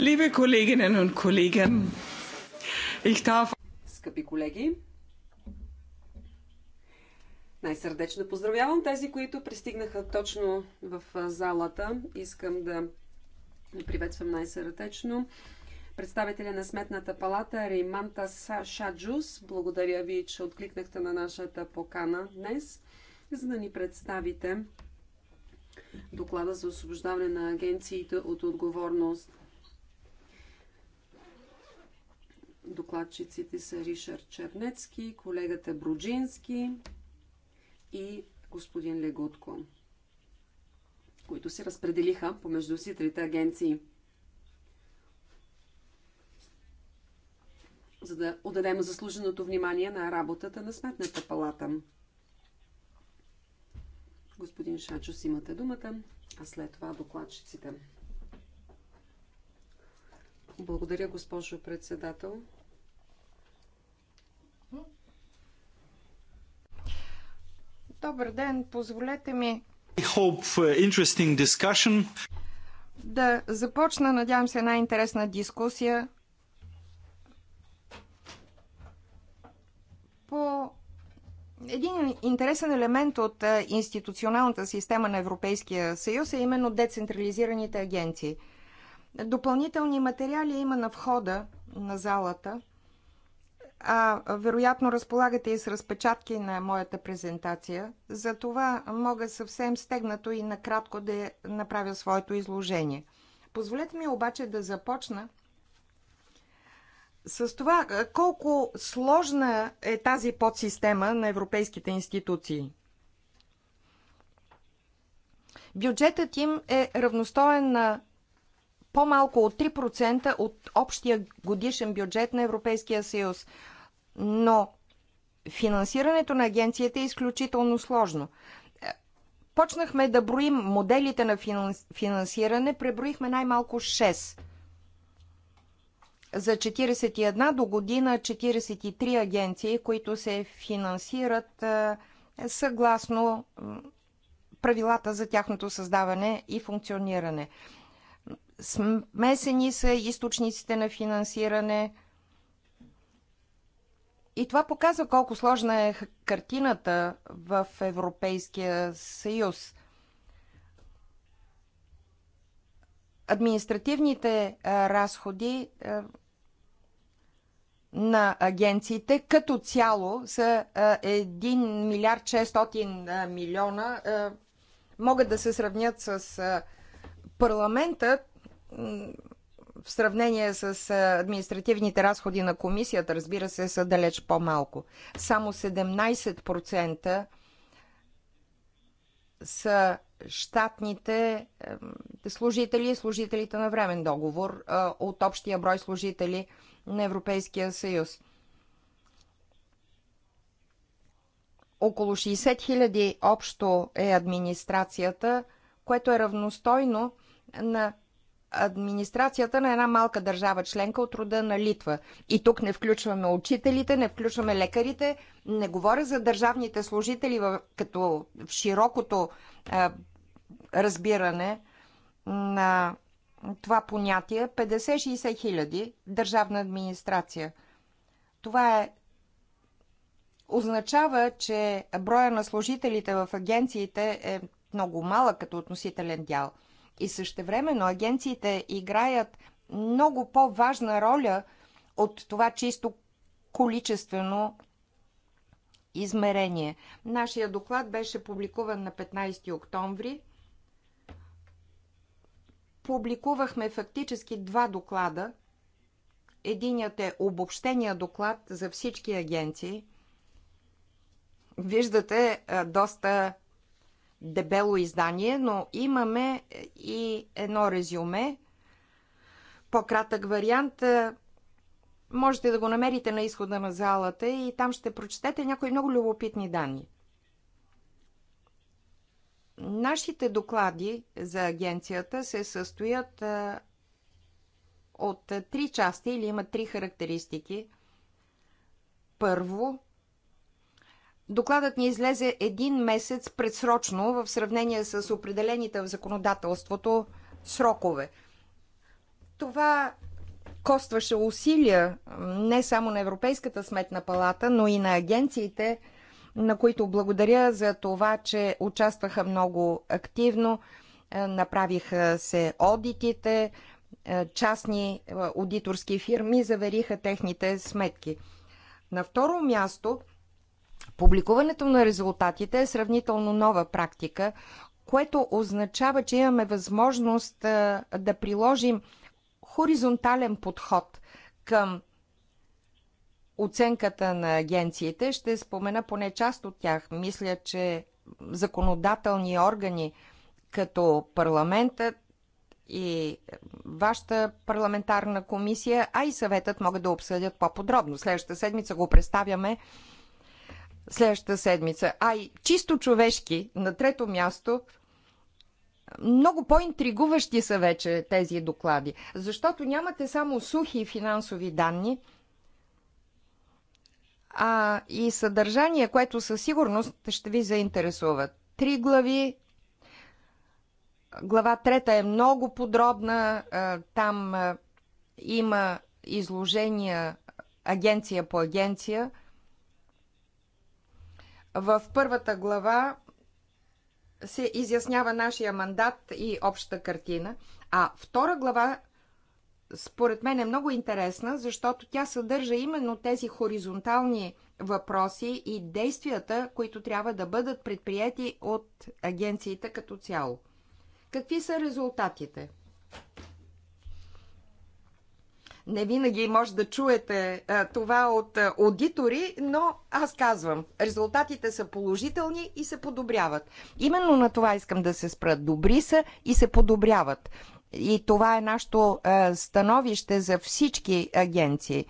Liebe Kolleginnen und Kollegen, ich darf... Скъпи колеги, най-сърдечно поздравявам тези, които пристигнаха точно в залата. Искам да приветствам най-сърдечно представителя на Сметната палата Риманта Шаджус. Благодаря ви, че откликнахте на нашата покана днес, за да ни представите доклада за освобождаване на агенциите от отговорност Докладчиците са Ришард Чернецки, колегата Бруджински и господин Легутко, които се разпределиха помежду си трите агенции. за да отдадем заслуженото внимание на работата на Сметната палата. Господин Шачос, имате думата, а след това докладчиците. Благодаря, госпожо председател. Добър ден, позволете ми да започна, надявам се, една интересна дискусия по един интересен елемент от е, институционалната система на Европейския съюз е именно децентрализираните агенции. Допълнителни материали има на входа на залата. А, вероятно разполагате и с разпечатки на моята презентация, затова мога съвсем стегнато и накратко да направя своето изложение. Позволете ми обаче да започна с това колко сложна е тази подсистема на европейските институции. Бюджетът им е равностоен на по-малко от 3% от общия годишен бюджет на Европейския съюз но финансирането на агенцията е изключително сложно. Е, почнахме да броим моделите на финансиране, преброихме най-малко 6. За 41 до година 43 агенции, които се финансират е, съгласно правилата за тяхното създаване и функциониране. Смесени са източниците на финансиране – и това показва колко сложна е картината в Европейския съюз. Административните е, разходи е, на агенциите като цяло са 1 е, милиард 600 милиона. Могат да се сравнят с парламента в сравнение с административните разходи на комисията, разбира се, са далеч по-малко. Само 17% са щатните служители и служителите на времен договор от общия брой служители на Европейския съюз. Около 60 хиляди общо е администрацията, което е равностойно на администрацията на една малка държава членка от рода на Литва. И тук не включваме учителите, не включваме лекарите, не говоря за държавните служители в, като в широкото а, разбиране на това понятие 50-60 хиляди държавна администрация. Това е означава, че броя на служителите в агенциите е много малък като относителен дял – и същевременно агенциите играят много по-важна роля от това чисто количествено измерение. Нашия доклад беше публикуван на 15 октомври. Публикувахме фактически два доклада. Единият е обобщения доклад за всички агенции. Виждате доста дебело издание, но имаме и едно резюме, по-кратък вариант. Е, можете да го намерите на изхода на залата и там ще прочетете някои много любопитни данни. Нашите доклади за агенцията се състоят е, от три части или има три характеристики. Първо, Докладът ни излезе един месец предсрочно в сравнение с определените в законодателството срокове. Това костваше усилия не само на Европейската сметна палата, но и на агенциите, на които благодаря за това, че участваха много активно. Е, направиха се одитите, е, частни е, аудиторски фирми завериха техните сметки. На второ място – Публикуването на резултатите е сравнително нова практика, което означава, че имаме възможност да приложим хоризонтален подход към оценката на агенциите. Ще спомена поне част от тях. Мисля, че законодателни органи като парламентът и вашата парламентарна комисия, а и съветът могат да обсъдят по-подробно. Следващата седмица го представяме следващата седмица. Ай, чисто човешки, на трето място, много по-интригуващи са вече тези доклади, защото нямате само сухи финансови данни, а и съдържание, което със сигурност ще ви заинтересува. Три глави. Глава трета е много подробна. Там има изложения агенция по агенция. В първата глава се изяснява нашия мандат и общата картина, а втора глава според мен е много интересна, защото тя съдържа именно тези хоризонтални въпроси и действията, които трябва да бъдат предприяти от агенциите като цяло. Какви са резултатите? Не винаги може да чуете а, това от а, аудитори, но аз казвам, резултатите са положителни и се подобряват. Именно на това искам да се спра. Добри са и се подобряват. И това е нашето а, становище за всички агенции.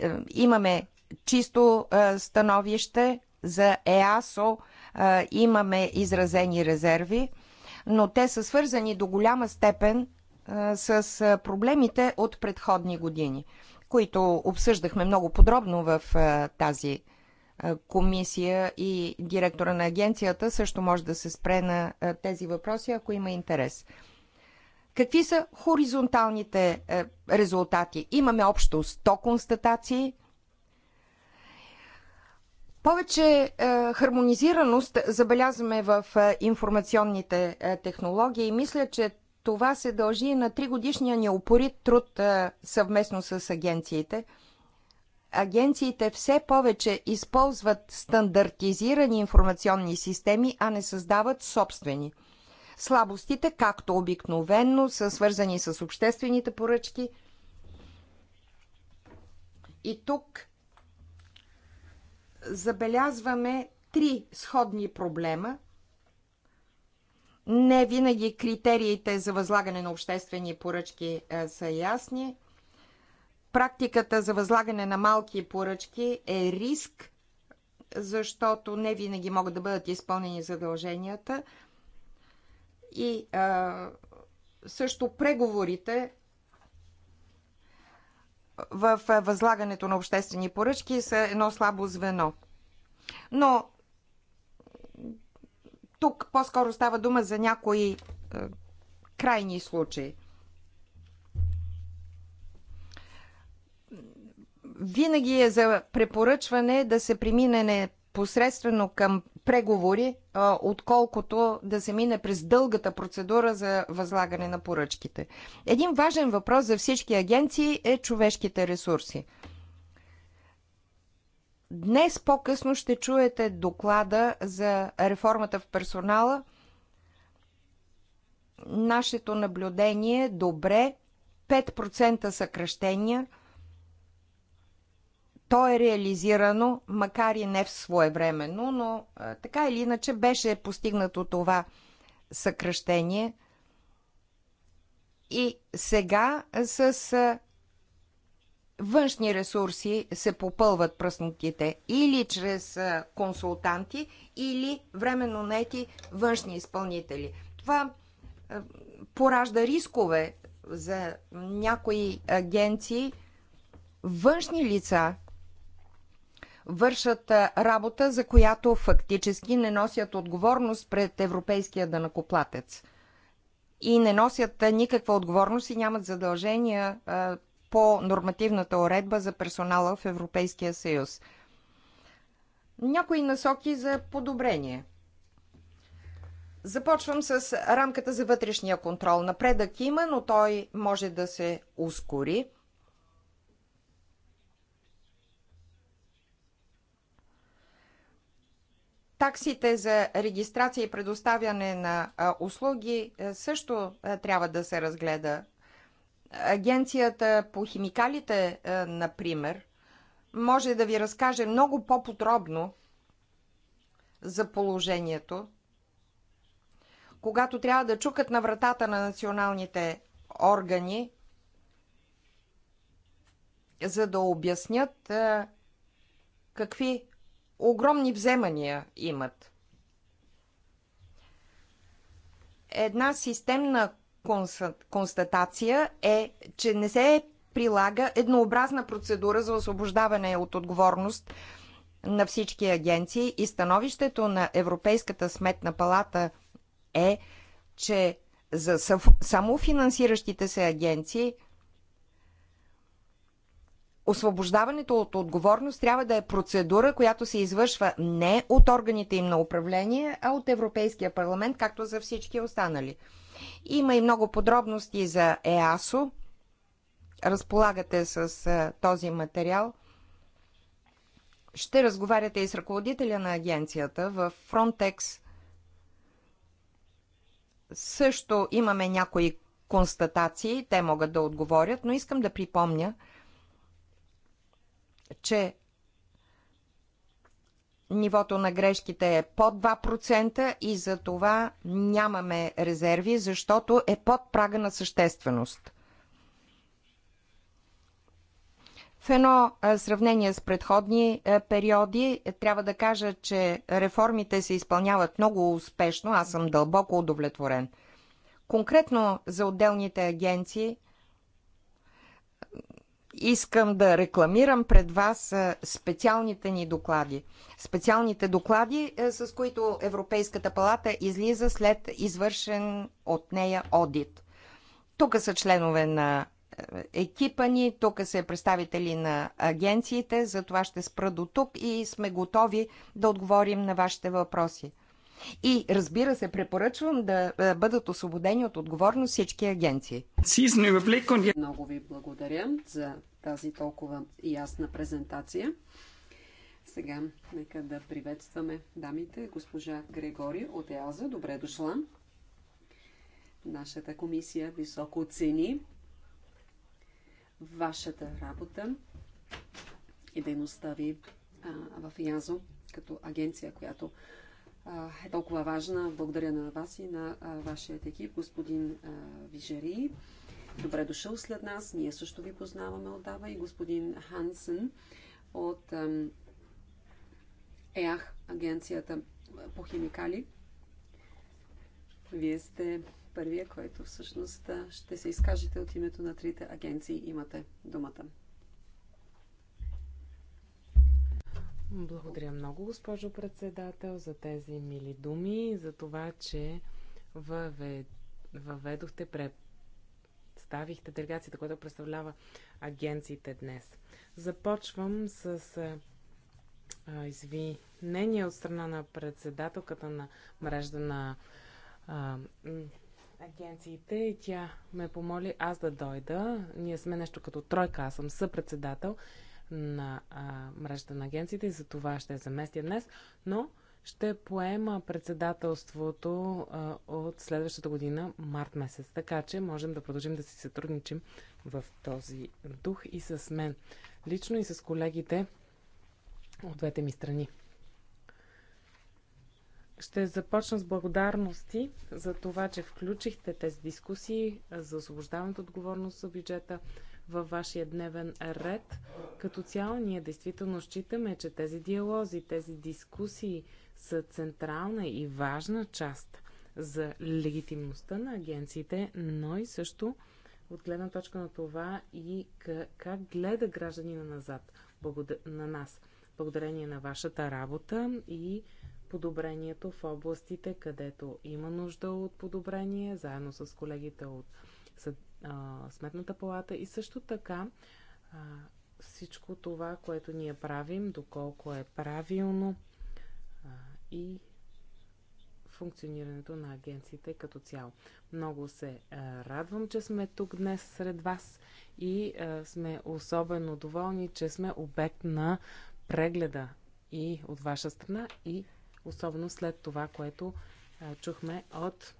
Е, имаме чисто а, становище за ЕАСО, а, имаме изразени резерви, но те са свързани до голяма степен с проблемите от предходни години, които обсъждахме много подробно в тази комисия и директора на агенцията също може да се спре на тези въпроси, ако има интерес. Какви са хоризонталните резултати? Имаме общо 100 констатации. Повече хармонизираност забелязваме в информационните технологии и мисля, че това се дължи на тригодишния ни упорит труд съвместно с агенциите. Агенциите все повече използват стандартизирани информационни системи, а не създават собствени. Слабостите, както обикновенно, са свързани с обществените поръчки. И тук забелязваме три сходни проблема – не винаги критериите за възлагане на обществени поръчки е, са ясни. Практиката за възлагане на малки поръчки е риск, защото не винаги могат да бъдат изпълнени задълженията. И а, е, също преговорите в е, възлагането на обществени поръчки са едно слабо звено. Но тук по-скоро става дума за някои е, крайни случаи. Винаги е за препоръчване да се премине непосредствено към преговори, е, отколкото да се мине през дългата процедура за възлагане на поръчките. Един важен въпрос за всички агенции е човешките ресурси – Днес по-късно ще чуете доклада за реформата в персонала. Нашето наблюдение е добре, 5% съкръщения. То е реализирано, макар и не в своевременно, но така или иначе беше постигнато това съкръщение. И сега с външни ресурси се попълват пръснотите или чрез консултанти, или временно нети външни изпълнители. Това поражда рискове за някои агенции. Външни лица вършат работа, за която фактически не носят отговорност пред европейския данакоплатец. И не носят никаква отговорност и нямат задължения по нормативната уредба за персонала в Европейския съюз. Някои насоки за подобрение. Започвам с рамката за вътрешния контрол. Напредък има, но той може да се ускори. Таксите за регистрация и предоставяне на услуги също трябва да се разгледа Агенцията по химикалите, е, например, може да ви разкаже много по-подробно за положението, когато трябва да чукат на вратата на националните органи, за да обяснят е, какви огромни вземания имат. Една системна констатация е, че не се прилага еднообразна процедура за освобождаване от отговорност на всички агенции и становището на Европейската сметна палата е, че за самофинансиращите се агенции освобождаването от отговорност трябва да е процедура, която се извършва не от органите им на управление, а от Европейския парламент, както за всички останали. Има и много подробности за ЕАСО. Разполагате с този материал. Ще разговаряте и с ръководителя на агенцията в Frontex. Също имаме някои констатации, те могат да отговорят, но искам да припомня, че нивото на грешките е под 2% и за това нямаме резерви, защото е под прага на същественост. В едно сравнение с предходни периоди, е, трябва да кажа, че реформите се изпълняват много успешно. Аз съм дълбоко удовлетворен. Конкретно за отделните агенции – искам да рекламирам пред вас специалните ни доклади. Специалните доклади, с които Европейската палата излиза след извършен от нея одит. Тук са членове на екипа ни, тук са представители на агенциите, за това ще спра до тук и сме готови да отговорим на вашите въпроси. И разбира се, препоръчвам да е, бъдат освободени от отговорност всички агенции. Е- Много ви благодаря за тази толкова ясна презентация. Сега нека да приветстваме дамите, госпожа Грегори от ЕАЗа. Добре дошла. Нашата комисия високо оцени вашата работа и дейността ви а, в Язо като агенция, която е толкова важна. Благодаря на вас и на вашият екип, господин Вижери. Добре дошъл след нас. Ние също ви познаваме отдава и господин Хансен от ЕАХ, агенцията по химикали. Вие сте първия, който всъщност ще се изкажете от името на трите агенции. Имате думата. Благодаря много, госпожо председател, за тези мили думи и за това, че въведохте, представихте делегацията, която представлява агенциите днес. Започвам с извинение от страна на председателката на мрежда на а, агенциите и тя ме помоли аз да дойда. Ние сме нещо като тройка, аз съм съпредседател. председател на а, мрежата на агенциите и за това ще заместя днес, но ще поема председателството а, от следващата година, март месец. Така че можем да продължим да си сътрудничим в този дух и с мен. Лично и с колегите от двете ми страни. Ще започна с благодарности за това, че включихте тези дискусии за освобождаването отговорност за бюджета, във вашия дневен ред. Като цяло ние действително считаме, че тези диалози, тези дискусии са централна и важна част за легитимността на агенциите, но и също от гледна точка на това и как гледа гражданина назад на нас. Благодарение на вашата работа и подобрението в областите, където има нужда от подобрение, заедно с колегите от а, Сметната палата и също така а, всичко това, което ние правим, доколко е правилно а, и функционирането на агенциите като цяло. Много се а, радвам, че сме тук днес сред вас и а, сме особено доволни, че сме обект на прегледа и от ваша страна и особено след това, което а, чухме от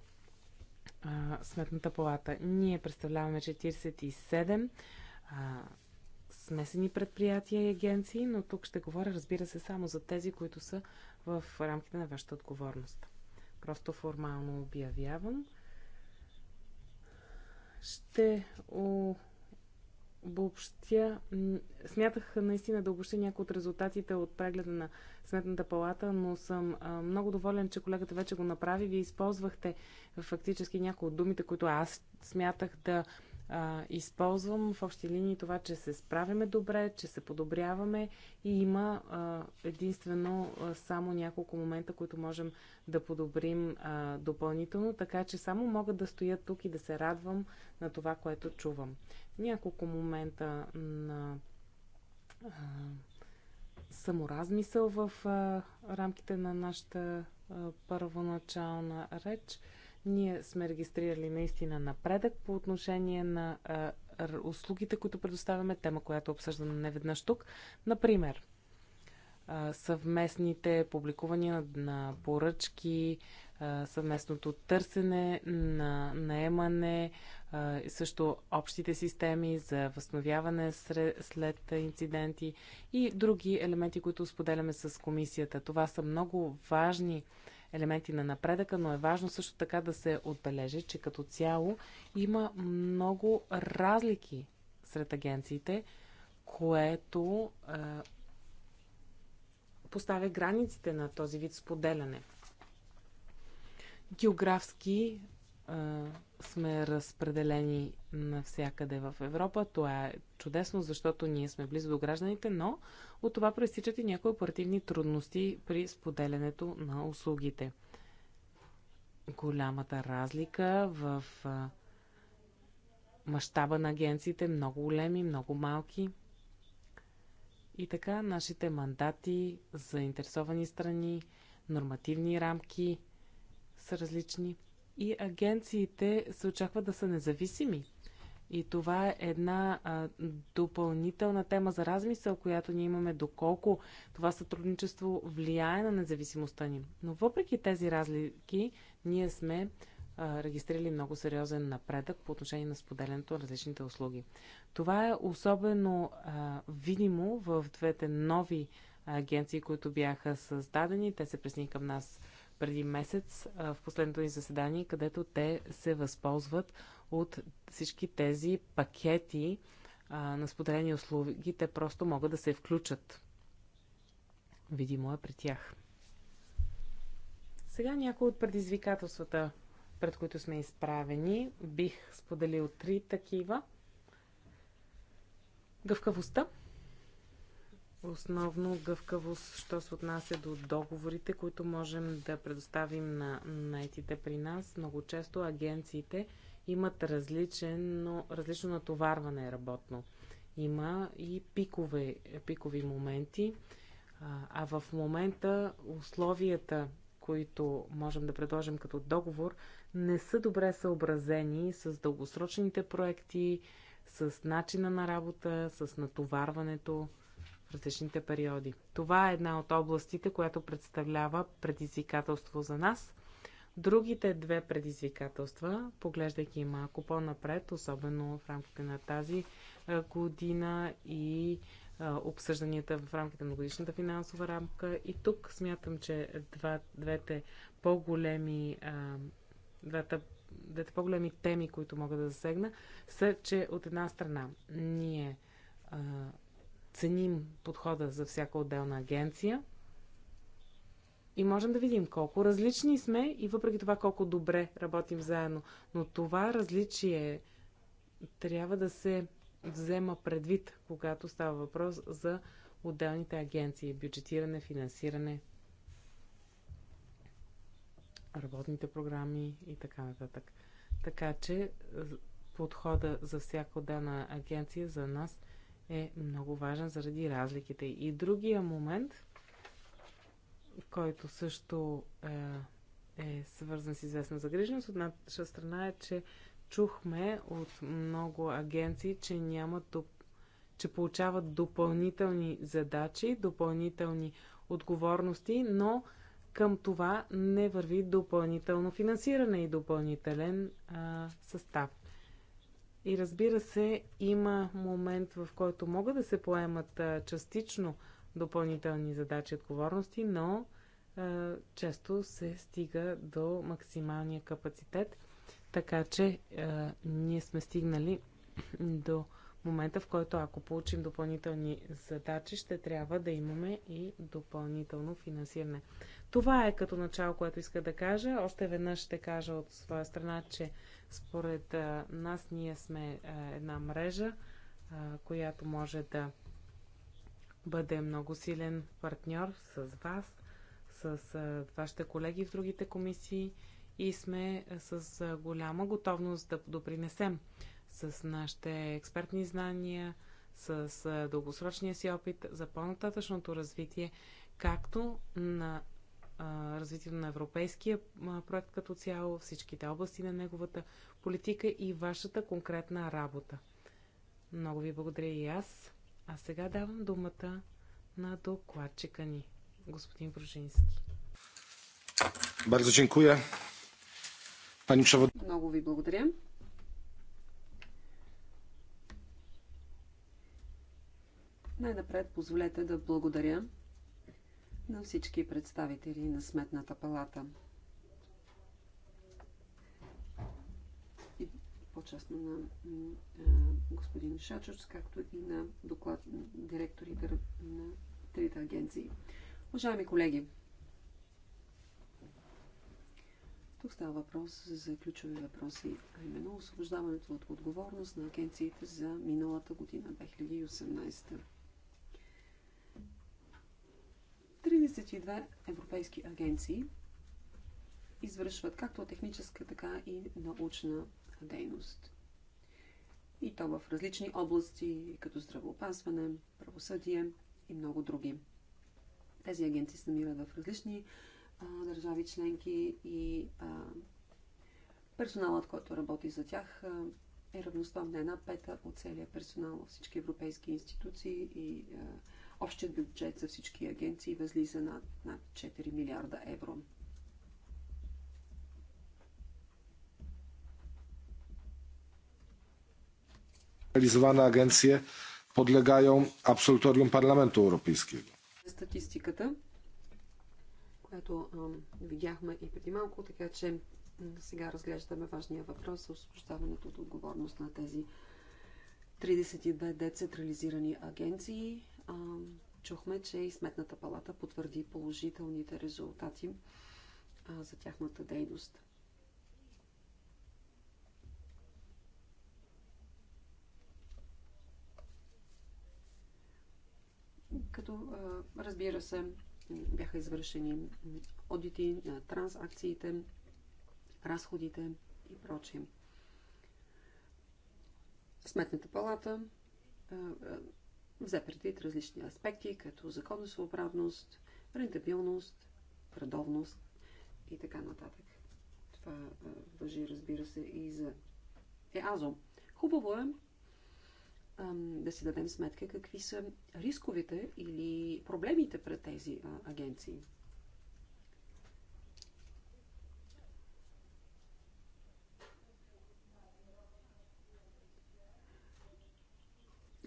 Сметната палата. Ние представляваме 47 а, смесени предприятия и агенции, но тук ще говоря, разбира се, само за тези, които са в рамките на вашата отговорност. Просто формално обявявам. Ще обобщя, смятах наистина да обобщя някои от резултатите от прегледа на Сметната палата, но съм много доволен, че колегата вече го направи. Вие използвахте фактически някои от думите, които аз смятах да използвам в общи линии това, че се справяме добре, че се подобряваме и има а, единствено а, само няколко момента, които можем да подобрим а, допълнително, така че само мога да стоя тук и да се радвам на това, което чувам. Няколко момента на а, саморазмисъл в а, рамките на нашата а, първоначална реч. А, ние сме регистрирали наистина напредък по отношение на а, услугите, които предоставяме, тема, която обсъждаме неведнъж тук. Например, а, съвместните публикувания на, на поръчки, а, съвместното търсене на наемане, а, също общите системи за възстановяване сред, след инциденти и други елементи, които споделяме с комисията. Това са много важни елементи на напредъка, но е важно също така да се отбележи, че като цяло има много разлики сред агенциите, което е, поставя границите на този вид споделяне. Географски сме разпределени навсякъде в Европа. Това е чудесно, защото ние сме близо до гражданите, но от това проистичат и някои оперативни трудности при споделянето на услугите. Голямата разлика в мащаба на агенциите, много големи, много малки. И така нашите мандати, за интересовани страни, нормативни рамки са различни и агенциите се очаква да са независими. И това е една а, допълнителна тема за размисъл, която ние имаме доколко това сътрудничество влияе на независимостта ни. Но въпреки тези разлики, ние сме а, регистрирали много сериозен напредък по отношение на споделянето на различните услуги. Това е особено а, видимо в двете нови агенции, които бяха създадени. Те се присни към нас преди месец в последното ни заседание, където те се възползват от всички тези пакети на споделени услуги. Те просто могат да се включат. Видимо е при тях. Сега някои от предизвикателствата, пред които сме изправени, бих споделил три такива. Гъвкавостта – Основно гъвкавост, що се отнася до договорите, които можем да предоставим на найтите при нас. Много често агенциите имат различно, различно натоварване работно. Има и пикове, пикови моменти, а в момента условията, които можем да предложим като договор, не са добре съобразени с дългосрочните проекти, с начина на работа, с натоварването различните периоди. Това е една от областите, която представлява предизвикателство за нас. Другите две предизвикателства, поглеждайки малко по-напред, особено в рамките на тази година и обсъжданията в рамките на годишната финансова рамка. И тук смятам, че два, двете по-големи двата двете по-големи теми, които мога да засегна, са, че от една страна ние ценим подхода за всяка отделна агенция и можем да видим колко различни сме и въпреки това колко добре работим заедно. Но това различие трябва да се взема предвид, когато става въпрос за отделните агенции бюджетиране, финансиране, работните програми и така нататък. Така че подхода за всяка отделна агенция за нас е много важен заради разликите. И другия момент, който също е, е свързан с известна загриженост от наша страна е, че чухме от много агенции, че нямат доп... че получават допълнителни задачи, допълнителни отговорности, но към това не върви допълнително финансиране и допълнителен а, състав. И разбира се, има момент, в който могат да се поемат частично допълнителни задачи и отговорности, но а, често се стига до максималния капацитет. Така че а, ние сме стигнали до момента, в който ако получим допълнителни задачи, ще трябва да имаме и допълнително финансиране. Това е като начало, което иска да кажа. Още веднъж ще кажа от своя страна, че според нас ние сме една мрежа, която може да бъде много силен партньор с вас, с вашите колеги в другите комисии и сме с голяма готовност да допринесем с нашите експертни знания, с дългосрочния си опит за по-нататъчното развитие, както на развитието на европейския проект като цяло, всичките области на неговата политика и вашата конкретна работа. Много ви благодаря и аз. А сега давам думата на докладчика ни, господин Бружински. Много ви благодаря. Най-напред позволете да благодаря на всички представители на Сметната палата. И по-честно на господин Шачуч, както и на доклад директорите на трите агенции. Уважаеми колеги, тук става въпрос за ключови въпроси, а именно освобождаването от отговорност на агенциите за миналата година, 2018. 32 европейски агенции извършват както техническа, така и научна дейност. И то в различни области, като здравеопазване, правосъдие и много други. Тези агенции се намират в различни а, държави членки и а, персоналът, който работи за тях, а, е на една пета от целия персонал във всички европейски институции и а, Общият бюджет за всички агенции възлиза на над 4 милиарда евро. Реализована агенция podlegają абсолюториум Парламенту Европейskiego. Статистиката, която а, видяхме и преди малко, така че сега разглеждаме важния въпрос за освобождаването от отговорност на тези 32 децентрализирани агенции а, чухме, че и Сметната палата потвърди положителните резултати а, за тяхната дейност. Като, а, разбира се, бяха извършени одити на трансакциите, разходите и прочие. Сметната палата взе предвид различни аспекти, като законосъобразност, рентабилност, редовност и така нататък. Това въжи, разбира се, и за ЕАЗО. Хубаво е да си дадем сметка какви са рисковете или проблемите пред тези агенции.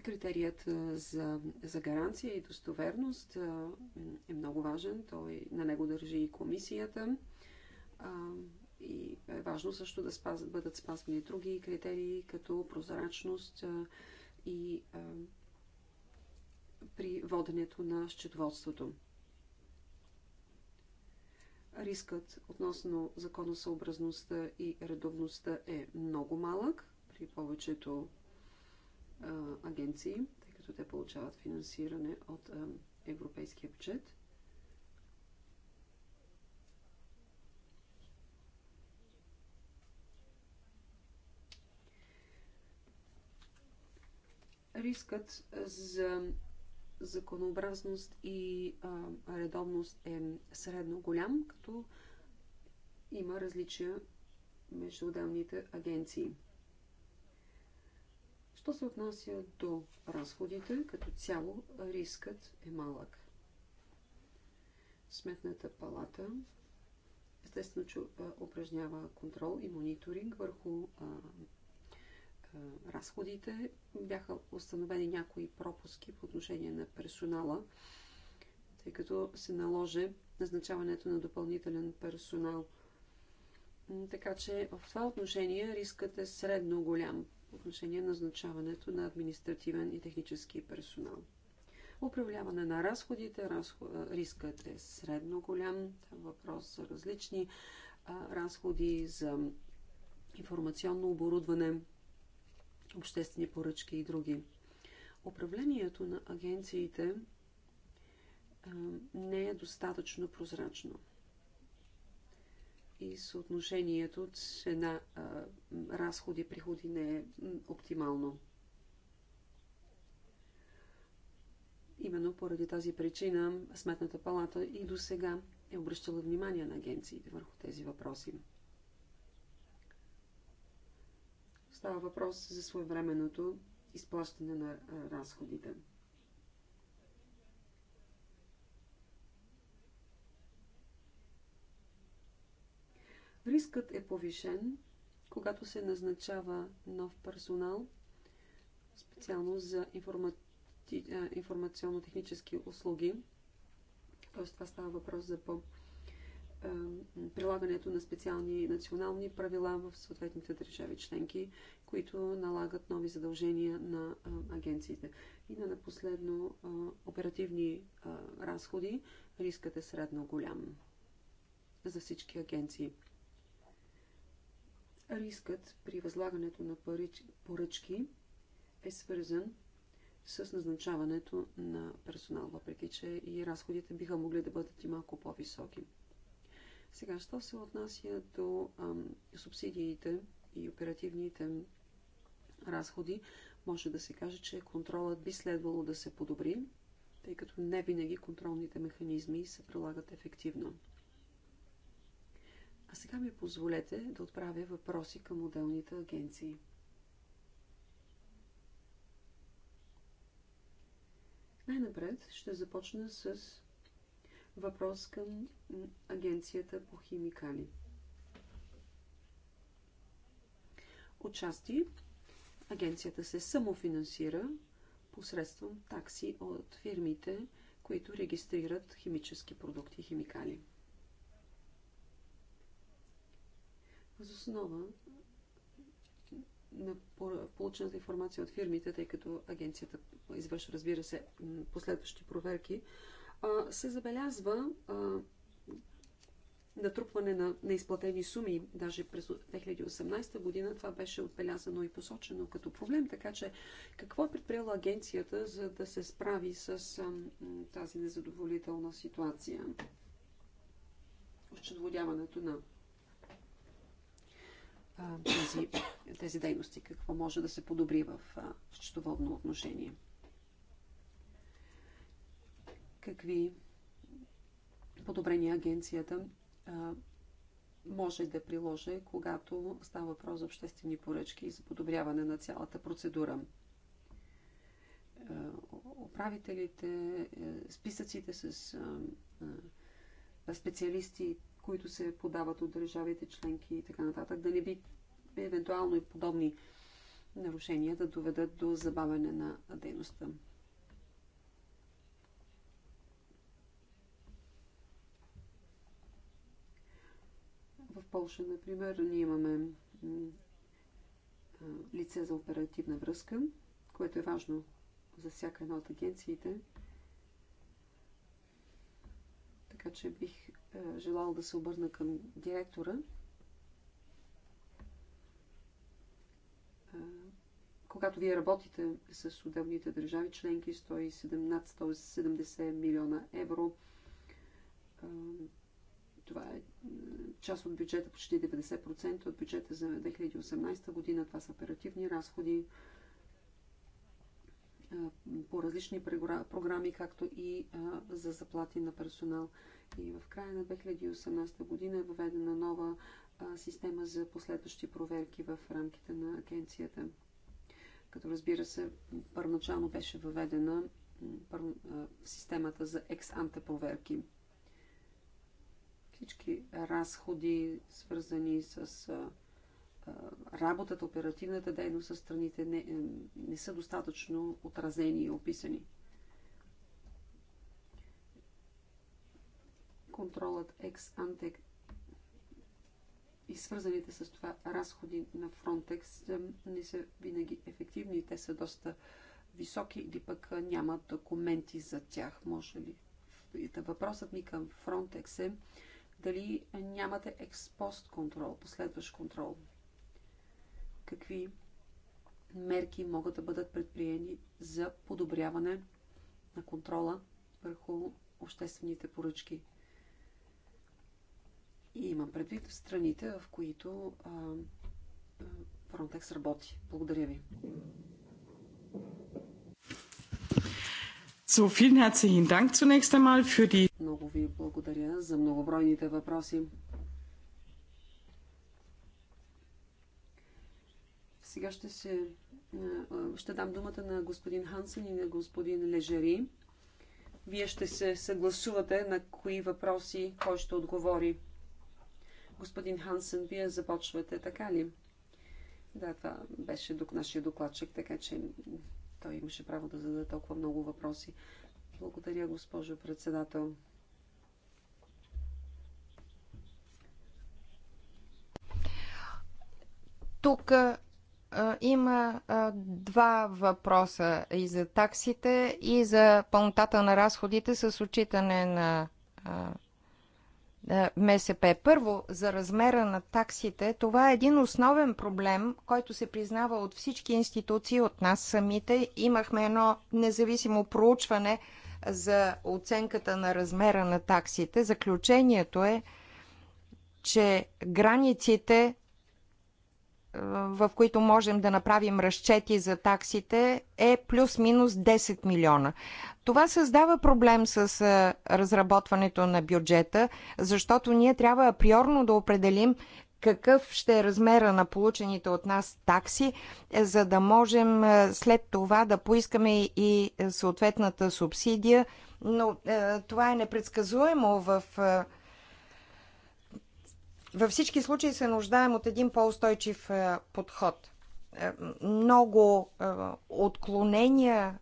Критерият за, за гаранция и достоверност е много важен. Той, на него държи и комисията. И е важно също да спаз, бъдат спазвани други критерии, като прозрачност и при воденето на счетоводството. Рискът относно законосъобразността и редовността е много малък при повечето агенции, тъй като те получават финансиране от европейския бюджет. Рискът за законообразност и редовност е средно голям, като има различия между отделните агенции. Що се отнася до разходите, като цяло рискът е малък. Сметната палата естествено, че упражнява контрол и мониторинг върху а, а, разходите. Бяха установени някои пропуски по отношение на персонала, тъй като се наложи назначаването на допълнителен персонал. Така че в това отношение рискът е средно голям по отношение на назначаването на административен и технически персонал. Управляване на разходите. Разход, рискът е средно голям. Въпрос за различни а, разходи за информационно оборудване, обществени поръчки и други. Управлението на агенциите а, не е достатъчно прозрачно и съотношението цена разходи-приходи не е оптимално. Именно поради тази причина Сметната палата и до сега е обръщала внимание на агенциите върху тези въпроси. Става въпрос за своевременното изплащане на разходите. Рискът е повишен, когато се назначава нов персонал, специално за информати... информационно-технически услуги. Тоест това става въпрос за по- прилагането на специални национални правила в съответните държави членки, които налагат нови задължения на агенциите. И на напоследно оперативни разходи рискът е средно голям за всички агенции. Рискът при възлагането на поръчки е свързан с назначаването на персонал, въпреки че и разходите биха могли да бъдат и малко по-високи. Сега, що се отнася до ам, субсидиите и оперативните разходи, може да се каже, че контролът би следвало да се подобри, тъй като не винаги контролните механизми се прилагат ефективно. А сега ми позволете да отправя въпроси към отделните агенции. Най-напред ще започна с въпрос към Агенцията по химикали. Отчасти агенцията се самофинансира посредством такси от фирмите, които регистрират химически продукти и химикали. Въз основа на получената информация от фирмите, тъй като агенцията извършва, разбира се, последващи проверки, се забелязва натрупване на неизплатени суми. Даже през 2018 година това беше отбелязано и посочено като проблем, така че какво е предприела агенцията, за да се справи с тази незадоволителна ситуация? Ощетоводяването на тези, тези дейности, какво може да се подобри в счетоводно отношение. Какви подобрения агенцията а, може да приложи, когато става въпрос за обществени поръчки и за подобряване на цялата процедура. Управителите, е, списъците с специалисти които се подават от държавите членки и така нататък, да не би евентуално и подобни нарушения да доведат до забавяне на дейността. В Польша, например, ние имаме лице за оперативна връзка, което е важно за всяка една от агенциите, така че бих е, желал да се обърна към директора. Е, когато вие работите с отделните държави членки, 170 милиона евро, е, това е част от бюджета, почти 90% от бюджета за 2018 година. Това са оперативни разходи по различни програми, както и за заплати на персонал. И в края на 2018 година е въведена нова а, система за последващи проверки в рамките на агенцията. Като разбира се, първоначално беше въведена пър, а, системата за екс-анте проверки. Всички разходи, свързани с а, работата, оперативната дейност със страните не, не са достатъчно отразени и описани. контролът ex-ante и свързаните с това разходи на Frontex не са винаги ефективни те са доста високи или пък е, няма документи за тях. Може ли? Въпросът ми към Frontex е дали нямате експост контрол, последващ контрол. Какви мерки могат да бъдат предприени за подобряване на контрола върху обществените поръчки и имам предвид в страните, в които Frontex работи. Благодаря ви. So, vielen herzlichen Dank zunächst einmal für die... Много ви благодаря за многобройните въпроси. Сега ще се... Ще дам думата на господин Хансен и на господин Лежери. Вие ще се съгласувате на кои въпроси кой ще отговори. Господин Хансен, вие започвате така ли? Да, това беше нашия докладчик, така че той имаше право да зададе толкова много въпроси. Благодаря, госпожо председател. Тук а, има а, два въпроса и за таксите, и за пълнотата на разходите с отчитане на а, е, МСП. Първо, за размера на таксите. Това е един основен проблем, който се признава от всички институции, от нас самите. Имахме едно независимо проучване за оценката на размера на таксите. Заключението е, че границите в които можем да направим разчети за таксите, е плюс-минус 10 милиона. Това създава проблем с разработването на бюджета, защото ние трябва априорно да определим какъв ще е размера на получените от нас такси, е, за да можем е, след това да поискаме и е, съответната субсидия. Но това е непредсказуемо в във всички случаи се нуждаем от един по-устойчив е, подход. Е, много е, отклонения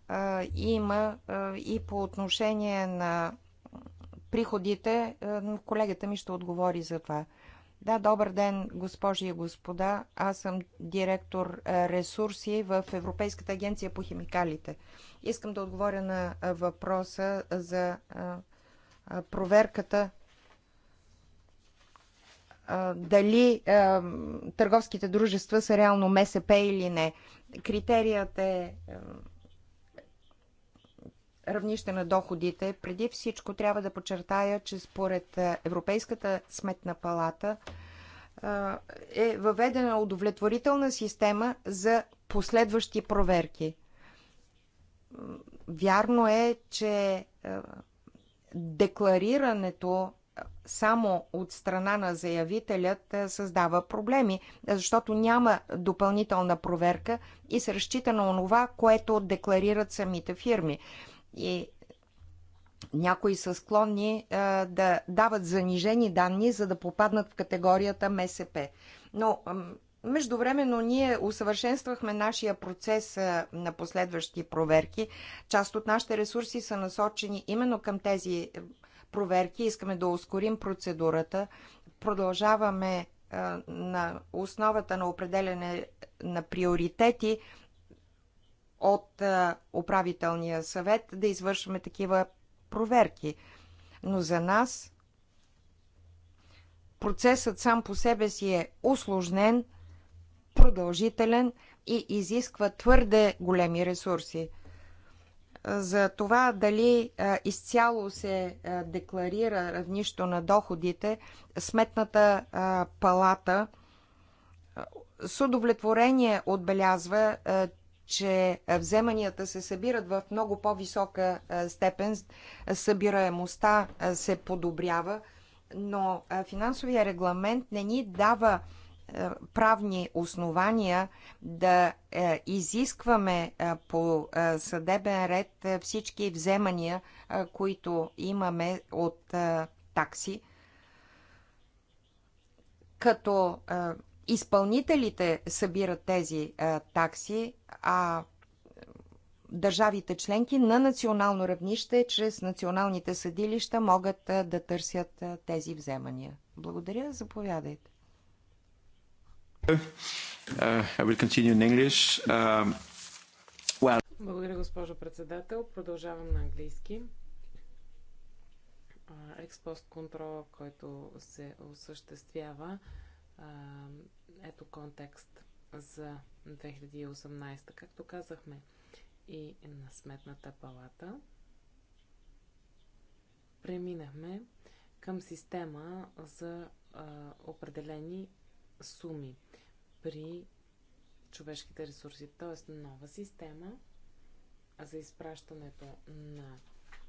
има и по отношение на приходите. Колегата ми ще отговори за това. Да, добър ден, госпожи и господа. Аз съм директор ресурси в Европейската агенция по химикалите. Искам да отговоря на въпроса за проверката дали търговските дружества са реално МСП или не. Критерият е равнище на доходите. Преди всичко трябва да подчертая, че според Европейската сметна палата е въведена удовлетворителна система за последващи проверки. Вярно е, че декларирането само от страна на заявителят създава проблеми, защото няма допълнителна проверка и се разчита на онова, което декларират самите фирми. И някои са склонни да дават занижени данни, за да попаднат в категорията МСП. Но Междувременно ние усъвършенствахме нашия процес на последващи проверки. Част от нашите ресурси са насочени именно към тези проверки, искаме да ускорим процедурата. Продължаваме на основата на определене на приоритети от управителния съвет да извършваме такива проверки. Но за нас процесът сам по себе си е усложнен, продължителен и изисква твърде големи ресурси за това дали изцяло се декларира равнището на доходите, Сметната палата с удовлетворение отбелязва, че вземанията се събират в много по-висока степен, събираемостта се подобрява, но финансовия регламент не ни дава е, правни основания да е, изискваме е, по съдебен ред всички вземания, които имаме от такси, като изпълнителите събират тези такси, а държавите членки на национално равнище, чрез националните съдилища могат да търсят тези вземания. Благодаря, заповядайте. Uh, um, Благодаря, госпожо председател. Продължавам на английски. Uh, експост контрола, който се осъществява. Uh, ето контекст за 2018, както казахме, и на Сметната палата. Преминахме към система за определени суми при човешките ресурси. т.е. нова система за изпращането на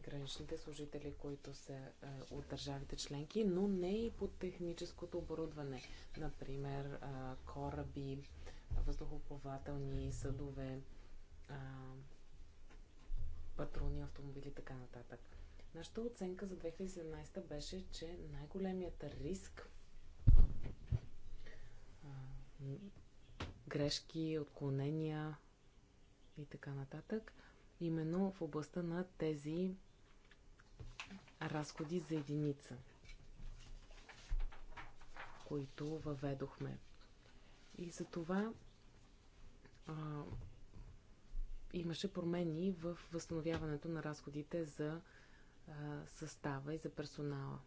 граничните служители, които са е, от държавите членки, но не и по техническото оборудване. Например, е, кораби, въздухоплавателни съдове, е, патрони, автомобили и така нататък. Нашата оценка за 2017 беше, че най-големият риск грешки, отклонения и така нататък, именно в областта на тези разходи за единица, които въведохме. И за това а, имаше промени в възстановяването на разходите за а, състава и за персонала.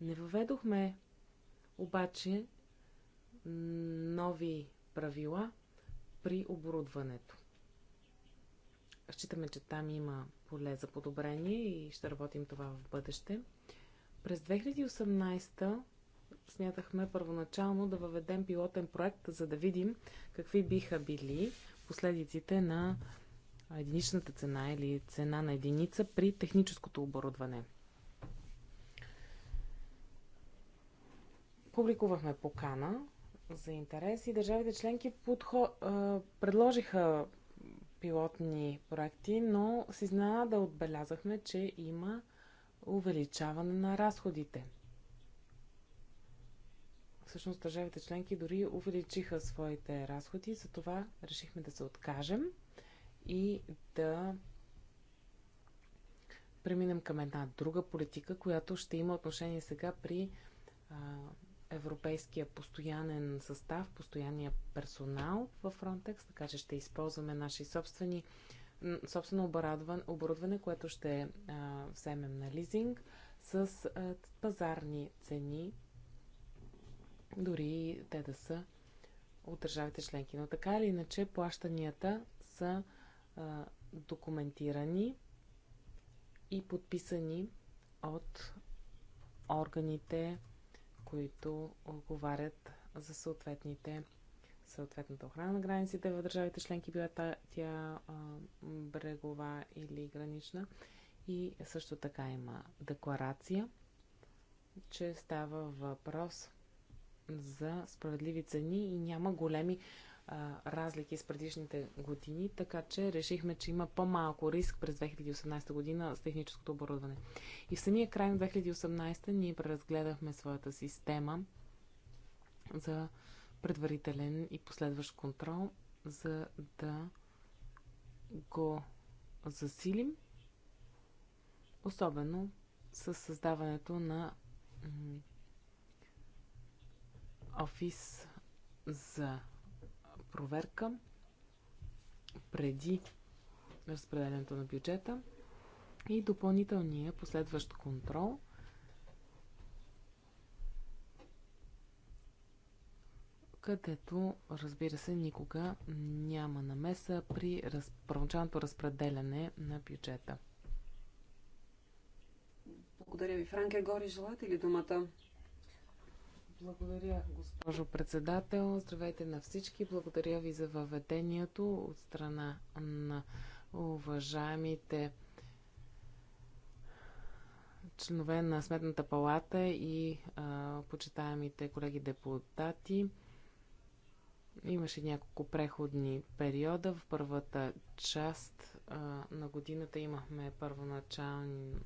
Не въведохме обаче нови правила при оборудването. Считаме, че там има поле за подобрение и ще работим това в бъдеще. През 2018 смятахме първоначално да въведем пилотен проект, за да видим какви биха били последиците на единичната цена или цена на единица при техническото оборудване. Публикувахме покана за интерес и държавите членки подхо... предложиха пилотни проекти, но зна да отбелязахме, че има увеличаване на разходите. Всъщност държавите членки дори увеличиха своите разходи, затова решихме да се откажем и да преминем към една друга политика, която ще има отношение сега при а, европейския постоянен състав, постоянния персонал в Frontex, така че ще използваме наши собствени собствено оборудване, което ще а, вземем на лизинг с а, пазарни цени, дори те да са от държавите членки. Но така или иначе, плащанията са а, документирани и подписани от органите които отговарят за съответните съответната охрана на границите в държавите членки, била тя, тя а, брегова или гранична. И също така има декларация, че става въпрос за справедливи цени и няма големи разлики с предишните години, така че решихме, че има по-малко риск през 2018 година с техническото оборудване. И в самия край на 2018 ние преразгледахме своята система за предварителен и последващ контрол, за да го засилим, особено с създаването на офис за проверка преди разпределението на бюджета и допълнителния последващ контрол – където, разбира се, никога няма намеса при раз... първоначалното разпределяне на бюджета. Благодаря ви, Франке. Гори, желаете ли думата? Благодаря, госпожо председател. Здравейте на всички. Благодаря ви за въведението от страна на уважаемите членове на Сметната палата и а, почитаемите колеги депутати. Имаше няколко преходни периода. В първата част а, на годината имахме първоначално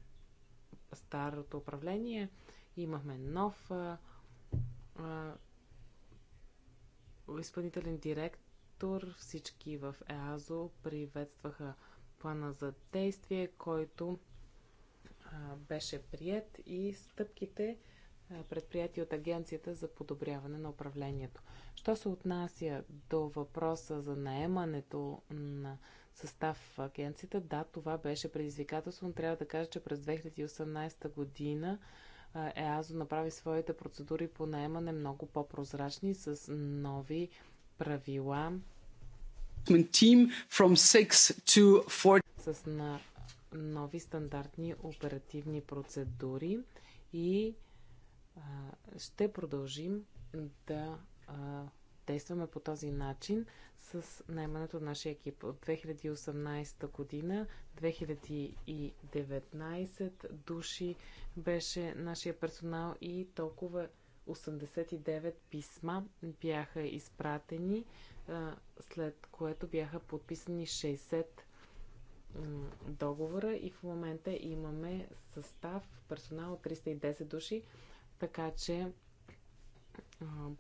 старото управление, имахме нов а, изпълнителен директор, всички в ЕАЗО приветстваха плана за действие, който а, беше прият и стъпките предприяти от Агенцията за подобряване на управлението. Що се отнася до въпроса за наемането на състав в агенцията, да, това беше предизвикателство, но трябва да кажа, че през 2018 година ЕАЗО направи своите процедури по наемане много по-прозрачни с нови правила. С на нови стандартни оперативни процедури и а, ще продължим да а, действаме по този начин с наймането на нашия екип. От 2018 година, 2019 души беше нашия персонал и толкова 89 писма бяха изпратени, след което бяха подписани 60 договора и в момента имаме състав, персонал от 310 души, така че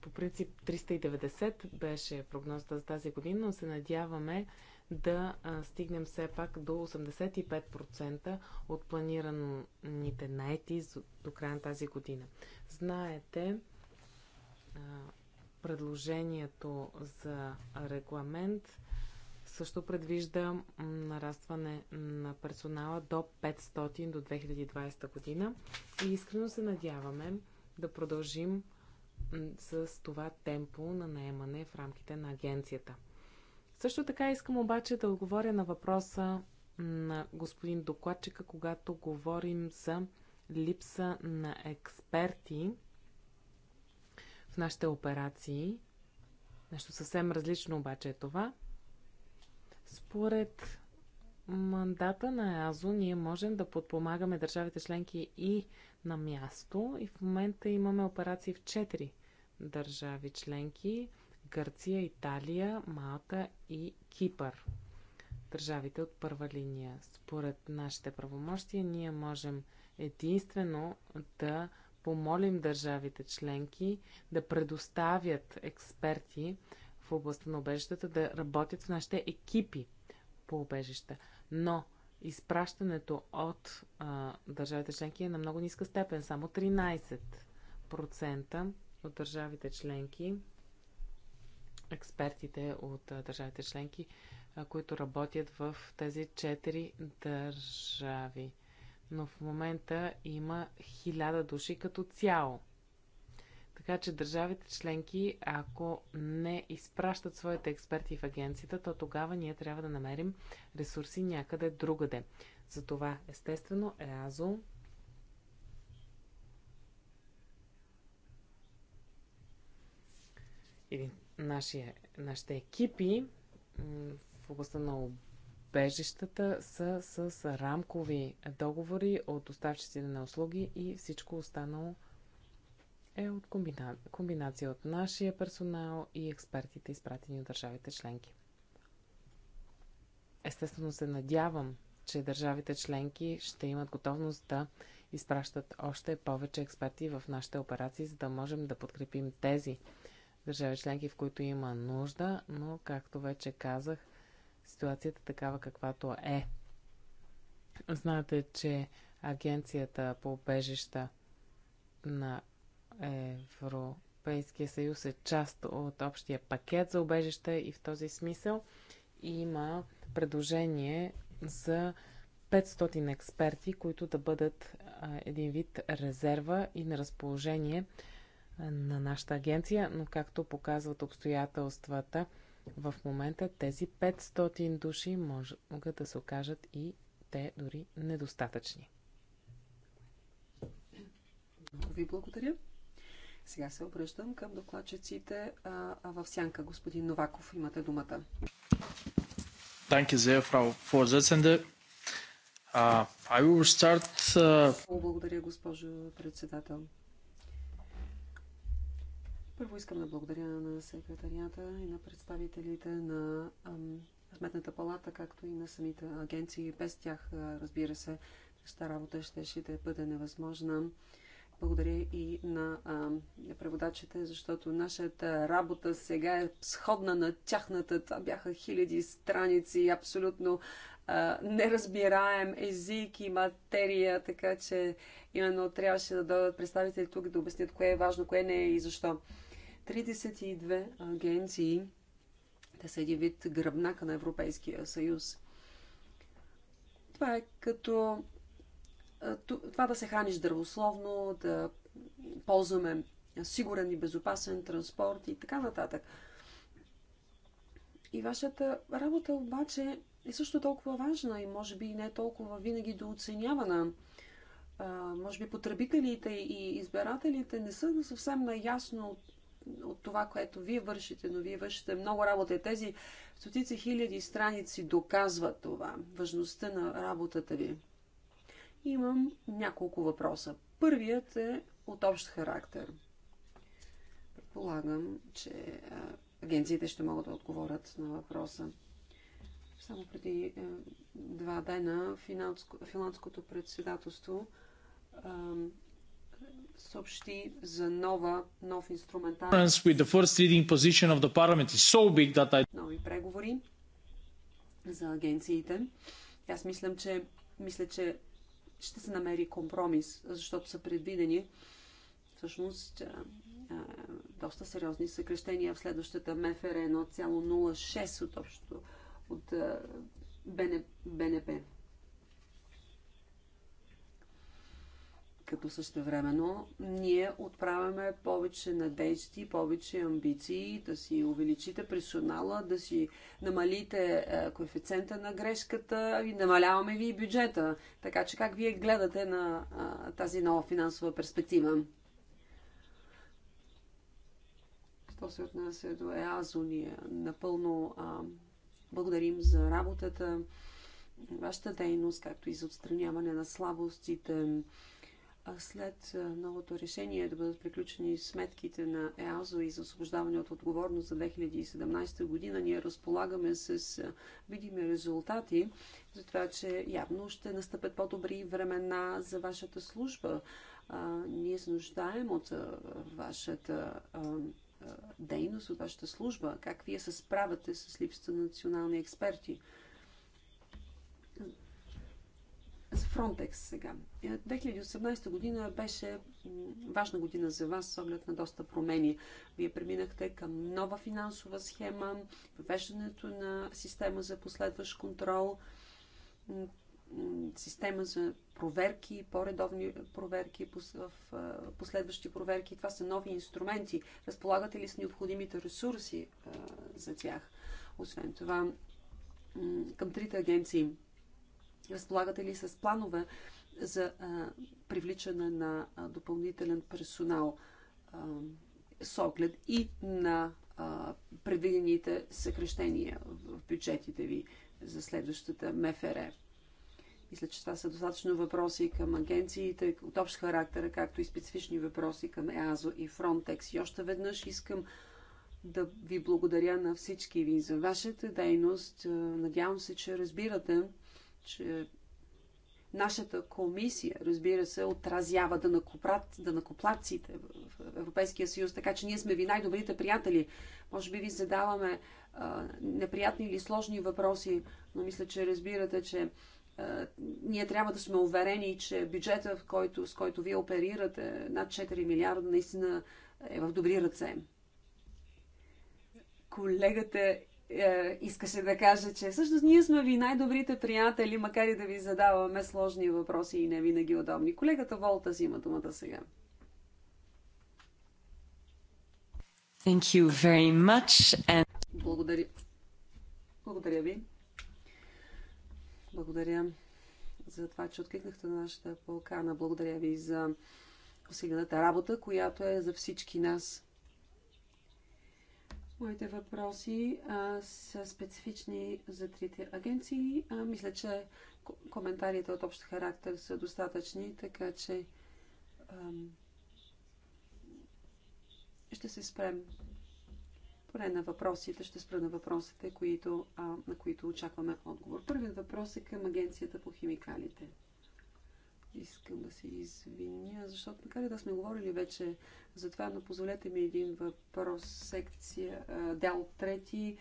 по принцип 390 беше прогнозата за тази година, но се надяваме да стигнем все пак до 85% от планираните наети до края на тази година. Знаете, предложението за регламент също предвижда нарастване на персонала до 500 до 2020 година и искрено се надяваме да продължим с това темпо на наемане в рамките на агенцията. Също така искам обаче да отговоря на въпроса на господин докладчика, когато говорим за липса на експерти в нашите операции. Нещо съвсем различно обаче е това. Според мандата на ЕАЗО ние можем да подпомагаме държавите членки и на място. И в момента имаме операции в 4 държави членки Гърция, Италия, Малта и Кипър. Държавите от първа линия. Според нашите правомощия ние можем единствено да помолим държавите членки да предоставят експерти в областта на обежищата да работят в нашите екипи по убежища. Но изпращането от а, държавите членки е на много ниска степен. Само 13% от държавите членки, експертите от а, държавите членки, а, които работят в тези 4 държави. Но в момента има 1000 души като цяло така че държавите членки, ако не изпращат своите експерти в агенцията, то тогава ние трябва да намерим ресурси някъде другаде. Затова, естествено, ЕАЗО или нашия, нашите екипи в областта на убежищата са с рамкови договори от доставчиците на услуги и всичко останало – е от комбина... комбинация от нашия персонал и експертите, изпратени от държавите членки. Естествено се надявам, че държавите членки ще имат готовност да изпращат още повече експерти в нашите операции, за да можем да подкрепим тези държави членки, в които има нужда, но, както вече казах, ситуацията е такава каквато е. Знаете, че Агенцията по убежища на Европейския съюз е част от общия пакет за убежище и в този смисъл има предложение за 500 експерти, които да бъдат един вид резерва и на разположение на нашата агенция, но както показват обстоятелствата, в момента тези 500 души могат да се окажат и те дори недостатъчни. Много ви благодаря. Сега се обръщам към докладчиците а, в сянка. Господин Новаков, имате думата. Благодаря, госпожо председател. Първо искам да благодаря на секретарията и на представителите на Сметната палата, както и на самите агенции. Без тях, разбира се, нашата работа ще, ще бъде невъзможна. Благодаря и на а, преводачите, защото нашата работа сега е сходна на тяхната. Това бяха хиляди страници, абсолютно а, неразбираем език и материя, така че именно трябваше да дойдат представители тук да обяснят кое е важно, кое не е и защо. 32 агенции, те са един вид гръбнака на Европейския съюз. Това е като това да се храниш здравословно, да ползваме сигурен и безопасен транспорт и така нататък. И вашата работа обаче е също толкова важна и може би не толкова винаги дооценявана. А, може би потребителите и избирателите не са съвсем наясно от, от това, което вие вършите, но вие вършите много работа и тези стотици хиляди страници доказват това, важността на работата ви. Имам няколко въпроса. Първият е от общ характер. Предполагам, че агенциите ще могат да отговорят на въпроса. Само преди е, два дена финанско, финландското председателство съобщи за нова, нов инструментар. Нови преговори за агенциите. Аз мисля, че, мисля, че ще се намери компромис, защото са предвидени всъщност доста сериозни съкрещения в следващата МФР 1,06 от общото от БНП. като същевременно ние отправяме повече надежди, повече амбиции, да си увеличите персонала, да си намалите е, коефициента на грешката и намаляваме ви бюджета. Така че как вие гледате на тази нова финансова перспектива? Що се отнася до ЕАЗО, ние напълно а, благодарим за работата, вашата дейност, както и за отстраняване на слабостите, след новото решение е да бъдат приключени сметките на ЕАЗО и за освобождаване от отговорност за 2017 година, ние разполагаме с видими резултати за това, че явно ще настъпят по-добри времена за вашата служба. А, ние се нуждаем от а, вашата а, дейност, от вашата служба. Как вие се справяте с липсата на национални експерти? За Frontex сега. 2018 е, година беше важна година за вас с оглед на доста промени. Вие преминахте към нова финансова схема, въвеждането на система за последващ контрол, система за проверки, по-редовни проверки, последващи проверки. Това са нови инструменти. Разполагате ли с необходимите ресурси за тях? Освен това, към трите агенции – Разполагате ли с планове за а, привличане на а, допълнителен персонал а, с оглед и на а, предвидените съкрещения в бюджетите ви за следващата МФР? Мисля, че това са достатъчно въпроси към агенциите от общ характер, както и специфични въпроси към ЕАЗО и Frontex. И още веднъж искам да ви благодаря на всички ви за вашата дейност. Надявам се, че разбирате че нашата комисия, разбира се, отразява дънакоплаците да в Европейския съюз, така че ние сме ви най-добрите приятели. Може би ви задаваме а, неприятни или сложни въпроси, но мисля, че разбирате, че а, ние трябва да сме уверени, че бюджета, в който, с който вие оперирате, над 4 милиарда, наистина е в добри ръце. Колегата е, искаше да каже, че всъщност ние сме ви най-добрите приятели, макар и да ви задаваме сложни въпроси и не винаги удобни. Колегата Волта си има думата сега. Thank you very much and... Благодаря. Благодаря ви. Благодаря за това, че откликнахте на нашата полкана. Благодаря ви за усилената работа, която е за всички нас Моите въпроси а, са специфични за трите агенции. А, мисля, че коментарите от общ характер са достатъчни, така че ам, ще се спрем поне на въпросите, ще спра на въпросите, които, а, на които очакваме отговор. Първият въпрос е към Агенцията по химикалите искам да се извиня, защото макар и да сме говорили вече за това, но позволете ми един въпрос. Секция, дял 3,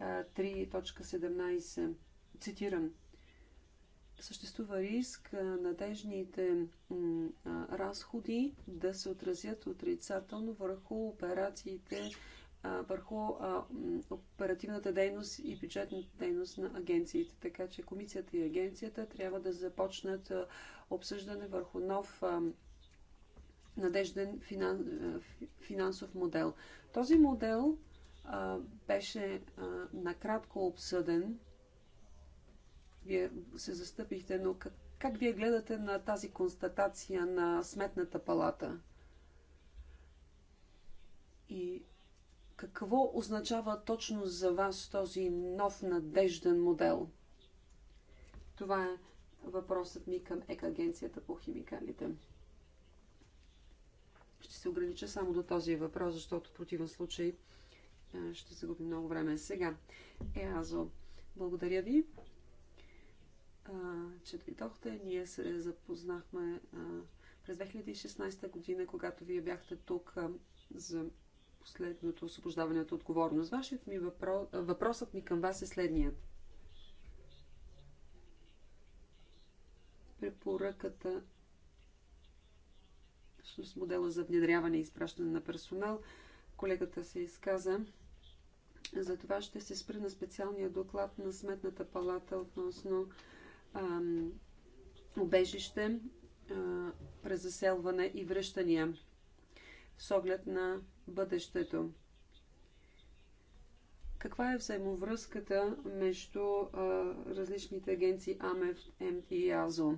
3.17. Цитирам. Съществува риск надежните разходи да се отразят отрицателно върху операциите върху оперативната дейност и бюджетната дейност на агенциите. Така че комисията и агенцията трябва да започнат обсъждане върху нов надежден финансов модел. Този модел беше накратко обсъден. Вие се застъпихте, но как, как вие гледате на тази констатация на Сметната палата? И какво означава точно за вас този нов надежден модел? Това е въпросът ми към ЕК-агенцията по химикалите. Ще се огранича само до този въпрос, защото в противен случай ще загубим много време. Сега, Еазо, благодаря ви, че дойдохте. Ние се запознахме през 2016 година, когато вие бяхте тук за последното освобождаване от отговорност. Вашият ми въпрос, въпросът ми към вас е следният. Препоръката с модела за внедряване и изпращане на персонал. Колегата се изказа. За това ще се спре на специалния доклад на Сметната палата относно ам, убежище, а, презаселване и връщания с оглед на бъдещето. Каква е взаимовръзката между а, различните агенции АМЕФ, МТ и АЗО?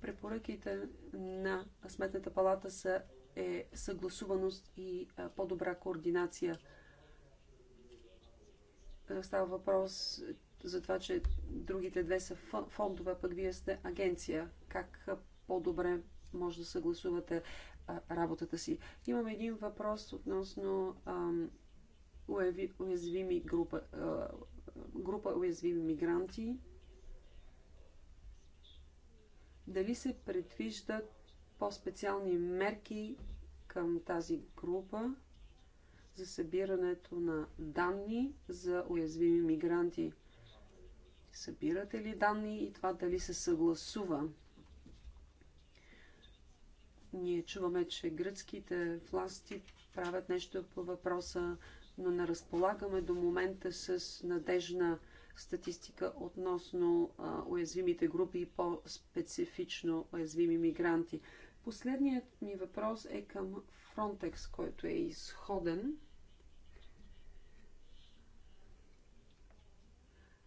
Препоръките на Сметната палата са е съгласуваност и по-добра координация. Става въпрос за това, че другите две са фондове, пък вие сте агенция. Как по-добре може да съгласувате работата си. Имам един въпрос относно уязвими група, група уязвими мигранти. Дали се предвиждат по-специални мерки към тази група за събирането на данни за уязвими мигранти? Събирате ли данни и това дали се съгласува ние чуваме, че гръцките власти правят нещо по въпроса, но не разполагаме до момента с надежна статистика относно а, уязвимите групи и по-специфично уязвими мигранти. Последният ми въпрос е към Frontex, който е изходен.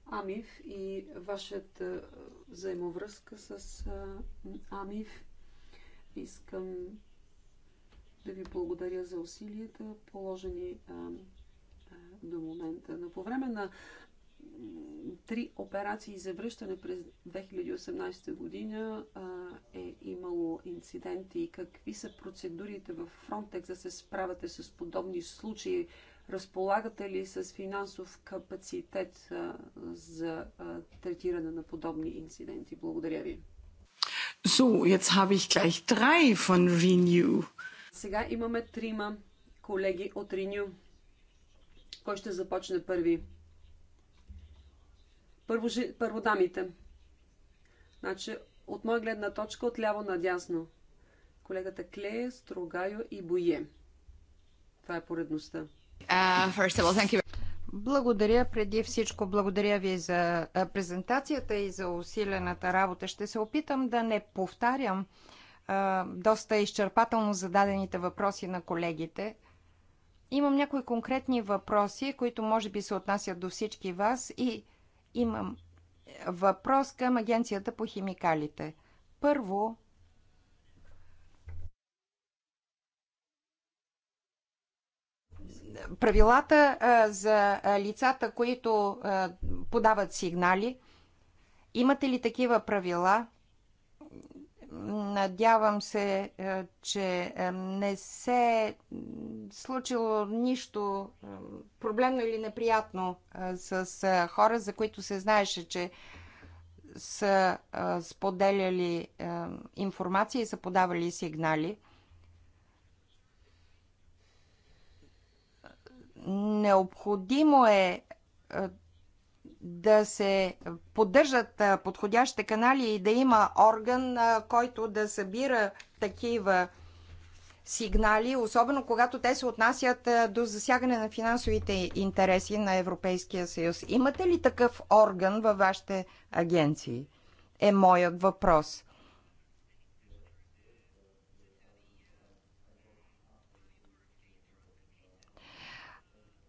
АМИФ и вашата взаимовръзка с Амив. АМИФ Искам да ви благодаря за усилията, положени а, а, до момента. Но по време на три операции за връщане през 2018 година а, е имало инциденти. Какви са процедурите в Frontex да се справяте с подобни случаи? Разполагате ли с финансов капацитет а, за а, третиране на подобни инциденти? Благодаря ви. So, jetzt habe ich gleich drei von Renew. Сега имаме трима колеги от Renew. Кой ще започне първи? Първо, първо дамите. Значи, от моя гледна точка, от ляво надясно. Колегата Клея, Строгайо и Бое. Това е поредността. Uh, all, благодаря преди всичко. Благодаря ви за презентацията и за усилената работа. Ще се опитам да не повтарям а, доста изчерпателно зададените въпроси на колегите. Имам някои конкретни въпроси, които може би се отнасят до всички вас и имам въпрос към Агенцията по химикалите. Първо, правилата за лицата, които подават сигнали, имате ли такива правила? Надявам се, че не се е случило нищо проблемно или неприятно с хора, за които се знаеше, че са споделяли информация и са подавали сигнали – Необходимо е, е да се поддържат е, подходящите канали и да има орган, е, който да събира такива сигнали, особено когато те се отнасят до засягане на финансовите интереси на Европейския съюз. Имате ли такъв орган във вашите агенции? Е моят въпрос.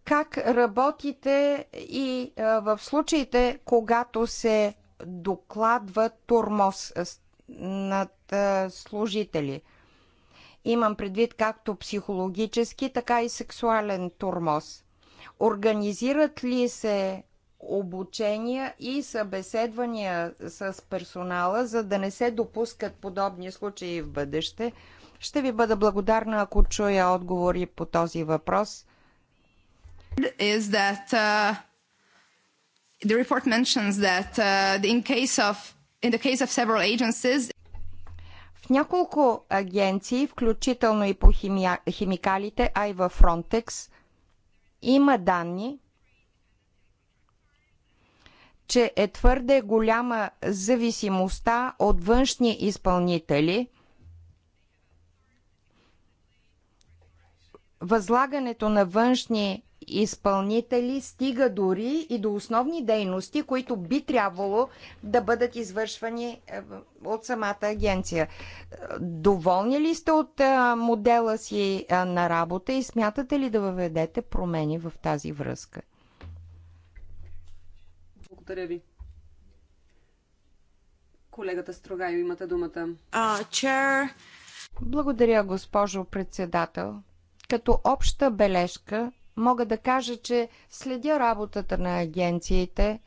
как работите и в случаите, когато се докладва тормоз над служители. Имам предвид както психологически, така и сексуален тормоз. Организират ли се обучения и събеседвания с персонала, за да не се допускат подобни случаи в бъдеще? Ще ви бъда благодарна, ако чуя отговори по този въпрос – is that uh, the report mentions that uh, in case of in the case of several agencies в няколко агенции, включително и по химия, химикалите, а и във Frontex, има данни, че е твърде голяма зависимостта от външни изпълнители. Възлагането на външни изпълнители стига дори и до основни дейности, които би трябвало да бъдат извършвани е, от самата агенция. Доволни ли сте от е, модела си е, на работа и смятате ли да въведете промени в тази връзка? Благодаря ви. Колегата Строгайо, имате думата. Uh, chair. Благодаря, госпожо председател. Като обща бележка мога да кажа, че следя работата на агенциите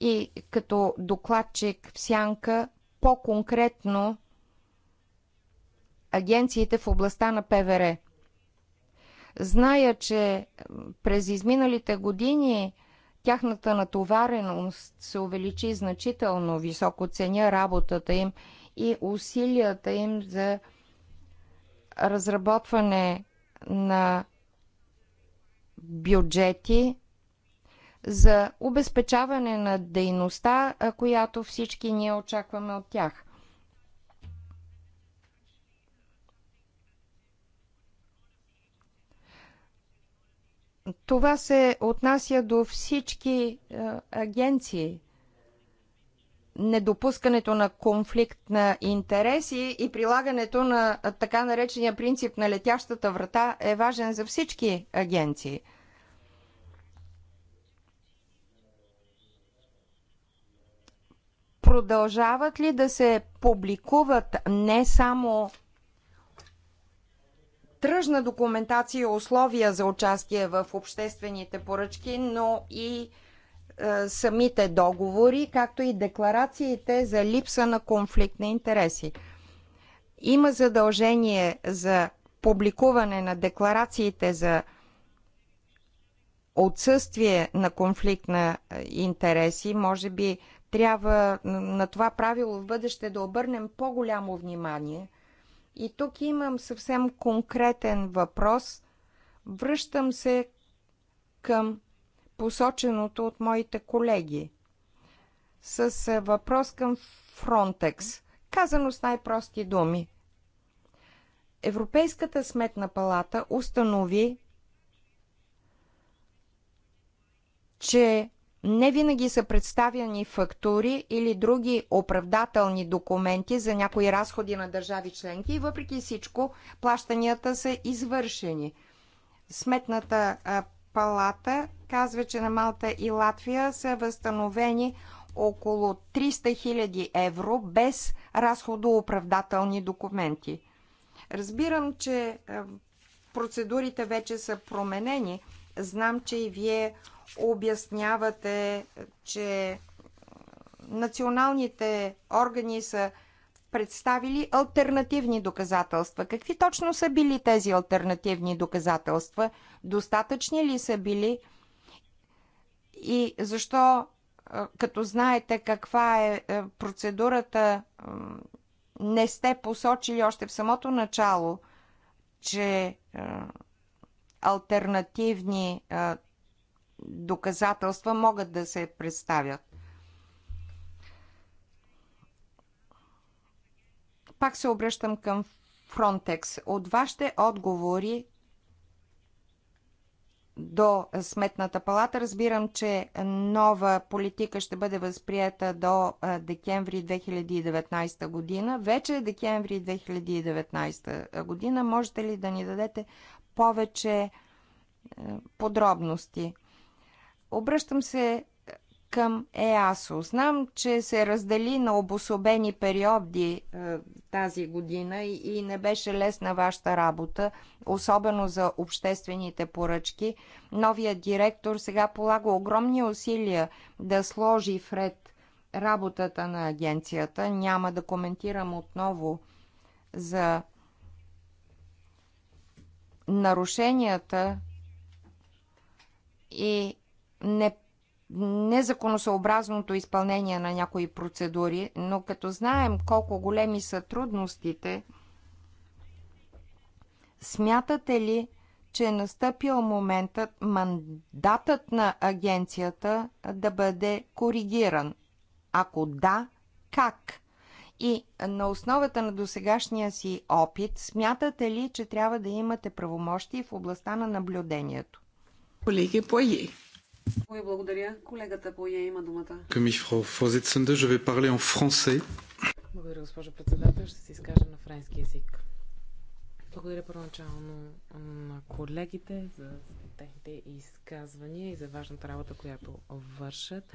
и като докладчик в сянка по-конкретно агенциите в областта на ПВР. Зная, че през изминалите години тяхната натовареност се увеличи значително, високо ценя работата им и усилията им за разработване на бюджети за обезпечаване на дейността, която всички ние очакваме от тях. Това се отнася до всички агенции недопускането на конфликт на интереси и прилагането на така наречения принцип на летящата врата е важен за всички агенции. Продължават ли да се публикуват не само тръжна документация и условия за участие в обществените поръчки, но и е, самите договори, както и декларациите за липса на конфликт на интереси. Има задължение за публикуване на декларациите за отсъствие на конфликт на е, интереси. Може би трябва на това правило в бъдеще да обърнем по-голямо внимание. И тук имам съвсем конкретен въпрос. Връщам се към посоченото от моите колеги с е, въпрос към Фронтекс. Казано с най-прости думи. Европейската сметна палата установи, че не винаги са представяни фактури или други оправдателни документи за някои разходи на държави членки и въпреки всичко плащанията са извършени. Сметната палата казва, че на Малта и Латвия са възстановени около 300 000 евро без разходооправдателни документи. Разбирам, че е, процедурите вече са променени. Знам, че и вие обяснявате, че е, националните органи са представили альтернативни доказателства. Какви точно са били тези альтернативни доказателства? Достатъчни ли са били? И защо, като знаете каква е, е процедурата, не сте посочили още в самото начало, че альтернативни доказателства могат да се представят? Пак се обръщам към Frontex. От вашите отговори до Сметната палата. Разбирам, че нова политика ще бъде възприета до декември 2019 година. Вече е декември 2019 година. Можете ли да ни дадете повече подробности? Обръщам се към ЕАСО. Знам, че се раздели на обособени периоди е, тази година и, и не беше лесна вашата работа, особено за обществените поръчки. Новият директор сега полага огромни усилия да сложи вред работата на агенцията. Няма да коментирам отново за нарушенията и не незаконосъобразното изпълнение на някои процедури, но като знаем колко големи са трудностите, смятате ли, че е настъпил моментът мандатът на агенцията да бъде коригиран? Ако да, как? И на основата на досегашния си опит, смятате ли, че трябва да имате правомощи в областта на наблюдението? Колеги Пойе. Ой, благодаря. Колегата Пое има думата. Благодаря, госпожо председател. Ще се изкажа на френски язик. Благодаря първоначално на колегите за техните изказвания и за важната работа, която вършат.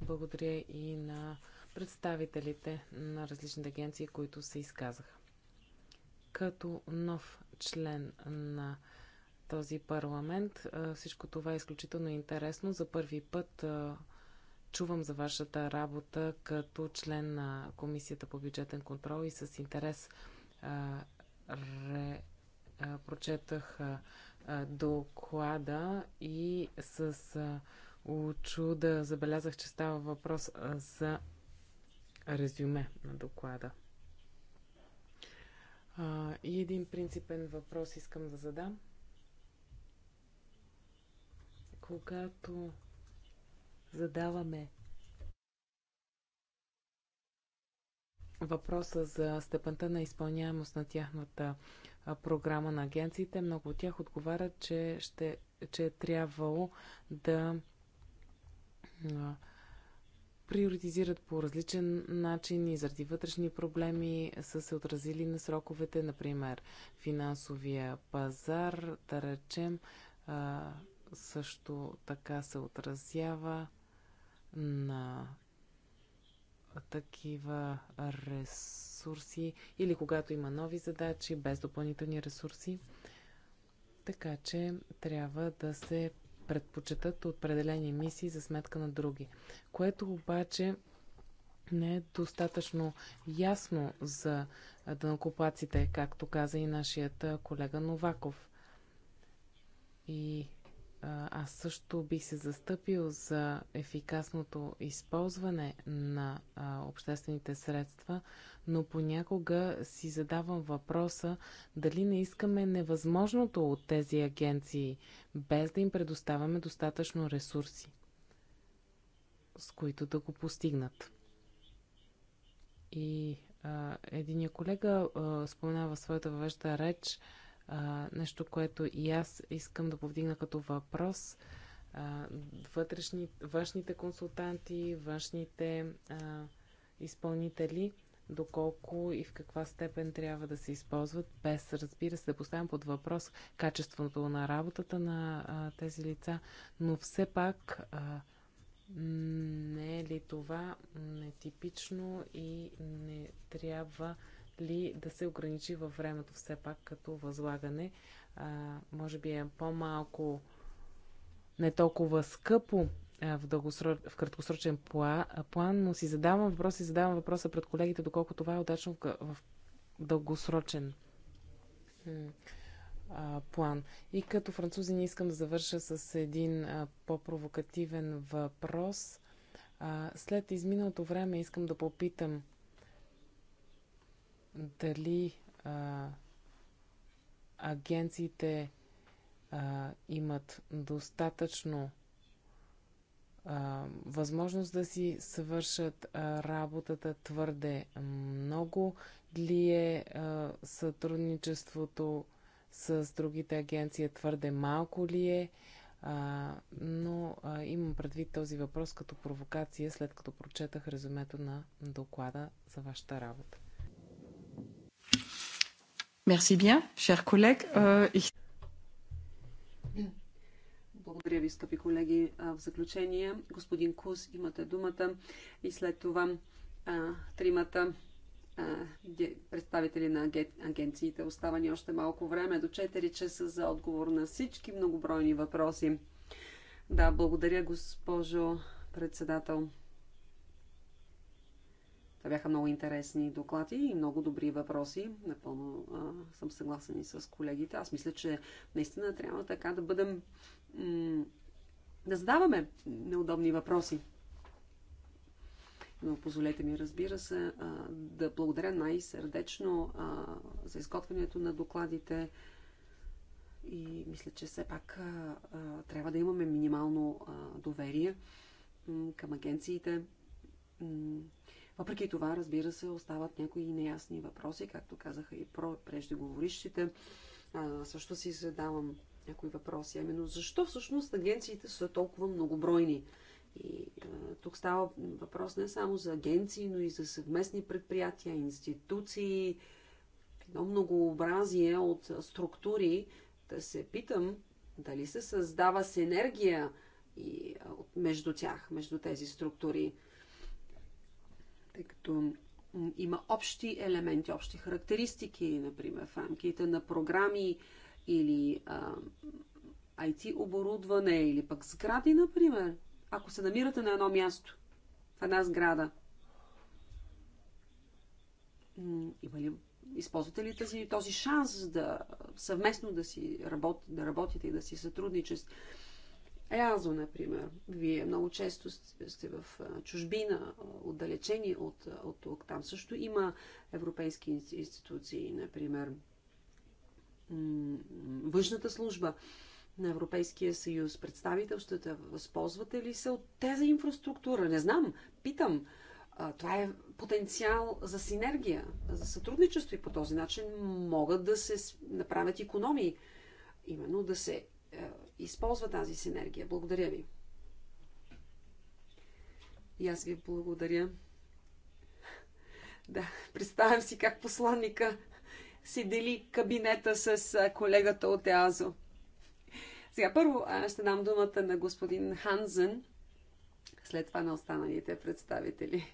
Благодаря и на представителите на различните агенции, които се изказаха. Като нов член на този парламент. Всичко това е изключително интересно. За първи път чувам за вашата работа като член на Комисията по бюджетен контрол и с интерес прочетах доклада и с очуда забелязах, че става въпрос за резюме на доклада. И един принципен въпрос искам да задам когато задаваме въпроса за степента на изпълняемост на тяхната програма на агенциите, много от тях отговарят, че, ще, че е трябвало да приоритизират по различен начин и заради вътрешни проблеми са се отразили на сроковете, например финансовия пазар, да речем, също така се отразява на такива ресурси или когато има нови задачи без допълнителни ресурси. Така че трябва да се предпочитат определени мисии за сметка на други. Което обаче не е достатъчно ясно за дънокопаците, както каза и нашият колега Новаков. И аз също би се застъпил за ефикасното използване на а, обществените средства, но понякога си задавам въпроса дали не искаме невъзможното от тези агенции, без да им предоставяме достатъчно ресурси, с които да го постигнат. И а, един колега а, споменава своята въвежда реч, а, а, нещо, което и аз искам да повдигна като въпрос. А, вътрешни, външните консултанти, външните а, изпълнители, доколко и в каква степен трябва да се използват, без разбира се да поставям под въпрос качеството на работата на а, тези лица, но все пак а, не е ли това нетипично и не трябва ли да се ограничи във времето все пак като възлагане? А, може би е по-малко, не толкова скъпо а, в, дългосро... в краткосрочен пла, план, но си задавам въпрос и задавам въпроса пред колегите, доколко това е удачно в, в дългосрочен а, план. И като не искам да завърша с един по-провокативен въпрос. А, след изминалото време искам да попитам – дали а, агенциите а, имат достатъчно а, възможност да си свършат а, работата твърде много ли е а, сътрудничеството с другите агенции твърде малко ли е, а, но а, имам предвид този въпрос като провокация, след като прочетах резюмето на доклада за вашата работа. Merci bien, cher euh, благодаря ви, скъпи колеги. В заключение, господин Кус, имате думата и след това а, тримата а, представители на агенциите. Остава ни още малко време, до 4 часа за отговор на всички многобройни въпроси. Да, благодаря, госпожо председател. Това бяха много интересни доклади и много добри въпроси. Напълно а, съм съгласен и с колегите. Аз мисля, че наистина трябва така да бъдем. да задаваме неудобни въпроси. Но позволете ми, разбира се, а, да благодаря най-сърдечно за изготвянето на докладите. И мисля, че все пак а, а, трябва да имаме минимално а, доверие към агенциите въпреки това, разбира се, остават някои неясни въпроси, както казаха и про преждеговорищите. А, също си задавам някои въпроси, именно защо всъщност агенциите са толкова многобройни. И а, тук става въпрос не само за агенции, но и за съвместни предприятия, институции, едно многообразие от структури. Да се питам дали се създава синергия и, а, между тях, между тези структури тъй като има общи елементи, общи характеристики, например, в рамките на програми или а, IT оборудване или пък сгради, например. Ако се намирате на едно място, в една сграда, има ли, използвате ли тази, този шанс да съвместно да си работ, да работите и да си сътрудничате? Елязо, например. Вие много често сте в чужбина, отдалечени от, от тук. Там също има европейски институции, например външната служба на Европейския съюз, представителствата, възползвате ли се от тези инфраструктура? Не знам, питам. Това е потенциал за синергия, за сътрудничество и по този начин могат да се направят економии. Именно да се е, използва тази синергия. Благодаря ви. И аз ви благодаря. Да, представям си как посланника си дели кабинета с колегата от ЕАЗО. Сега първо ще дам думата на господин Ханзен, след това на останалите представители.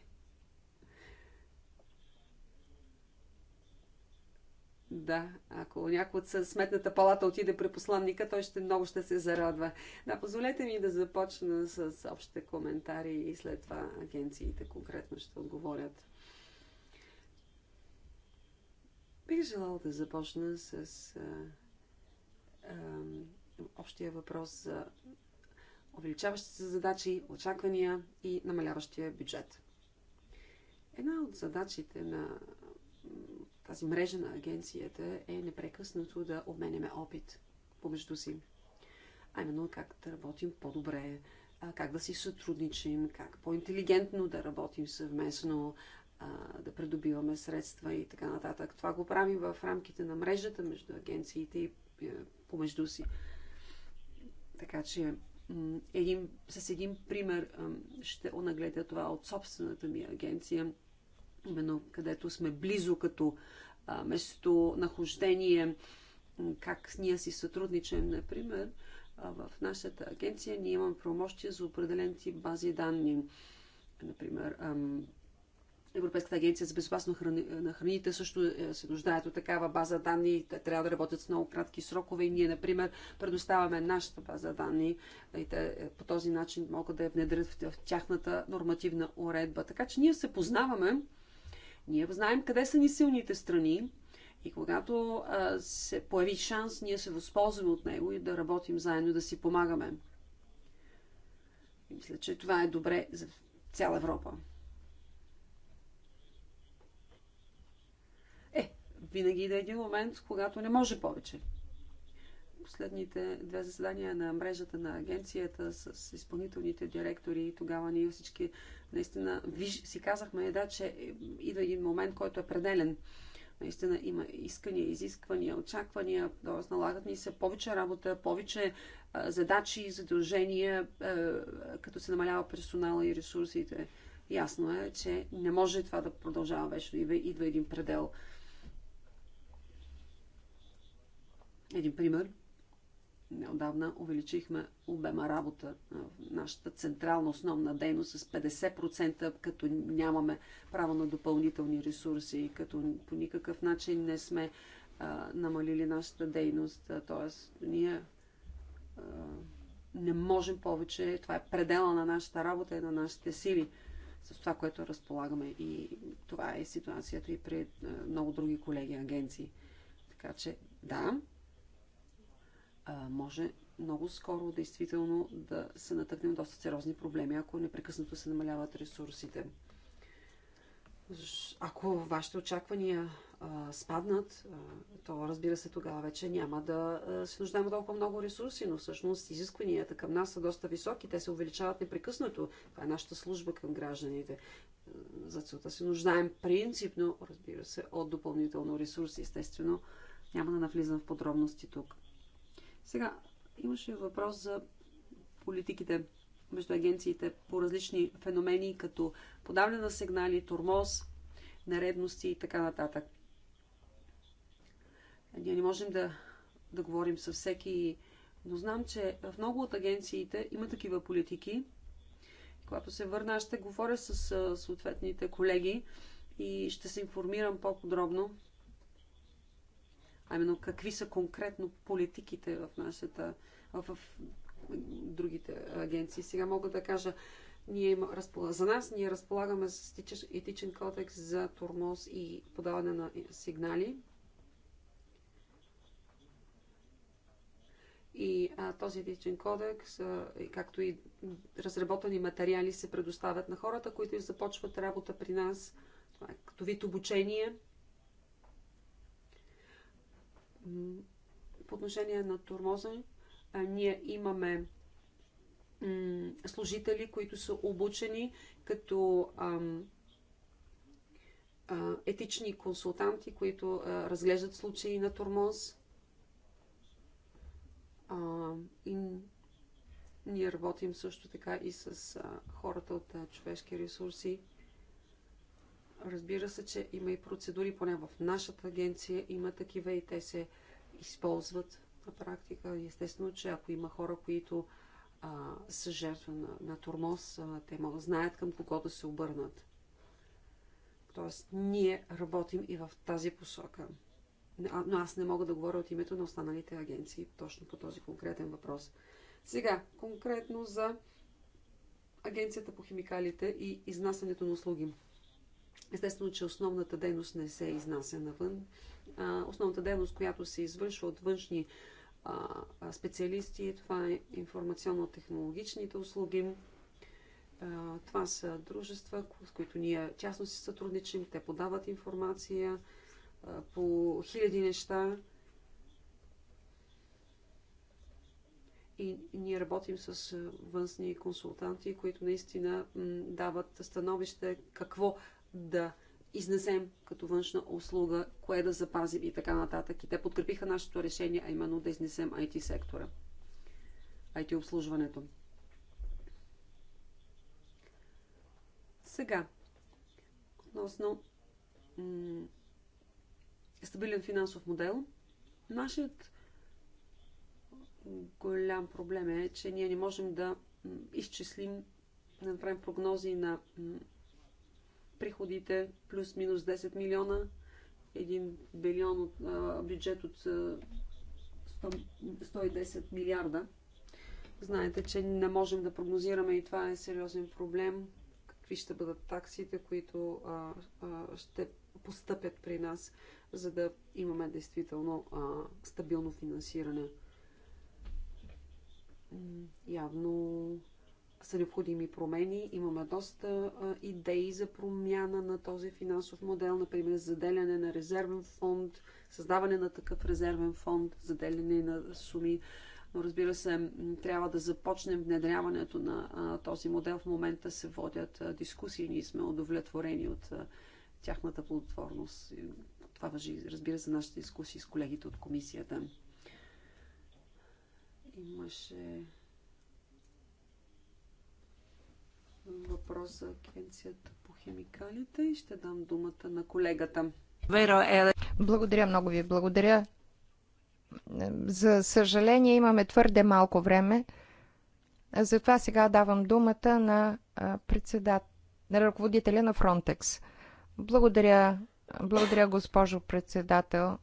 Да, ако някой от сметната палата отиде при посланника, той ще много ще се зарадва. Да, позволете ми да започна с общите коментари и след това агенциите конкретно ще отговорят. Бих желала да започна с а, а, общия въпрос за увеличаващите се задачи, очаквания и намаляващия бюджет. Една от задачите на тази мрежа на агенцията е непрекъснато да обменяме опит помежду си. А именно как да работим по-добре, как да си сътрудничим, как по-интелигентно да работим съвместно, да придобиваме средства и така нататък. Това го правим в рамките на мрежата между агенциите и е, помежду си. Така че един, с един пример ще онагледя това от собствената ми агенция – именно където сме близо като местонахождение, как ние си сътрудничаем, например, в нашата агенция ние имаме правомощия за определен тип бази данни. Например, Европейската агенция за безопасно на храните също е, се нуждаят от такава база данни. Те трябва да работят с много кратки срокове и ние, например, предоставяме нашата база данни и те е, по този начин могат да я внедрят в тяхната нормативна уредба. Така че ние се познаваме ние знаем къде са ни силните страни и когато а, се появи шанс, ние се възползваме от него и да работим заедно и да си помагаме. И мисля, че това е добре за цяла Европа. Е, винаги да е един момент, когато не може повече последните две заседания на мрежата на агенцията с изпълнителните директори и тогава ние всички наистина виж, си казахме, да, че идва един момент, който е пределен. Наистина има искания, изисквания, очаквания, т.е. налагат ни се повече работа, повече а, задачи, задължения, а, като се намалява персонала и ресурсите. Ясно е, че не може това да продължава вечно. Идва, идва един предел. Един пример – Неодавна увеличихме обема работа в нашата централна основна дейност с 50%, като нямаме право на допълнителни ресурси и като по никакъв начин не сме а, намалили нашата дейност. Тоест, ние а, не можем повече. Това е предела на нашата работа и на нашите сили с това, което разполагаме. И това е ситуацията и при много други колеги агенции. Така че, да, може много скоро действително да се натъкнем доста сериозни проблеми, ако непрекъснато се намаляват ресурсите. Ако вашите очаквания а, спаднат, а, то разбира се тогава вече няма да а, се нуждаем толкова много ресурси, но всъщност изискванията към нас са доста високи, те се увеличават непрекъснато. Това е нашата служба към гражданите. За целта се нуждаем принципно, разбира се, от допълнително ресурси. Естествено, няма да навлизам в подробности тук. Сега, имаше въпрос за политиките между агенциите по различни феномени, като подаване на сигнали, тормоз, нередности и така нататък. Ние не можем да, да говорим със всеки, но знам, че в много от агенциите има такива политики. Когато се върна, ще говоря с съответните колеги и ще се информирам по-подробно а именно какви са конкретно политиките в нашата, в другите агенции. Сега мога да кажа, ние има, за нас ние разполагаме с етичен кодекс за тормоз и подаване на сигнали. И а, този етичен кодекс, а, както и разработени материали се предоставят на хората, които започват работа при нас. Това е като вид обучение – по отношение на турмоза, ние имаме служители, които са обучени като етични консултанти, които разглеждат случаи на турмоз. И ние работим също така и с хората от човешки ресурси Разбира се, че има и процедури, поне в нашата агенция има такива и те се използват на практика. Естествено, че ако има хора, които а, са жертва на, на тормоз, а, те могат, знаят към кого да се обърнат. Тоест, ние работим и в тази посока. Но аз не мога да говоря от името на останалите агенции точно по този конкретен въпрос. Сега, конкретно за Агенцията по химикалите и изнасянето на услуги. Естествено, че основната дейност не се изнася навън. Основната дейност, която се извършва от външни специалисти, това е информационно-технологичните услуги. Това са дружества, с които ние тясно си сътрудничим. Те подават информация по хиляди неща. И ние работим с външни консултанти, които наистина дават становище какво да изнесем като външна услуга, кое да запазим и така нататък. И те подкрепиха нашето решение, а именно да изнесем IT сектора, IT обслужването. Сега, относно стабилен финансов модел, нашият голям проблем е, че ние не можем да изчислим, да направим прогнози на приходите плюс-минус 10 милиона, 1 билион от а, бюджет от а, 100, 110 милиарда. Знаете, че не можем да прогнозираме и това е сериозен проблем. Какви ще бъдат таксите, които а, а, ще постъпят при нас, за да имаме действително а, стабилно финансиране. Явно са необходими промени. Имаме доста идеи за промяна на този финансов модел, например заделяне на резервен фонд, създаване на такъв резервен фонд, заделяне на суми. Но разбира се, трябва да започнем внедряването на този модел. В момента се водят дискусии. Ние сме удовлетворени от тяхната плодотворност. Това въжи, разбира се, нашите дискусии с колегите от комисията. Имаше въпрос за Агенцията по химикалите и ще дам думата на колегата. Е, благодаря, много ви благодаря. За съжаление имаме твърде малко време. Затова сега давам думата на председател, на ръководителя на Фронтекс. Благодаря, благодаря госпожо председател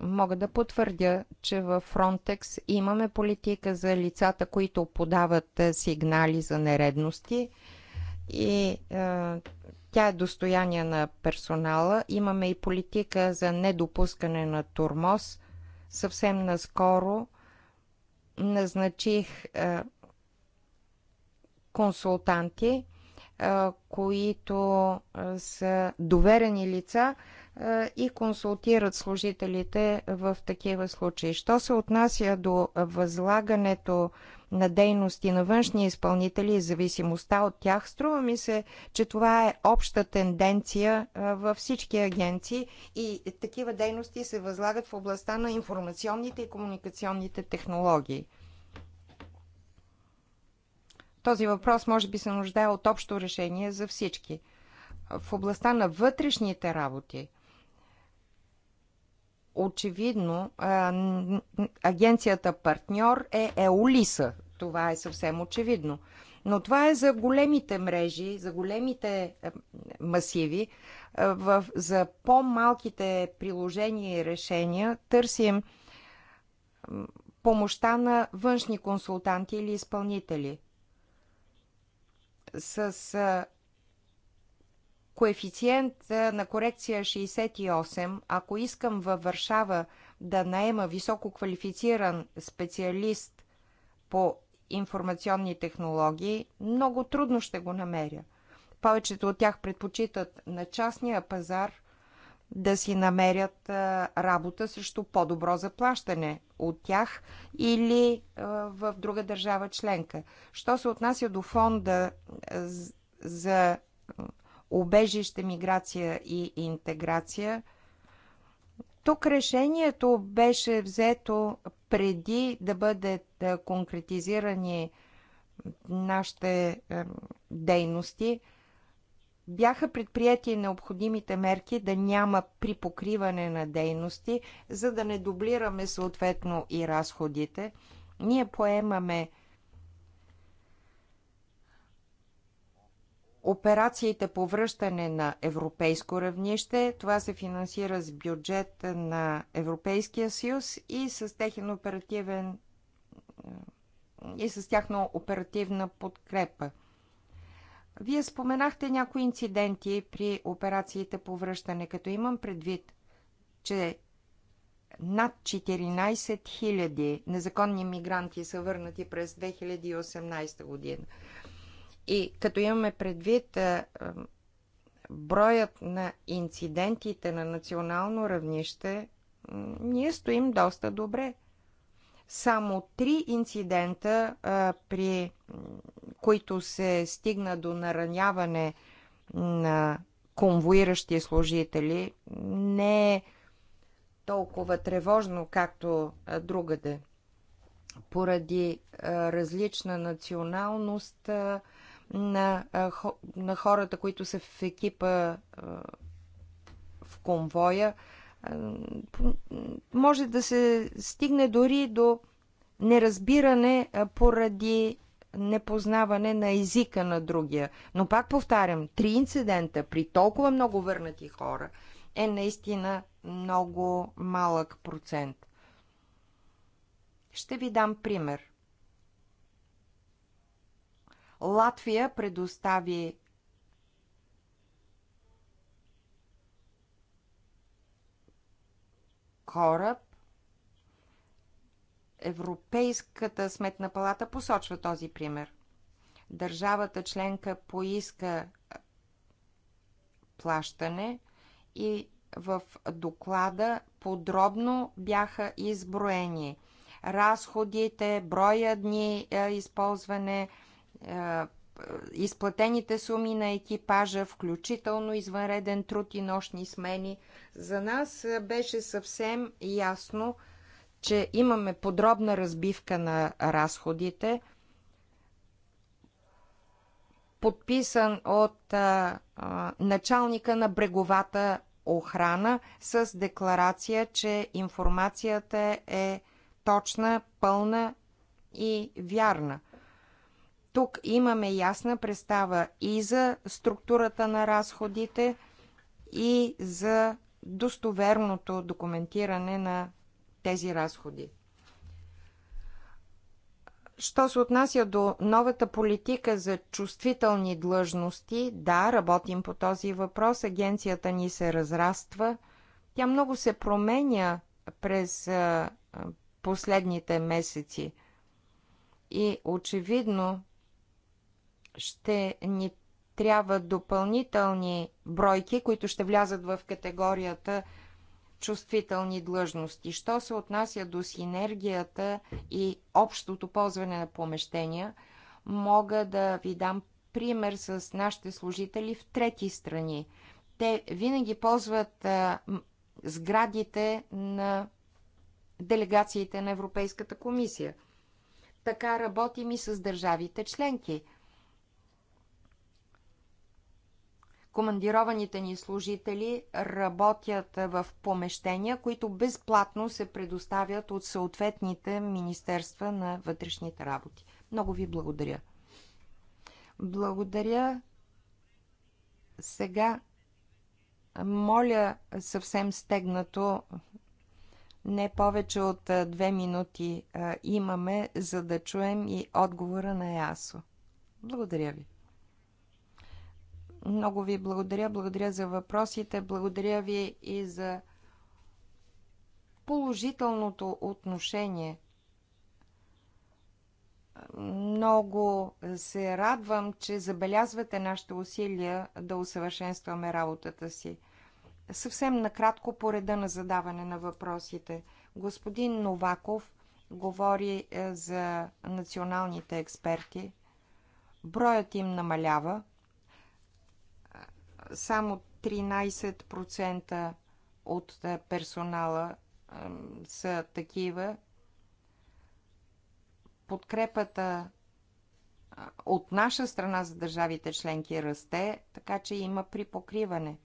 мога да потвърдя, че в Frontex имаме политика за лицата, които подават е, сигнали за нередности и е, тя е достояние на персонала. Имаме и политика за недопускане на турмоз. Съвсем наскоро назначих е, консултанти, е, които е, са доверени лица, и консултират служителите в такива случаи. Що се отнася до възлагането на дейности на външни изпълнители и зависимостта от тях, струва ми се, че това е обща тенденция във всички агенции и такива дейности се възлагат в областта на информационните и комуникационните технологии. Този въпрос може би се нуждае от общо решение за всички. В областта на вътрешните работи очевидно агенцията партньор е Еолиса. Това е съвсем очевидно. Но това е за големите мрежи, за големите масиви. за по-малките приложения и решения търсим помощта на външни консултанти или изпълнители. С коефициент на корекция 68, ако искам във Варшава да наема високо квалифициран специалист по информационни технологии, много трудно ще го намеря. Повечето от тях предпочитат на частния пазар да си намерят работа срещу по-добро заплащане от тях или в друга държава членка. Що се отнася до фонда за убежище, миграция и интеграция. Тук решението беше взето преди да бъдат е, конкретизирани нашите е, дейности. Бяха предприяти необходимите мерки да няма припокриване на дейности, за да не дублираме съответно и разходите. Ние поемаме Операциите по връщане на европейско равнище, това се финансира с бюджет на Европейския съюз и с техен оперативен и с тяхна оперативна подкрепа. Вие споменахте някои инциденти при операциите по връщане, като имам предвид, че над 14 000 незаконни мигранти са върнати през 2018 година. И като имаме предвид броят на инцидентите на национално равнище, ние стоим доста добре. Само три инцидента, при които се стигна до нараняване на конвоиращи служители, не е толкова тревожно, както другаде. Поради различна националност, на, на хората, които са в екипа в конвоя, може да се стигне дори до неразбиране поради непознаване на езика на другия. Но пак повтарям, три инцидента при толкова много върнати хора е наистина много малък процент. Ще ви дам пример – Латвия предостави кораб. Европейската сметна палата посочва този пример. Държавата членка поиска плащане и в доклада подробно бяха изброени разходите, броя дни е, използване, е, изплатените суми на екипажа, включително извънреден труд и нощни смени. За нас е, беше съвсем ясно, че имаме подробна разбивка на разходите, подписан от а, е, а, началника на бреговата охрана с декларация, че информацията е точна, пълна и вярна. Тук имаме ясна представа и за структурата на разходите, и за достоверното документиране на тези разходи. Що се отнася до новата политика за чувствителни длъжности, да, работим по този въпрос. Агенцията ни се разраства. Тя много се променя през последните месеци. И очевидно ще ни трябва допълнителни бройки, които ще влязат в категорията чувствителни длъжности. Що се отнася до синергията и общото ползване на помещения, мога да ви дам пример с нашите служители в трети страни. Те винаги ползват а, сградите на делегациите на Европейската комисия. Така работим и с държавите членки – командированите ни служители работят в помещения, които безплатно се предоставят от съответните Министерства на вътрешните работи. Много ви благодаря. Благодаря. Сега моля съвсем стегнато, не повече от две минути имаме, за да чуем и отговора на ЯСО. Благодаря ви. Много ви благодаря. Благодаря за въпросите. Благодаря ви и за положителното отношение. Много се радвам, че забелязвате нашите усилия да усъвършенстваме работата си. Съвсем накратко по реда на задаване на въпросите. Господин Новаков говори е, за националните експерти. Броят им намалява само 13% от е, персонала са такива. Подкрепата от наша страна за държавите членки расте, така че има припокриване.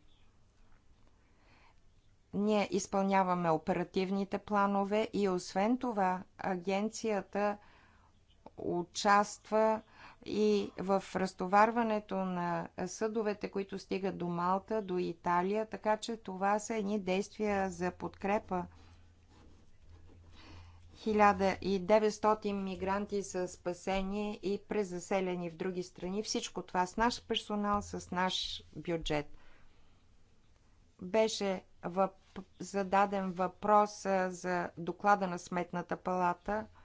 Ние изпълняваме оперативните планове и освен това агенцията участва и в разтоварването на съдовете, които стигат до Малта, до Италия, така че това са едни действия за подкрепа. 1900 мигранти са спасени и презаселени в други страни. Всичко това с наш персонал, с наш бюджет. Беше въп... зададен въпрос за доклада на Сметната палата –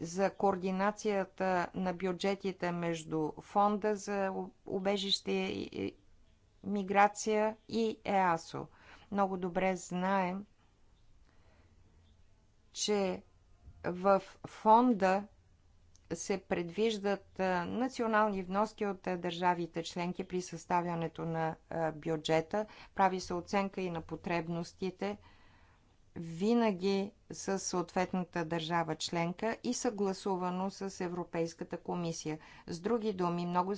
за координацията на бюджетите между Фонда за убежище и миграция и ЕАСО. Много добре знаем, че в фонда се предвиждат национални вноски от държавите членки при съставянето на бюджета. Прави се оценка и на потребностите – винаги с съответната държава членка и съгласувано с Европейската комисия. С други думи, много е,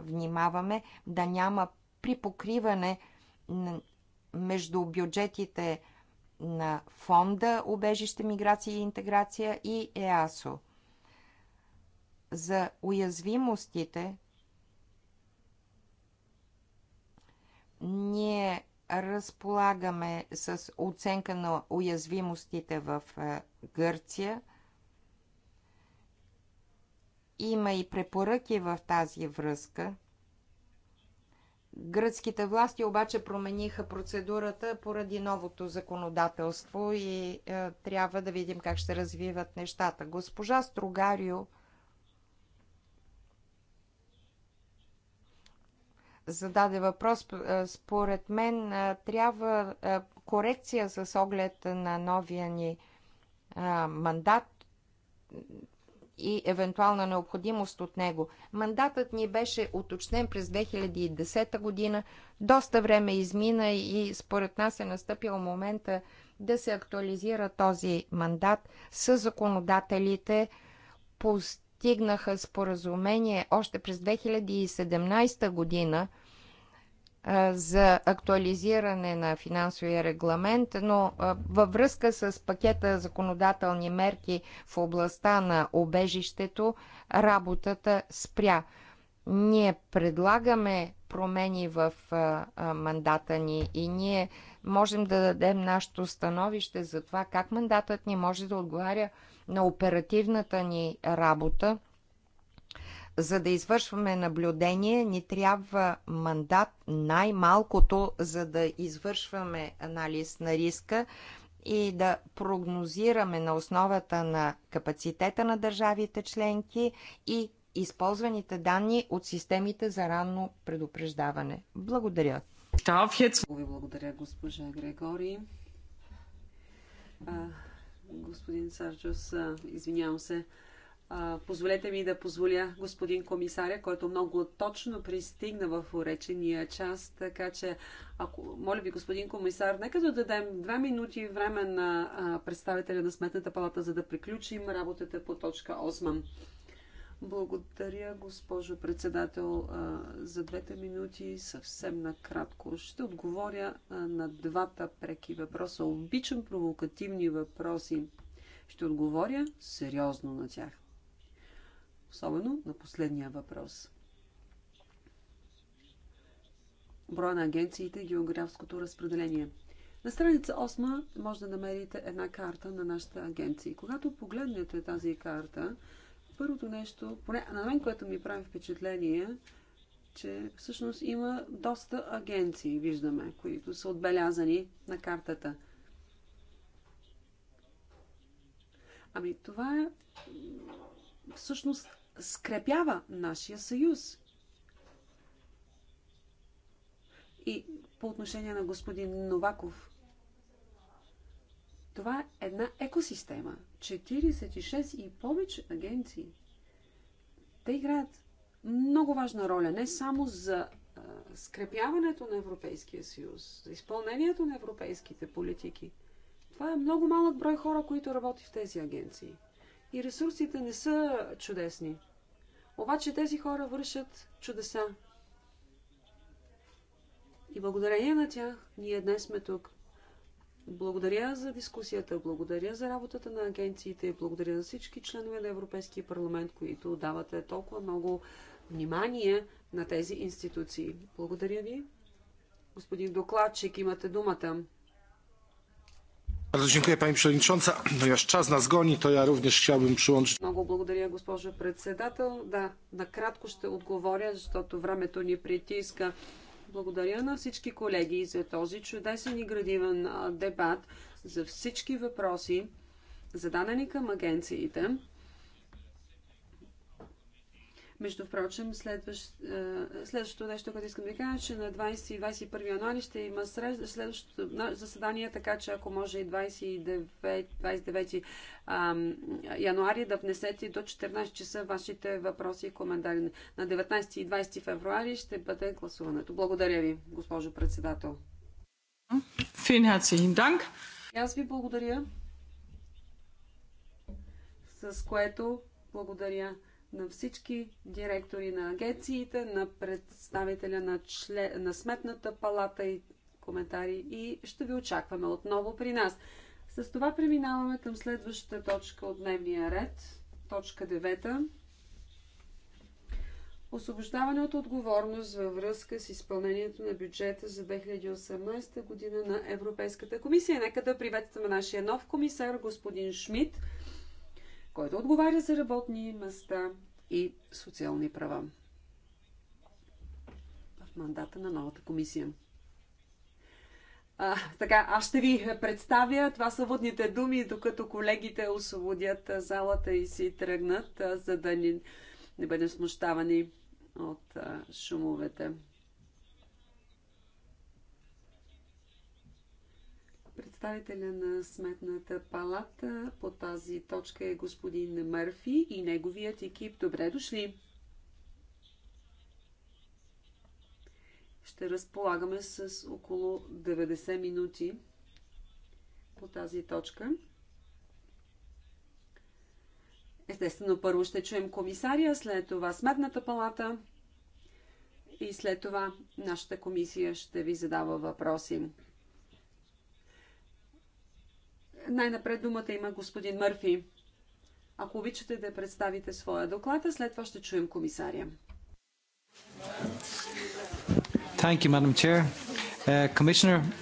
внимаваме да няма припокриване между бюджетите на фонда Обежище, миграция и интеграция и ЕАСО. За уязвимостите ние разполагаме с оценка на уязвимостите в е, Гърция. Има и препоръки в тази връзка. Гръцките власти обаче промениха процедурата поради новото законодателство и е, трябва да видим как ще развиват нещата. Госпожа Строгарио зададе въпрос, според мен трябва корекция с оглед на новия ни мандат и евентуална необходимост от него. Мандатът ни беше уточнен през 2010 година. Доста време измина и според нас е настъпил момента да се актуализира този мандат с законодателите. Постигнаха споразумение още през 2017 година – за актуализиране на финансовия регламент, но във връзка с пакета законодателни мерки в областта на обежището, работата спря. Ние предлагаме промени в мандата ни и ние можем да дадем нашето становище за това как мандатът ни може да отговаря на оперативната ни работа за да извършваме наблюдение, ни трябва мандат най-малкото, за да извършваме анализ на риска и да прогнозираме на основата на капацитета на държавите членки и използваните данни от системите за ранно предупреждаване. Благодаря. Ви благодаря, госпожа Грегори. А, господин Сарджос, извинявам се. Позволете ми да позволя господин комисаря, който много точно пристигна в уречения час, така че, ако, моля ви, господин комисар, нека да дадем две минути време на представителя на Сметната палата, за да приключим работата по точка 8. Благодаря, госпожо председател, за двете минути. Съвсем накратко ще отговоря на двата преки въпроса. Обичам провокативни въпроси. Ще отговоря сериозно на тях особено на последния въпрос. Броя на агенциите и географското разпределение. На страница 8 може да намерите една карта на нашите агенции. Когато погледнете тази карта, първото нещо, поне на мен, което ми прави впечатление, че всъщност има доста агенции, виждаме, които са отбелязани на картата. Ами това е всъщност скрепява нашия съюз. И по отношение на господин Новаков, това е една екосистема. 46 и повече агенции. Те играят много важна роля, не само за а, скрепяването на Европейския съюз, за изпълнението на европейските политики. Това е много малък брой хора, които работи в тези агенции. И ресурсите не са чудесни. Обаче тези хора вършат чудеса. И благодарение на тях ние днес сме тук. Благодаря за дискусията, благодаря за работата на агенциите, благодаря на всички членове на Европейския парламент, които давате толкова много внимание на тези институции. Благодаря ви. Господин докладчик, имате думата. Bardzo dziękuję Pani Przewodnicząca. Ponieważ czas nas goni, to ja również chciałbym przyłączyć. Много благодаря, госпожо председател. Да, накратко ще отговоря, защото времето ни притиска. Благодаря на всички колеги за този чудесен и градивен дебат, за всички въпроси, зададени към агенциите. Между прочим, следващ, е, следващото нещо, което искам да ви кажа, че на 20 и 21 януари ще има среща, следващото заседание, така че ако може и 29, 29 януари да внесете до 14 часа вашите въпроси и коментари. На 19 и 20 февруари ще бъде гласуването. Благодаря ви, госпожо председател. Аз ви благодаря. С което благодаря на всички директори на агенциите, на представителя на, член, на Сметната палата и коментари и ще ви очакваме отново при нас. С това преминаваме към следващата точка от дневния ред, точка 9. Освобождаване от отговорност във връзка с изпълнението на бюджета за 2018 година на Европейската комисия. Нека да приветстваме нашия нов комисар, господин Шмидт който отговаря за работни места и социални права в мандата на новата комисия. А, така, аз ще ви представя. Това са водните думи, докато колегите освободят залата и си тръгнат, за да ни, не бъдем смущавани от а, шумовете. Представителя на Сметната палата по тази точка е господин Мърфи и неговият екип. Добре дошли! Ще разполагаме с около 90 минути по тази точка. Естествено, първо ще чуем комисария, след това Сметната палата и след това нашата комисия ще ви задава въпроси. Най-напред думата има господин Мърфи. Ако обичате да представите своя доклад, а след това ще чуем комисаря. Thank you, Madam Chair.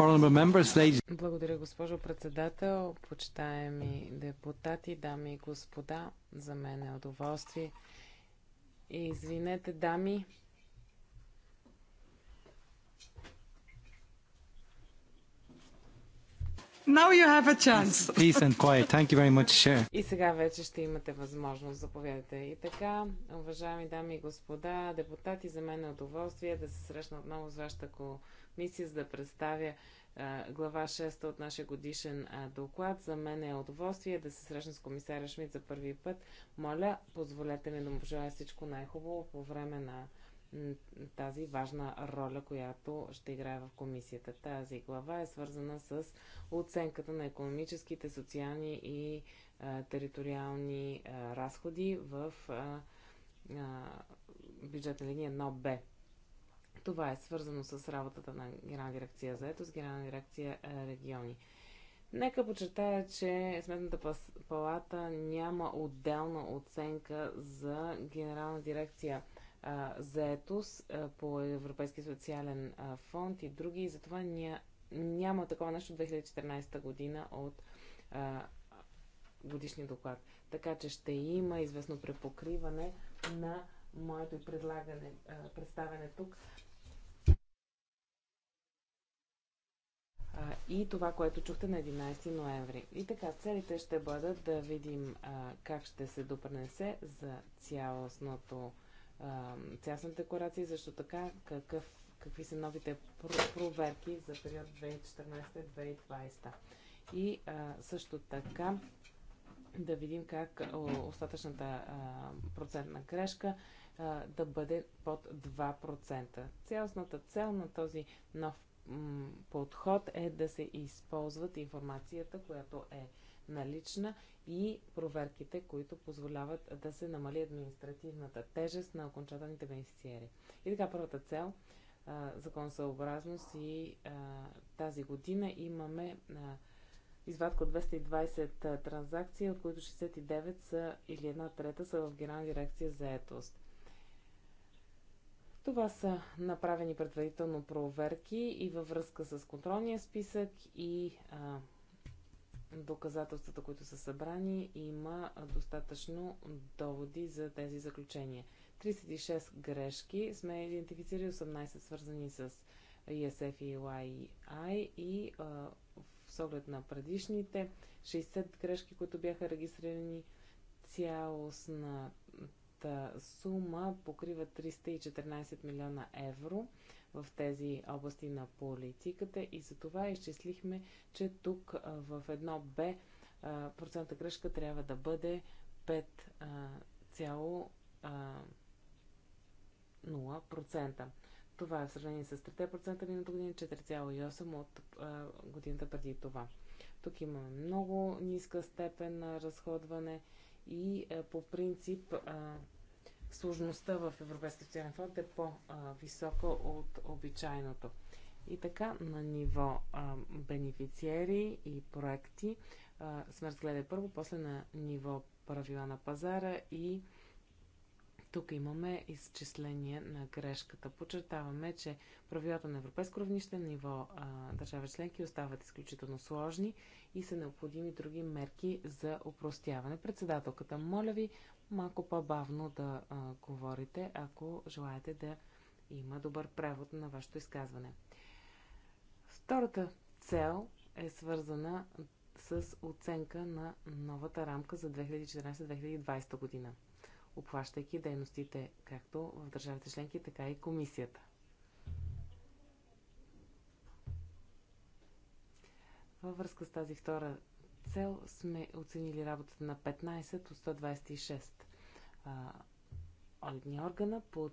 Uh, Благодаря, госпожо председател, почитаеми депутати, дами и господа. За мен е удоволствие. извинете, дами, Now you have a chance. Peace and quiet. Thank you very much, И сега вече ще имате възможност, заповядайте. И така, уважаеми дами и господа, депутати, за мен е удоволствие да се срещна отново с вашата комисия, за да представя глава 6 от нашия годишен доклад. За мен е удоволствие да се срещна с комисаря Шмидт за първи път. Моля, позволете ми да му пожелая всичко най-хубаво по време на тази важна роля, която ще играе в комисията. Тази глава е свързана с оценката на економическите, социални и а, териториални а, разходи в а, а, бюджетна линия 1Б. Това е свързано с работата на Генерална дирекция за ето с Генерална дирекция региони. Нека почертая, че Сметната палата няма отделна оценка за Генерална дирекция заетост по Европейски социален фонд и други. И затова ня, няма такова нещо от 2014 година от а, годишния доклад. Така че ще има известно препокриване на моето предлагане, а, представяне тук. А, и това, което чухте на 11 ноември. И така, целите ще бъдат да видим а, как ще се допренесе за цялостното цясна декларация и също така какъв, какви са новите проверки за период 2014-2020. И а, също така да видим как остатъчната а, процентна грешка а, да бъде под 2%. Цялостната цел на този нов подход е да се използват информацията, която е налична и проверките, които позволяват да се намали административната тежест на окончателните бенефициери. И така, първата цел законосъобразност и а, тази година имаме а, извадка от 220 транзакции, от които 69 са или една трета са в Генерална дирекция за етост. Това са направени предварително проверки и във връзка с контролния списък и а, доказателствата, които са събрани, има достатъчно доводи за тези заключения. 36 грешки сме идентифицирали, 18 свързани с ESF и YI и а, с оглед на предишните 60 грешки, които бяха регистрирани, цялостната сума покрива 314 милиона евро в тези области на политиката и за това изчислихме, че тук в едно Б процента грешка трябва да бъде 5,0%. Това е в сравнение с 3% миналата година, 4,8% от годината преди това. Тук имаме много ниска степен на разходване и по принцип сложността в Европейския социален фонд е по-висока от обичайното. И така, на ниво а, бенефициери и проекти а, сме разгледали първо, после на ниво правила на пазара и тук имаме изчисление на грешката. Подчертаваме, че правилата на европейско равнище на ниво държава държави членки остават изключително сложни и са необходими други мерки за упростяване. Председателката, моля ви, малко по-бавно да а, говорите, ако желаете да има добър превод на вашето изказване. Втората цел е свързана с оценка на новата рамка за 2014-2020 година, обхващайки дейностите както в държавите членки, така и комисията. Във връзка с тази втора цел сме оценили работата на 15 от 126 одитни органа. По...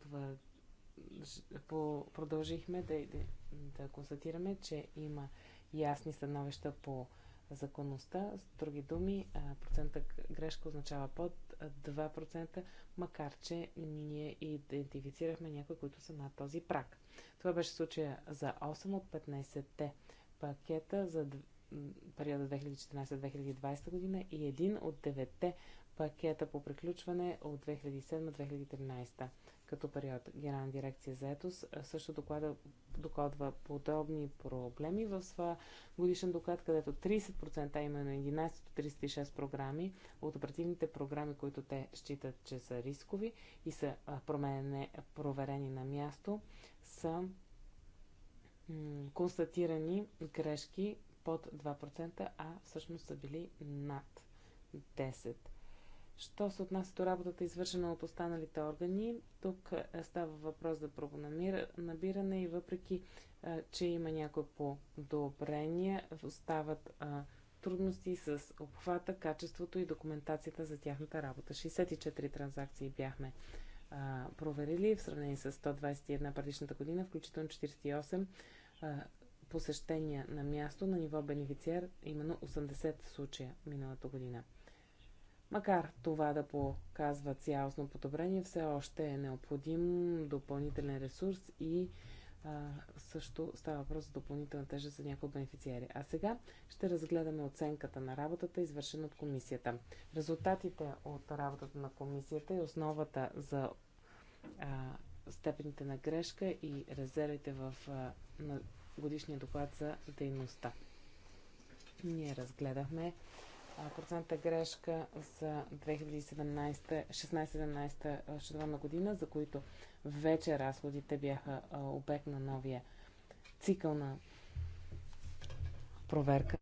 Продължихме да, да, да констатираме, че има ясни становища по законността. С други думи, процента грешка означава под 2%, макар че ние идентифицирахме някои, които са над този прак. Това беше случая за 8 от 15-те пакета за периода 2014-2020 година и един от девете пакета по приключване от 2007-2013 като период. Генерална дирекция заетост също доклада, докладва подобни проблеми в своя годишен доклад, където 30%, а именно 11 36 програми от оперативните програми, които те считат, че са рискови и са променене, проверени на място, са констатирани грешки под 2%, а всъщност са били над 10%. Що се отнася до работата, извършена от останалите органи, тук е, става въпрос за пробонабиране и въпреки, е, че има някои подобрения, остават е, трудности с обхвата, качеството и документацията за тяхната работа. 64 транзакции бяхме проверили в сравнение с 121 предишната година, включително 48 посещения на място на ниво бенефициер, именно 80 случая миналата година. Макар това да показва цялостно подобрение, все още е необходим допълнителен ресурс и а, също става въпрос за допълнителна тежест за някои бенефициери. А сега ще разгледаме оценката на работата, извършена от комисията. Резултатите от работата на комисията и основата за а, степените на грешка и резервите в а, на годишния доклад за дейността. Ние разгледахме процента грешка за 2016-17 счетоводна година, за които вече разходите бяха обект на новия цикъл на проверка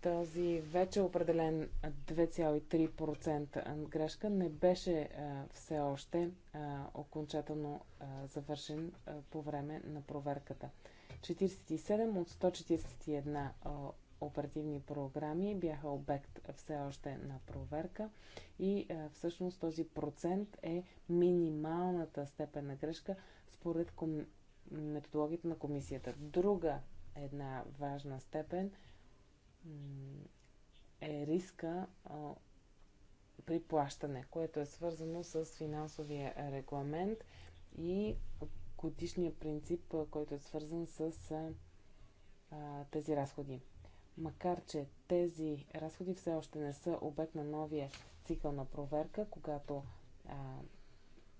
този вече определен 2,3% грешка не беше а, все още а, окончателно а, завършен а, по време на проверката. 47 от 141 а, оперативни програми бяха обект все още на проверка и а, всъщност този процент е минималната степен на грешка според ком... методологията на комисията. Друга една важна степен – е риска при плащане, което е свързано с финансовия регламент и годишния принцип, който е свързан с а, тези разходи. Макар, че тези разходи все още не са обект на новия цикъл на проверка, когато а,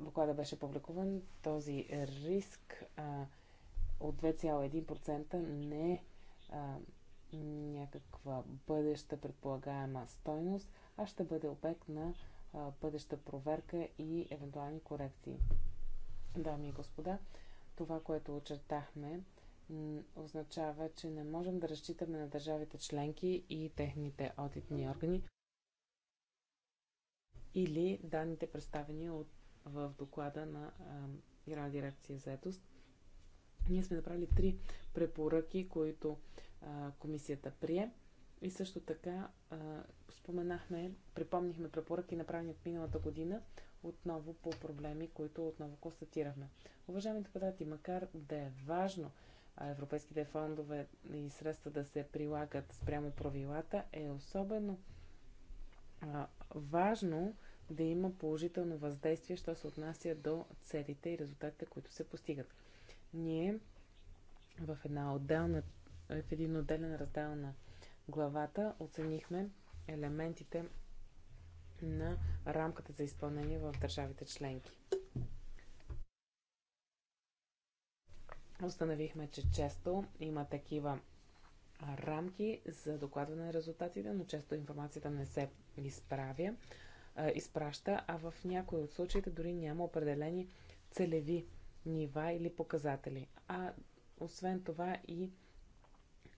доклада беше публикуван, този риск а, от 2,1% не а, някаква бъдеща предполагаема стойност, а ще бъде обект на бъдеща проверка и евентуални корекции. Дами и господа, това, което очертахме, означава, че не можем да разчитаме на държавите членки и техните одитни органи или данните представени от, в доклада на Генерална дирекция заедост. Ние сме направили три препоръки, които а, комисията прие. И също така а, споменахме, припомнихме препоръки, направени от миналата година, отново по проблеми, които отново констатирахме. Уважаеми депутати, макар да е важно европейските фондове и средства да се прилагат спрямо правилата, е особено а, важно да има положително въздействие, що се отнася до целите и резултатите, които се постигат. Ние в една отделна е, в един отделен раздел на главата оценихме елементите на рамката за изпълнение в държавите членки. Установихме, че често има такива рамки за докладване на резултатите, но често информацията не се изправя, е, изпраща, а в някои от случаите дори няма определени целеви нива или показатели. А освен това и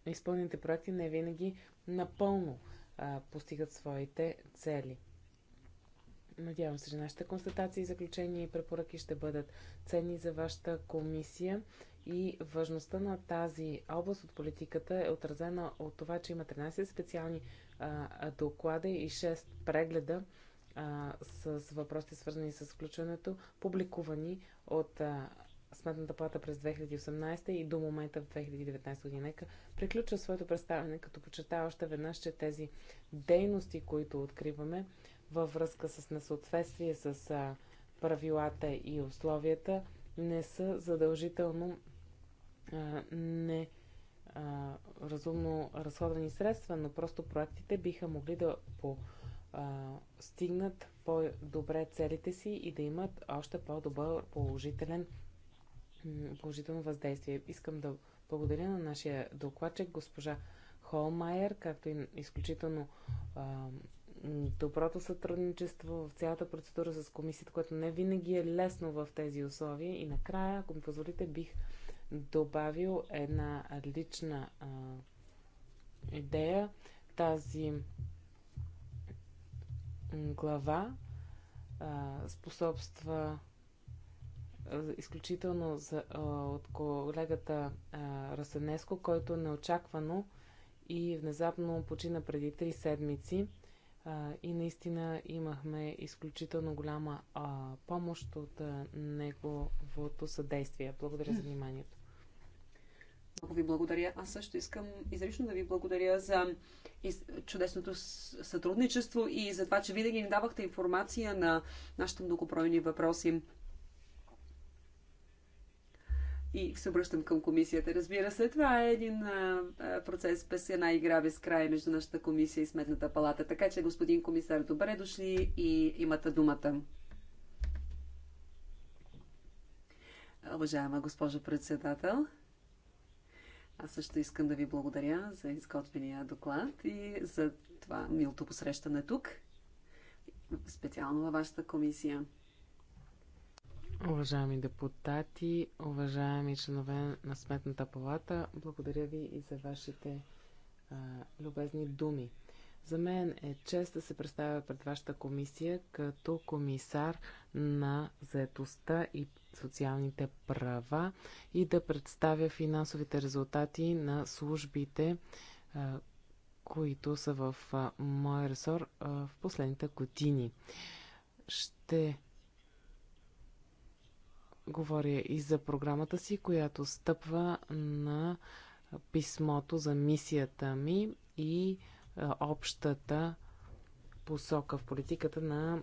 изпълнените проекти не винаги напълно а, постигат своите цели. Надявам се, че нашите констатации, заключения и препоръки ще бъдат ценни за вашата комисия и важността на тази област от политиката е отразена от това, че има 13 специални а, доклада и 6 прегледа а, с въпросите свързани с включването, публикувани от а, Сметната плата през 2018 и до момента в 2019 година. приключва своето представяне, като почета още веднъж, че тези дейности, които откриваме във връзка с несъответствие с правилата и условията, не са задължително а, не а, разумно разходвани средства, но просто проектите биха могли да по, а, стигнат по-добре целите си и да имат още по-добър положителен положително въздействие. Искам да благодаря на нашия докладчик, госпожа Холмайер, както и изключително а, доброто сътрудничество в цялата процедура с комисията, което не винаги е лесно в тези условия. И накрая, ако ми позволите, бих добавил една лична а, идея. Тази глава а, способства изключително за, от колегата Расенеско, който неочаквано и внезапно почина преди три седмици. И наистина имахме изключително голяма помощ от неговото съдействие. Благодаря за вниманието. Много ви благодаря. Аз също искам изрично да ви благодаря за чудесното сътрудничество и за това, че винаги ни давахте информация на нашите многопройни въпроси. И се обръщам към комисията. Разбира се, това е един а, процес без една игра без край между нашата комисия и Сметната палата. Така че, господин комисар, добре дошли и имате думата. Уважаема госпожо председател, аз също искам да ви благодаря за изготвения доклад и за това милото посрещане тук, специално във вашата комисия. Уважаеми депутати, уважаеми членове на Сметната палата, благодаря ви и за вашите а, любезни думи. За мен е чест да се представя пред вашата комисия като комисар на заетостта и социалните права и да представя финансовите резултати на службите, а, които са в а, моя ресор а, в последните години. Ще Говоря и за програмата си, която стъпва на писмото за мисията ми и общата посока в политиката на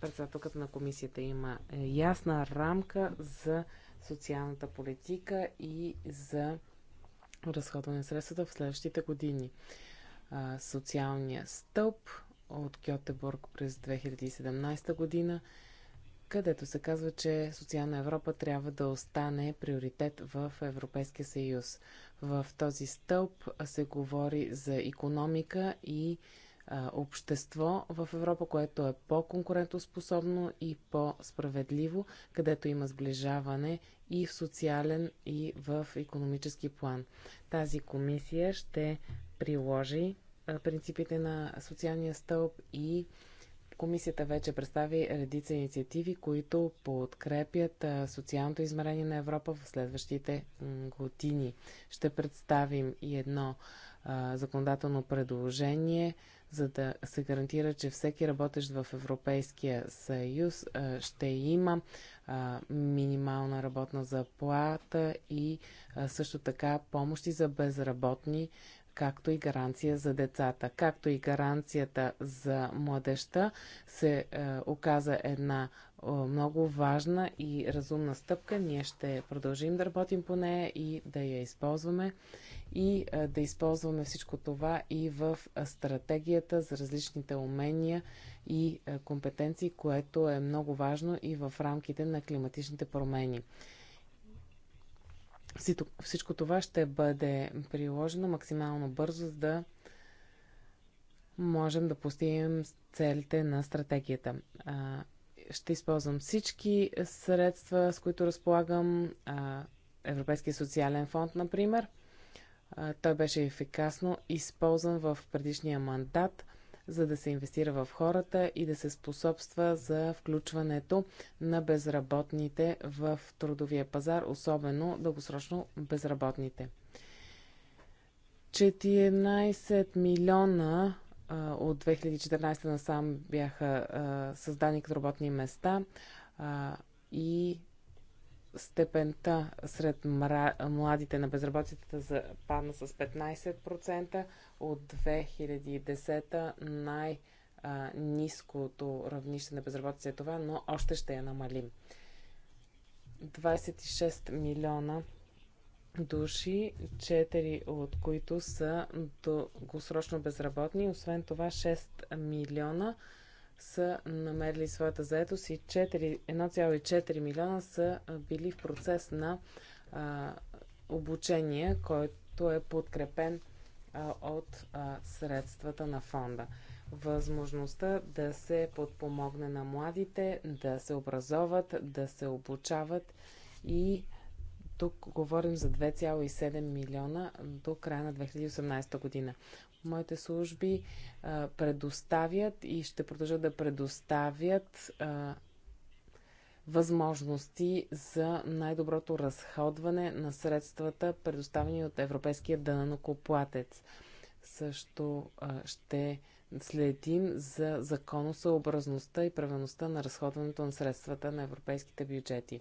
председателката на комисията. Има е, ясна рамка за социалната политика и за разходване на средствата в следващите години. Социалния стълб от Кьотеборг през 2017 година – където се казва, че социална Европа трябва да остане приоритет в Европейския съюз. В този стълб се говори за економика и а, общество в Европа, което е по-конкурентоспособно и по-справедливо, където има сближаване и в социален, и в економически план. Тази комисия ще приложи а, принципите на социалния стълб и Комисията вече представи редица инициативи, които подкрепят социалното измерение на Европа в следващите години. Ще представим и едно законодателно предложение, за да се гарантира, че всеки работещ в Европейския съюз ще има минимална работна заплата и също така помощи за безработни както и гаранция за децата. Както и гаранцията за младеща се е, оказа една е, много важна и разумна стъпка. Ние ще продължим да работим по нея и да я използваме и е, да използваме всичко това и в е, стратегията за различните умения и е, компетенции, което е много важно и в рамките на климатичните промени. Всичко това ще бъде приложено максимално бързо, за да можем да постигнем целите на стратегията. Ще използвам всички средства, с които разполагам. Европейския социален фонд, например. Той беше ефикасно използван в предишния мандат за да се инвестира в хората и да се способства за включването на безработните в трудовия пазар, особено дългосрочно безработните. 14 милиона а, от 2014 насам бяха а, създани като работни места а, и степента сред младите на безработицата западна с 15% от 2010 най- низкото равнище на безработица е това, но още ще я намалим. 26 милиона души, 4 от които са дългосрочно безработни. Освен това, 6 милиона са намерили своята заетост и 1,4 милиона са били в процес на а, обучение, който е подкрепен а, от а, средствата на фонда. Възможността да се подпомогне на младите, да се образоват, да се обучават и тук говорим за 2,7 милиона до края на 2018 година моите служби а, предоставят и ще продължат да предоставят а, възможности за най-доброто разходване на средствата, предоставени от Европейския дънанокоплатец. Също а, ще следим за законосъобразността и правилността на разходването на средствата на европейските бюджети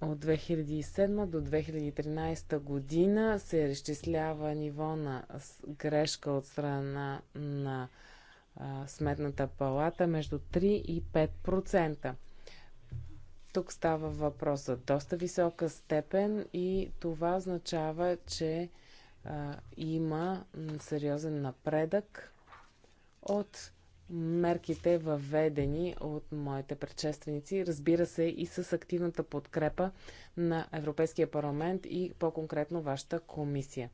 от 2007 до 2013 година се разчислява ниво на грешка от страна на Сметната палата между 3 и 5%. Тук става въпрос за доста висока степен и това означава, че а, има сериозен напредък от мерките въведени от моите предшественици, разбира се и с активната подкрепа на Европейския парламент и по-конкретно вашата комисия.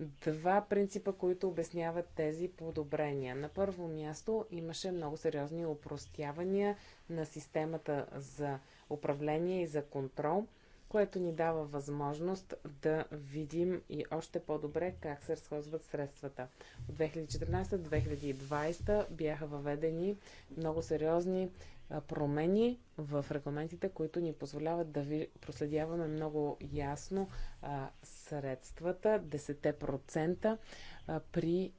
Два принципа, които обясняват тези подобрения. На първо място имаше много сериозни упростявания на системата за управление и за контрол – което ни дава възможност да видим и още по-добре как се разхозват средствата. От 2014-2020 бяха въведени много сериозни промени в регламентите, които ни позволяват да ви проследяваме много ясно средствата, 10% при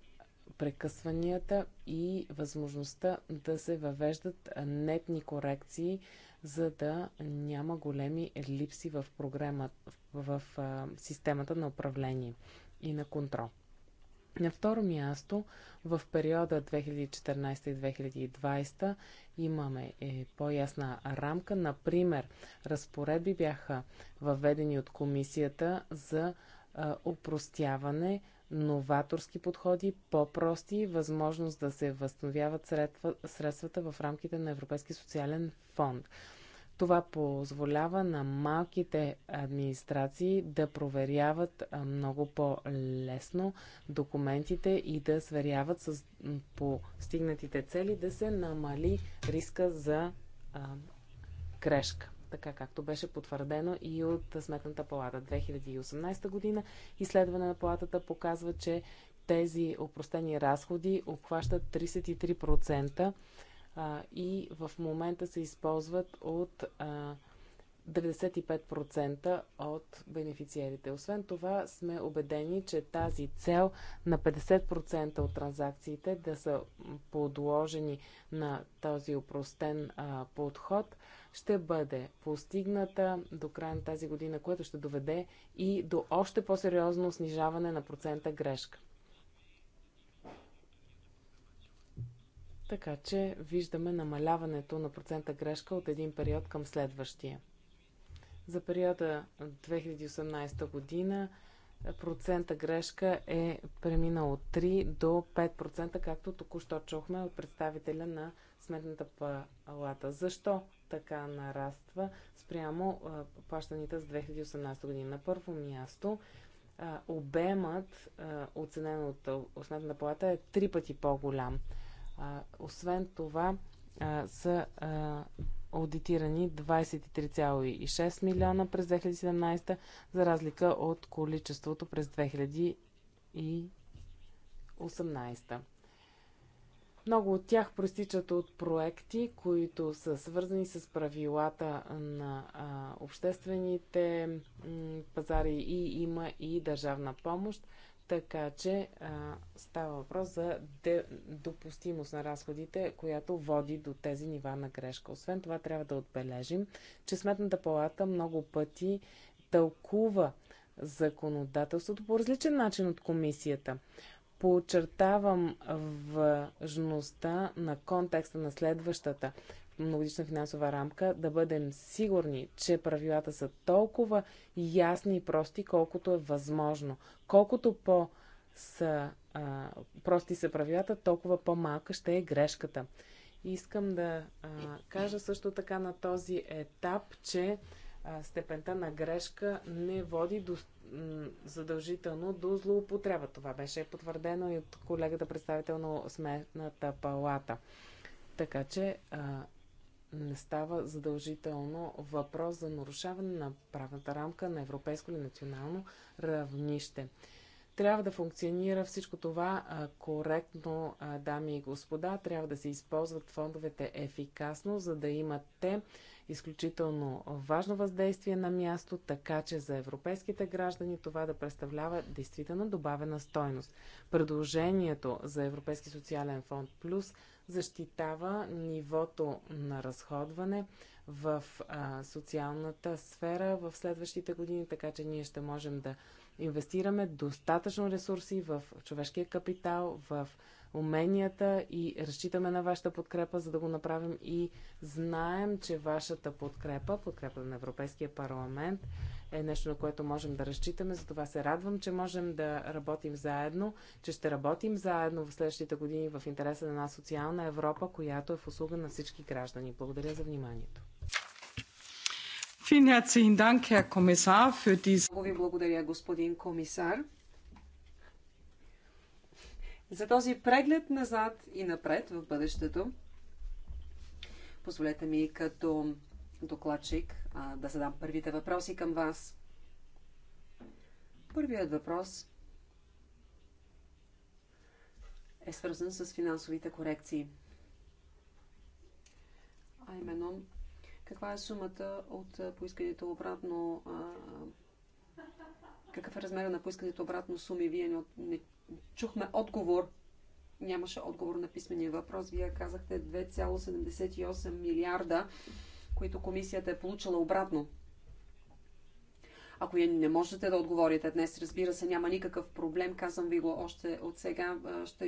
прекъсванията и възможността да се въвеждат нетни корекции за да няма големи липси в, програма, в, в системата на управление и на контрол. На второ място, в периода 2014 2020 имаме е, по-ясна рамка. Например, разпоредби бяха въведени от комисията за е, упростяване новаторски подходи, по-прости, възможност да се възстановяват средства, средствата в рамките на Европейски социален фонд. Това позволява на малките администрации да проверяват много по-лесно документите и да сверяват с постигнатите цели, да се намали риска за а, грешка така както беше потвърдено и от Сметната палата 2018 година. Изследване на палатата показва, че тези опростени разходи обхващат 33% и в момента се използват от 95% от бенефициерите. Освен това сме убедени, че тази цел на 50% от транзакциите да са подложени на този упростен подход – ще бъде постигната до края на тази година, което ще доведе и до още по-сериозно снижаване на процента грешка. Така че виждаме намаляването на процента грешка от един период към следващия. За периода 2018 година процента грешка е преминал от 3 до 5%, както току-що чухме от представителя на Сметната палата. Защо така нараства спрямо а, плащаните за 2018 година. На първо място а, обемът, а, оценен от Основната плата, е три пъти по-голям. освен това а, са а, аудитирани 23,6 милиона през 2017, за разлика от количеството през 2018. Много от тях проистичат от проекти, които са свързани с правилата на а, обществените пазари и има и държавна помощ, така че а, става въпрос за допустимост на разходите, която води до тези нива на грешка. Освен това трябва да отбележим, че Сметната палата много пъти тълкува законодателството по различен начин от комисията. Подчертавам важността на контекста на следващата многодишна финансова рамка, да бъдем сигурни, че правилата са толкова ясни и прости, колкото е възможно. Колкото по- са, а, прости са правилата, толкова по-малка ще е грешката. Искам да а, кажа също така на този етап, че а, степента на грешка не води до задължително до злоупотреба. Това беше потвърдено и от колегата представител на Сметната палата. Така че а, не става задължително въпрос за нарушаване на правната рамка на европейско или национално равнище. Трябва да функционира всичко това а, коректно, а, дами и господа. Трябва да се използват фондовете ефикасно, за да имат те изключително важно въздействие на място, така че за европейските граждани това да представлява действително добавена стойност. Предложението за Европейски социален фонд Плюс защитава нивото на разходване в а, социалната сфера в следващите години, така че ние ще можем да инвестираме достатъчно ресурси в човешкия капитал, в уменията и разчитаме на вашата подкрепа, за да го направим и знаем, че вашата подкрепа, подкрепа на Европейския парламент, е нещо, на което можем да разчитаме. Затова се радвам, че можем да работим заедно, че ще работим заедно в следващите години в интереса на една социална Европа, която е в услуга на всички граждани. Благодаря за вниманието. Много ви благодаря, господин комисар за този преглед назад и напред в бъдещето. Позволете ми като докладчик да задам първите въпроси към вас. Първият въпрос е свързан с финансовите корекции. А именно, каква е сумата от поисканите обратно какъв е размера на поисканите обратно суми? Вие не, не чухме отговор. Нямаше отговор на писмения въпрос. Вие казахте 2,78 милиарда, които комисията е получила обратно. Ако вие не можете да отговорите днес, разбира се, няма никакъв проблем. Казвам ви го още от сега. Ще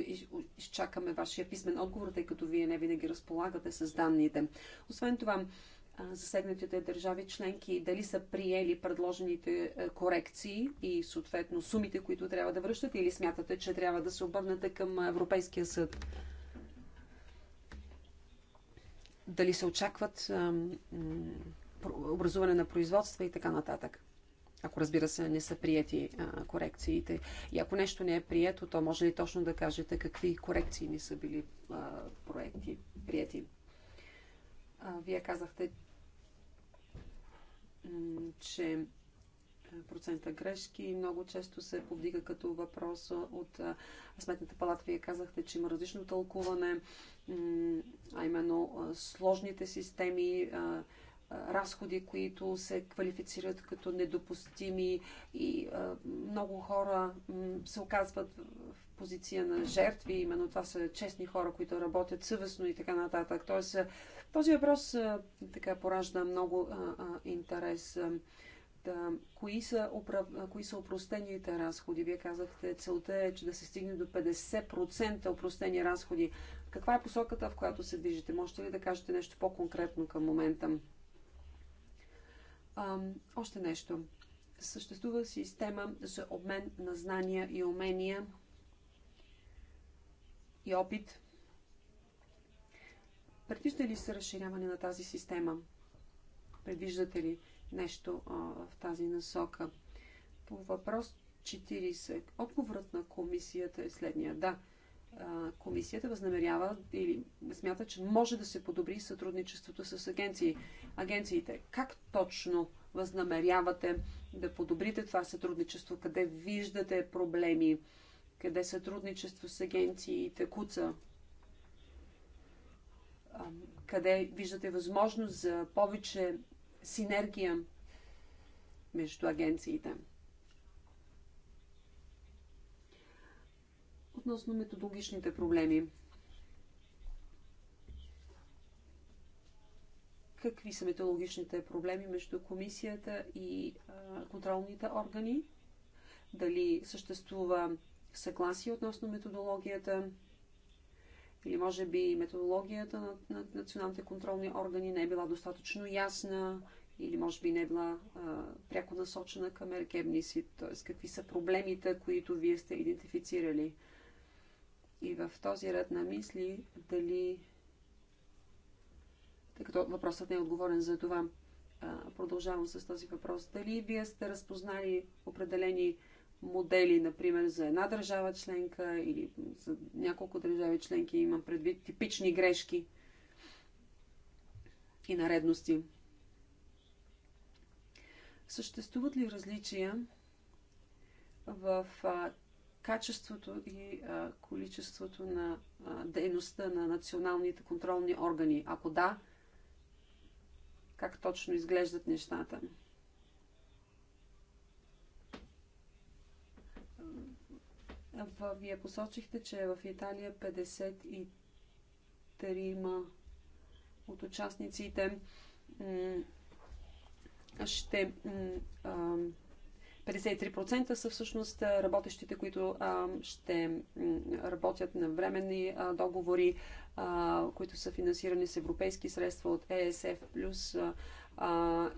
изчакаме вашия писмен отговор, тъй като вие не винаги разполагате с данните. Освен това, засегнатите държави членки дали са приели предложените корекции и съответно сумите, които трябва да връщат или смятате, че трябва да се обърнете към Европейския съд? Дали се очакват образуване на производства и така нататък? Ако разбира се не са приети корекциите. И ако нещо не е прието, то може ли точно да кажете какви корекции не са били проекти, прияти? вие казахте, че е, процента грешки много често се повдига като въпрос от е, Сметната палата. Вие казахте, че има различно тълкуване, а именно е, сложните системи, разходи, които се квалифицират като недопустими и много хора се оказват в позиция на жертви. Именно това са честни хора, които работят съвестно и така нататък. Тоест, този въпрос така поражда много интерес. Да, кои, са оправ... кои са упростените разходи? Вие казахте, целта е, че да се стигне до 50% упростени разходи. Каква е посоката, в която се движите? Можете ли да кажете нещо по-конкретно към момента? А, още нещо. Съществува система за обмен на знания и умения и опит Предвижда ли се разширяване на тази система? Предвиждате ли нещо а, в тази насока? По въпрос 40. Отговорът на комисията е следния. Да, а, комисията възнамерява или смята, че може да се подобри сътрудничеството с агенции. агенциите. Как точно възнамерявате да подобрите това сътрудничество? Къде виждате проблеми? Къде сътрудничество с агенциите куца? къде виждате възможност за повече синергия между агенциите. Относно методологичните проблеми. Какви са методологичните проблеми между комисията и контролните органи? Дали съществува съгласие относно методологията? или може би методологията на, на националните контролни органи не е била достатъчно ясна, или може би не е била а, пряко насочена към си, т.е. какви са проблемите, които вие сте идентифицирали. И в този ред на мисли, дали, тъй като въпросът не е отговорен за това, а, продължавам с този въпрос, дали вие сте разпознали определени модели, например, за една държава членка или за няколко държави членки имам предвид типични грешки и наредности. Съществуват ли различия в а, качеството и а, количеството на а, дейността на националните контролни органи? Ако да, как точно изглеждат нещата? Вие посочихте, че в Италия 53 от участниците ще 53% са всъщност работещите, които ще работят на временни договори, които са финансирани с европейски средства от ЕСФ, плюс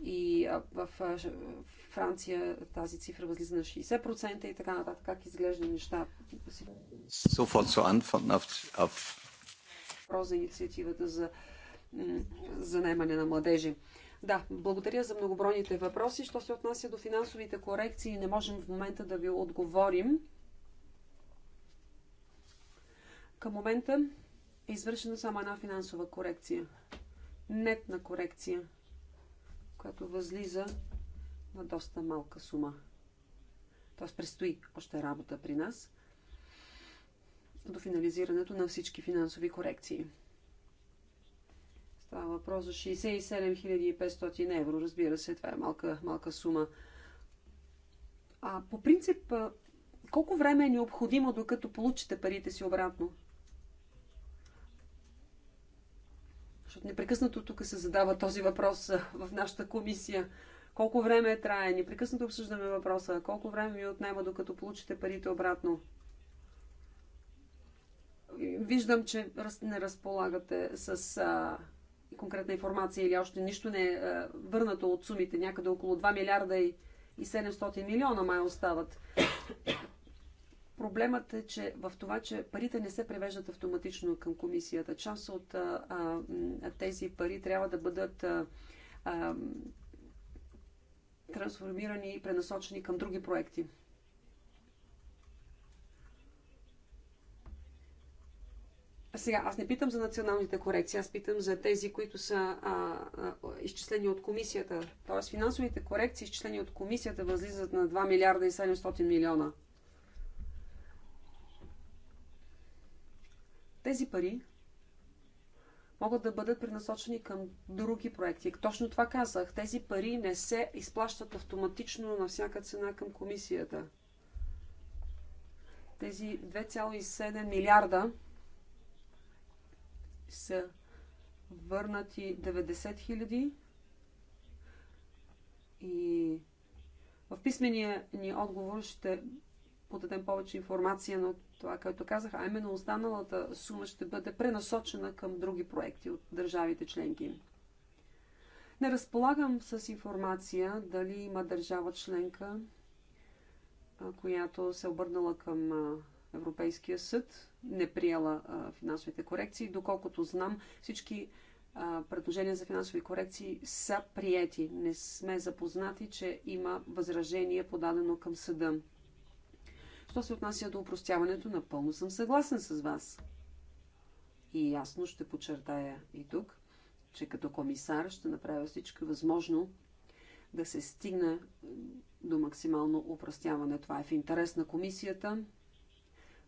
и в Франция тази цифра възлиза на 60% и така нататък. Как изглежда неща? Sofort zu Anfang auf за инициативата за наймане на младежи. Да, благодаря за многобройните въпроси. Що се отнася до финансовите корекции, не можем в момента да ви отговорим. Към момента е извършена само една финансова корекция. Нетна корекция която възлиза на доста малка сума. Тоест предстои още работа при нас до финализирането на всички финансови корекции. Става въпрос за 67 500 евро. Разбира се, това е малка, малка сума. А по принцип, колко време е необходимо, докато получите парите си обратно? Защото непрекъснато тук се задава този въпрос в нашата комисия. Колко време е трае? Непрекъснато обсъждаме въпроса. Колко време ви отнема, докато получите парите обратно? Виждам, че не разполагате с а, конкретна информация или още нищо не е а, върнато от сумите. Някъде около 2 милиарда и, 700 милиона май остават. Проблемът е, че в това, че парите не се превеждат автоматично към комисията. Част от а, а, тези пари трябва да бъдат а, а, трансформирани и пренасочени към други проекти. Сега, аз не питам за националните корекции, аз питам за тези, които са а, а, изчислени от комисията. Тоест, финансовите корекции, изчислени от комисията, възлизат на 2 милиарда и 700 милиона. Тези пари могат да бъдат пренасочени към други проекти. Точно това казах. Тези пари не се изплащат автоматично на всяка цена към комисията. Тези 2,7 милиарда са върнати 90 хиляди и в писмения ни отговор ще подадем повече информация на това, което казах, а именно останалата сума ще бъде пренасочена към други проекти от държавите членки. Не разполагам с информация дали има държава членка, която се е обърнала към Европейския съд, не приела финансовите корекции. Доколкото знам, всички предложения за финансови корекции са приети. Не сме запознати, че има възражение подадено към съда. Що се отнася до упростяването, напълно съм съгласен с вас. И ясно ще подчертая и тук, че като комисар ще направя всичко възможно да се стигне до максимално упростяване. Това е в интерес на комисията,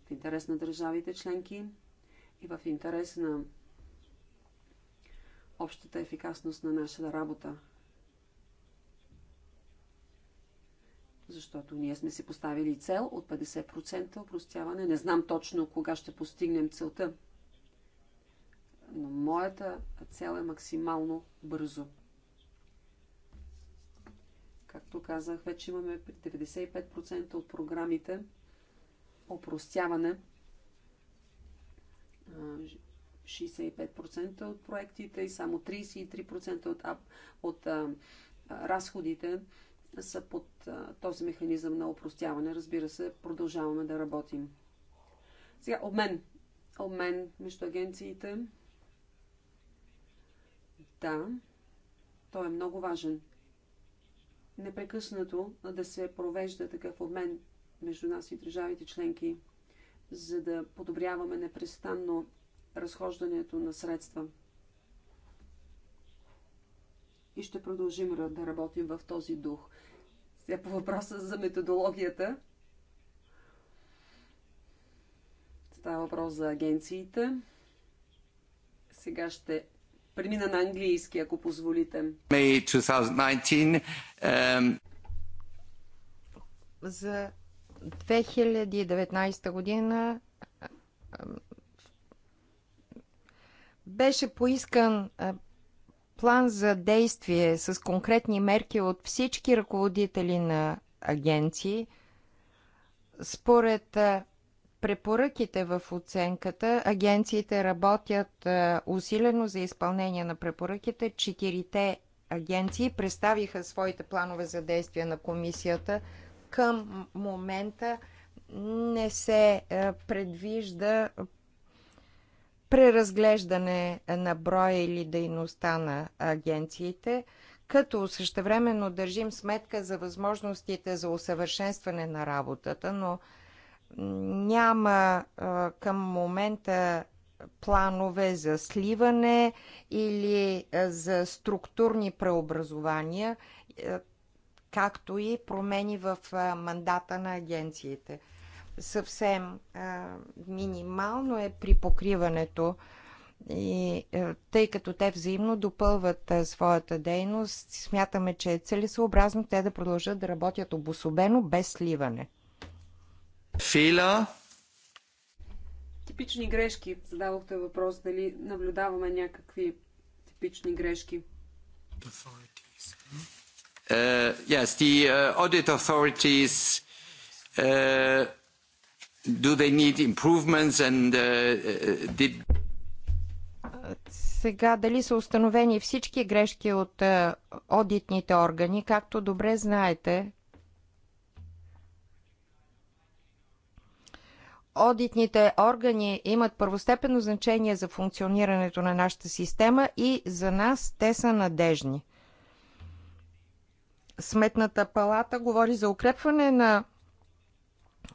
в интерес на държавите членки и в интерес на общата ефикасност на нашата работа. защото ние сме си поставили цел от 50% опростяване. Не знам точно кога ще постигнем целта, но моята цел е максимално бързо. Както казах, вече имаме 95% от програмите опростяване, 65% от проектите и само 33% от, от а, разходите са под този механизъм на упростяване. Разбира се, продължаваме да работим. Сега, обмен. Обмен между агенциите. Да, той е много важен. Непрекъснато да се провежда такъв обмен между нас и държавите членки, за да подобряваме непрестанно разхождането на средства и ще продължим да работим в този дух. Сега по въпроса за методологията. Става въпрос за агенциите. Сега ще премина на английски, ако позволите. 2019, За 2019 година беше поискан е, план за действие с конкретни мерки от всички ръководители на агенции. Според препоръките в оценката, агенциите работят усилено за изпълнение на препоръките. Четирите агенции представиха своите планове за действие на комисията. Към момента не се предвижда преразглеждане на броя или дейността на агенциите, като същевременно държим сметка за възможностите за усъвършенстване на работата, но няма към момента планове за сливане или за структурни преобразования, както и промени в мандата на агенциите съвсем а, минимално е при покриването и тъй като те взаимно допълват а, своята дейност, смятаме, че е целесообразно те да продължат да работят обособено, без сливане. Фила. Типични грешки. Задавахте въпрос дали наблюдаваме някакви типични грешки. Uh, yes, the uh, audit authorities uh, Do they need improvements and uh, uh, did... Сега дали са установени всички грешки от uh, одитните органи, както добре знаете, Одитните органи имат първостепенно значение за функционирането на нашата система и за нас те са надежни. Сметната палата говори за укрепване на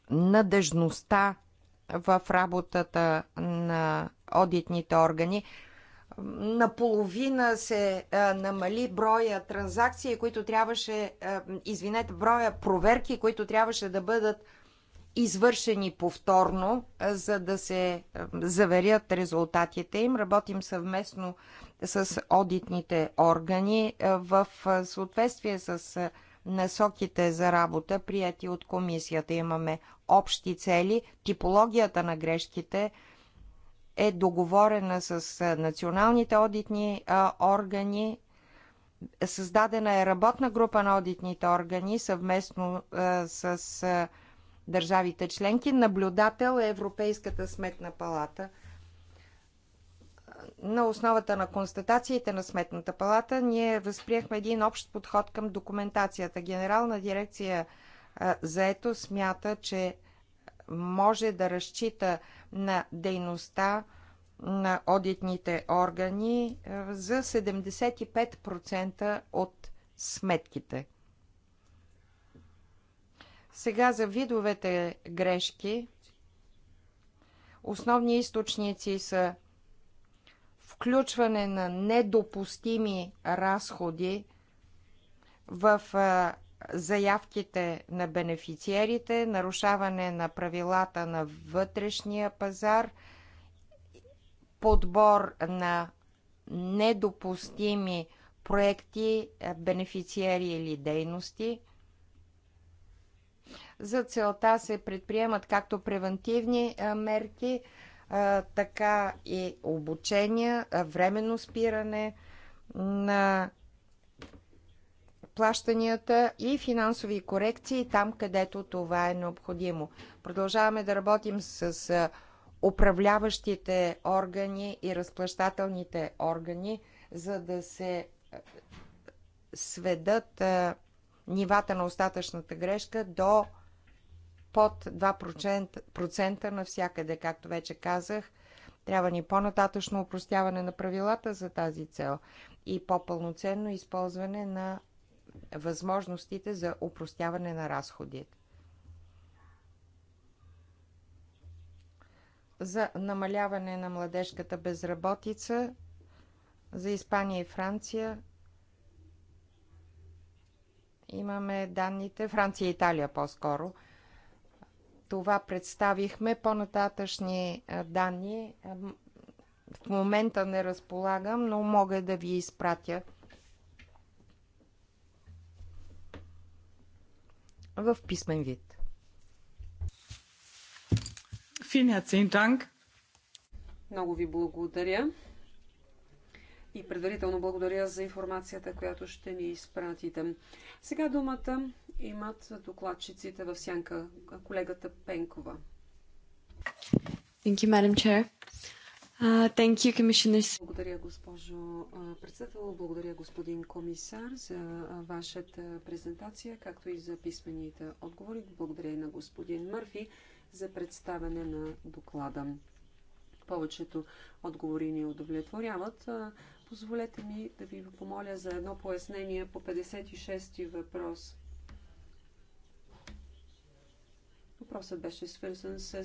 надежността в работата на одитните органи. Наполовина се е, намали броя транзакции, които трябваше, е, извинете, броя проверки, които трябваше да бъдат извършени повторно, е, за да се заверят резултатите им. Работим съвместно с одитните органи в съответствие с насоките за работа, прияти от комисията. Имаме общи цели, типологията на грешките е договорена с националните одитни органи, създадена е работна група на одитните органи съвместно с държавите членки. Наблюдател е Европейската сметна палата – на основата на констатациите на Сметната палата ние възприехме един общ подход към документацията. Генерална дирекция заето смята, че може да разчита на дейността на одитните органи за 75% от сметките. Сега за видовете грешки. Основни източници са включване на недопустими разходи в заявките на бенефициерите, нарушаване на правилата на вътрешния пазар, подбор на недопустими проекти, бенефициери или дейности. За целта се предприемат както превентивни мерки, така и обучения, временно спиране на плащанията и финансови корекции там, където това е необходимо. Продължаваме да работим с управляващите органи и разплащателните органи, за да се сведат нивата на остатъчната грешка до под 2% навсякъде, както вече казах. Трябва ни по-нататъчно упростяване на правилата за тази цел и по-пълноценно използване на възможностите за упростяване на разходите. За намаляване на младежката безработица за Испания и Франция имаме данните, Франция и Италия по-скоро – това представихме по-нататъчни данни. В момента не разполагам, но мога да ви изпратя. в писмен вид. Много ви благодаря. И предварително благодаря за информацията, която ще ни изпратите. Сега думата имат докладчиците в сянка, колегата Пенкова. Thank you, Madam Chair. Uh, thank you, Commissioner. Благодаря, госпожо председател, благодаря, господин комисар, за вашата презентация, както и за писмените отговори. Благодаря и на господин Мърфи за представяне на доклада. Повечето отговори ни удовлетворяват. Позволете ми да ви помоля за едно пояснение по 56-ти въпрос. Въпросът беше свързан с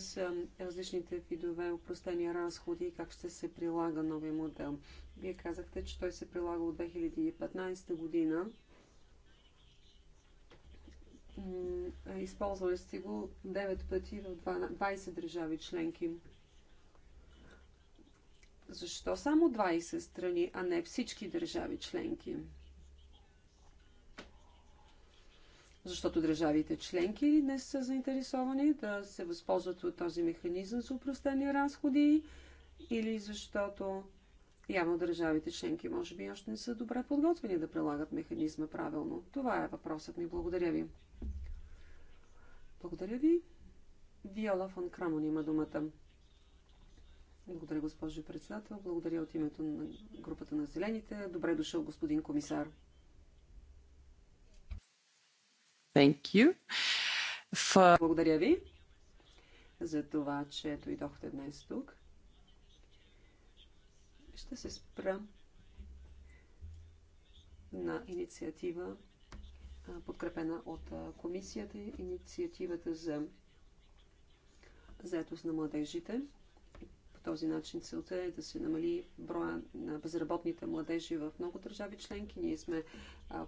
различните видове упростени разходи и как ще се прилага нови модел. Вие казахте, че той се прилага от 2015 година. Използвали сте го 9 пъти в 20 държави членки. Защо само 20 страни, а не всички държави членки? защото държавите членки не са заинтересовани да се възползват от този механизъм за упростени разходи или защото явно държавите членки може би още не са добре подготвени да прилагат механизма правилно. Това е въпросът ми. Благодаря ви. Благодаря ви. Виола фон Крамон има думата. Благодаря, госпожо председател. Благодаря от името на групата на зелените. Добре дошъл, господин комисар. Thank you. For... Благодаря ви за това, че дойдохте днес тук. Ще се спра на инициатива, подкрепена от комисията, инициативата за заетост на младежите – този начин целта е да се намали броя на безработните младежи в много държави членки. Ние сме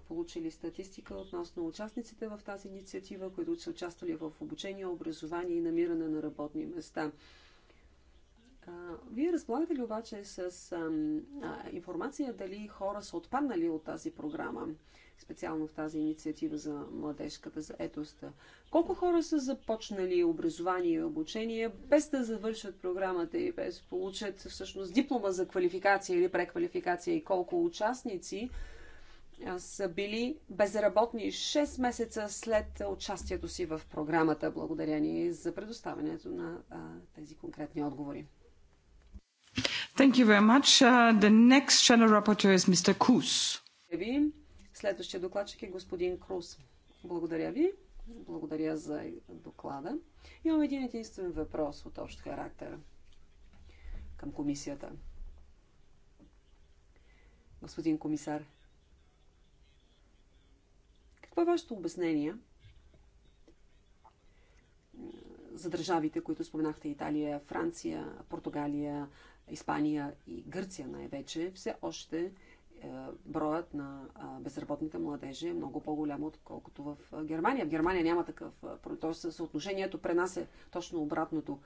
получили статистика относно участниците в тази инициатива, които са участвали в обучение, образование и намиране на работни места. Вие разполагате ли обаче с а, а, информация дали хора са отпаднали от тази програма, специално в тази инициатива за младежката за етост, Колко хора са започнали образование и обучение без да завършат програмата и без да получат всъщност диплома за квалификация или преквалификация и колко участници са били безработни 6 месеца след участието си в програмата. благодарение за предоставянето на а, тези конкретни отговори. Thank you very much. Uh, the next shadow rapporteur is Mr. Kus. Следващия докладчик е господин Крус. Благодаря ви. Благодаря за доклада. Имам един единствен въпрос от общ характер към комисията. Господин комисар, какво е вашето обяснение за държавите, които споменахте Италия, Франция, Португалия, Испания и Гърция най-вече, все още е, броят на безработните младежи е много по-голям, отколкото в Германия. В Германия няма такъв. Тоест съотношението при нас е точно обратното.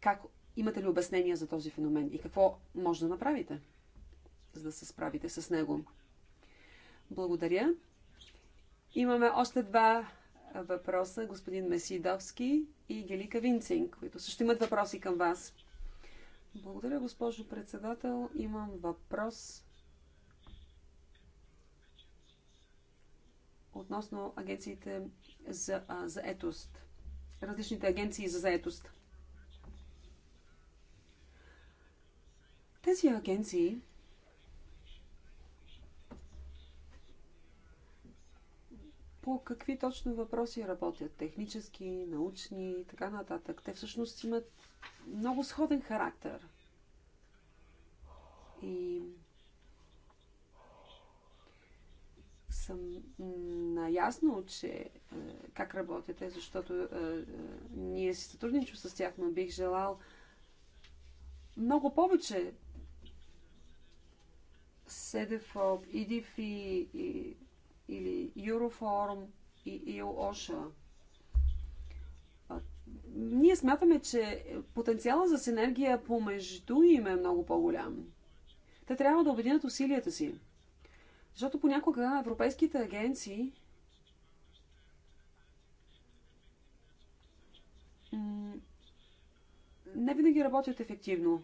Как, имате ли обяснение за този феномен и какво може да направите, за да се справите с него? Благодаря. Имаме още два въпроса, господин Месидовски и Гелика Винцинг, които също имат въпроси към вас. Благодаря, госпожо председател. Имам въпрос относно агенциите за заетост. Различните агенции за заетост. Тези агенции по какви точно въпроси работят? Технически, научни и така нататък. Те всъщност имат много сходен характер. И съм наясно, че е, как работите, защото е, е, ние си сътрудничим с тях, но бих желал много повече СДФОП, Идифи, или Юрофорум и ИОША ние смятаме, че потенциала за синергия помежду им е много по-голям. Те трябва да обединят усилията си. Защото понякога европейските агенции не винаги работят ефективно.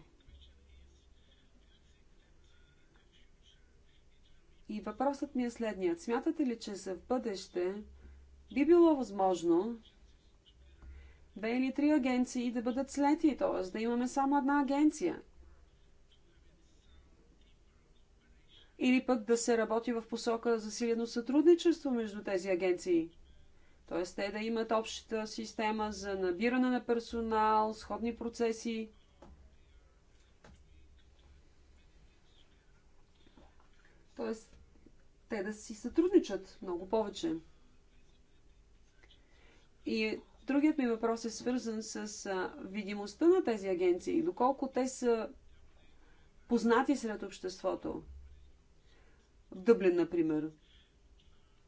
И въпросът ми е следният. Смятате ли, че за в бъдеще би било възможно две или три агенции да бъдат слети, т.е. да имаме само една агенция. Или пък да се работи в посока за силено сътрудничество между тези агенции. Т.е. те да имат общата система за набиране на персонал, сходни процеси. Т.е. те да си сътрудничат много повече. И Другият ми въпрос е свързан с видимостта на тези агенции, доколко те са познати сред обществото. В Дъблин, например.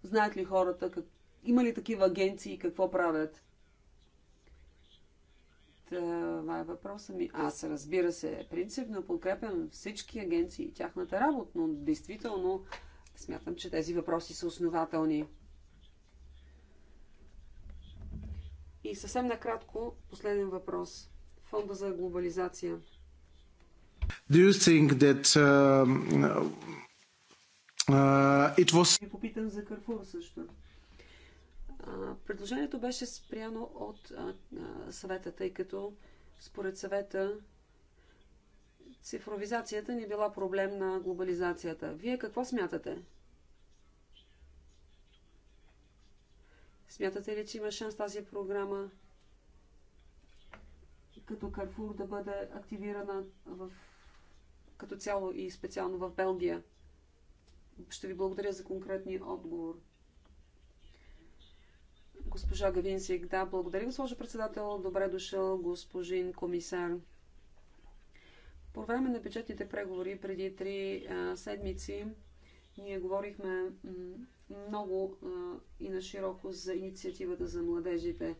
Знаят ли хората, как... има ли такива агенции, какво правят? Това е въпроса ми. Аз, разбира се, принципно подкрепям всички агенции и тяхната работа, но действително смятам, че тези въпроси са основателни. И съвсем накратко, последен въпрос. Фонда за глобализация. Do you think that uh, uh, it was... попитам за Карфур също. Uh, предложението беше спряно от uh, съвета, тъй като според съвета цифровизацията ни е била проблем на глобализацията. Вие какво смятате? Смятате ли, че има шанс тази програма като Карфур да бъде активирана в, като цяло и специално в Белгия? Ще ви благодаря за конкретния отговор. Госпожа Гавинсик, да, благодаря, госпожо председател. Добре дошъл, госпожин комисар. По време на бюджетните преговори преди три а, седмици ние говорихме много и на широко за инициативата за младежите.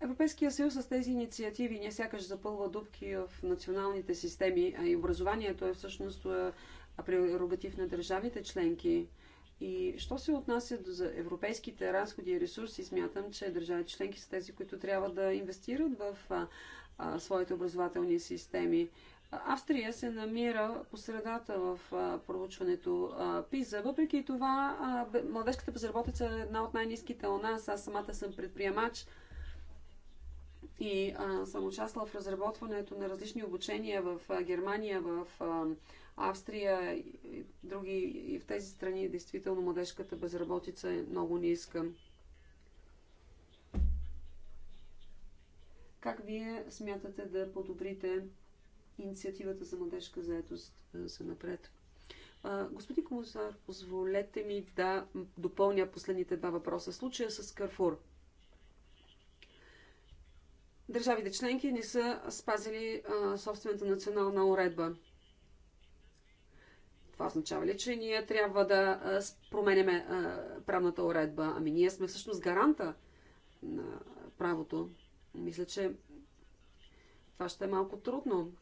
Европейския съюз с тези инициативи не сякаш запълва дупки в националните системи, а и образованието е всъщност прерогатив на държавите членки. И що се отнася до за европейските разходи и ресурси, смятам, че държавите членки са тези, които трябва да инвестират в а, а, своите образователни системи. Австрия се намира по средата в проучването ПИЗА. Въпреки това, младежката безработица е една от най-низките у нас. Аз самата съм предприемач и съм участвала в разработването на различни обучения в Германия, в Австрия и други. И в тези страни действително младежката безработица е много ниска. Как вие смятате да подобрите инициативата за младежка заедост за напред. Господин комисар, позволете ми да допълня последните два въпроса. Случая с Карфур. Държавите членки не са спазили собствената национална уредба. Това означава ли, че ние трябва да променяме правната уредба? Ами ние сме всъщност гаранта на правото. Мисля, че това ще е малко трудно.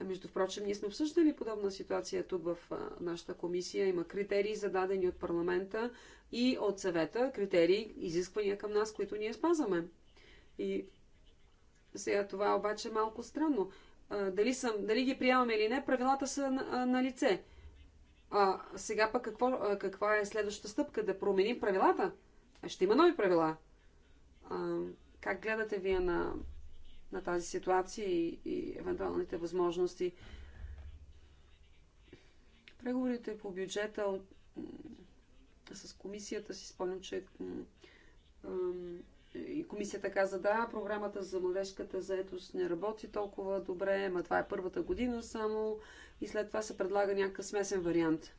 Между впрочем, ние сме обсъждали подобна ситуация тук в нашата комисия. Има критерии, зададени от парламента и от съвета, критерии, изисквания към нас, които ние спазваме. И сега това обаче е малко странно. Дали, съм, дали ги приемаме или не, правилата са на, на лице. А сега пък какво, каква е следващата стъпка? Да променим правилата? Е, ще има нови правила. А, как гледате вие на на тази ситуация и, и евентуалните възможности. Преговорите по бюджета от, с комисията си спомням, че и комисията каза, да, програмата за младежката заетост не работи толкова добре, ма това е първата година само и след това се предлага някакъв смесен вариант.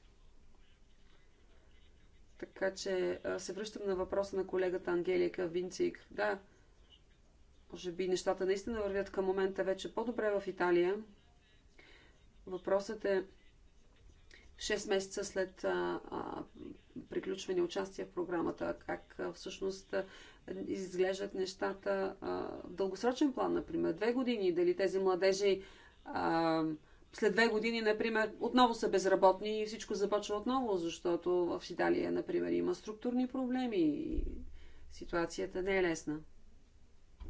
Така че се връщам на въпроса на колегата Ангелика Винцик. Да, може би нещата наистина вървят към момента вече по-добре в Италия. Въпросът е 6 месеца след а, а, приключване участие в програмата, как а, всъщност а, изглеждат нещата а, в дългосрочен план, например, две години, дали тези младежи а, след две години, например, отново са безработни и всичко започва отново, защото в Италия, например, има структурни проблеми и ситуацията не е лесна.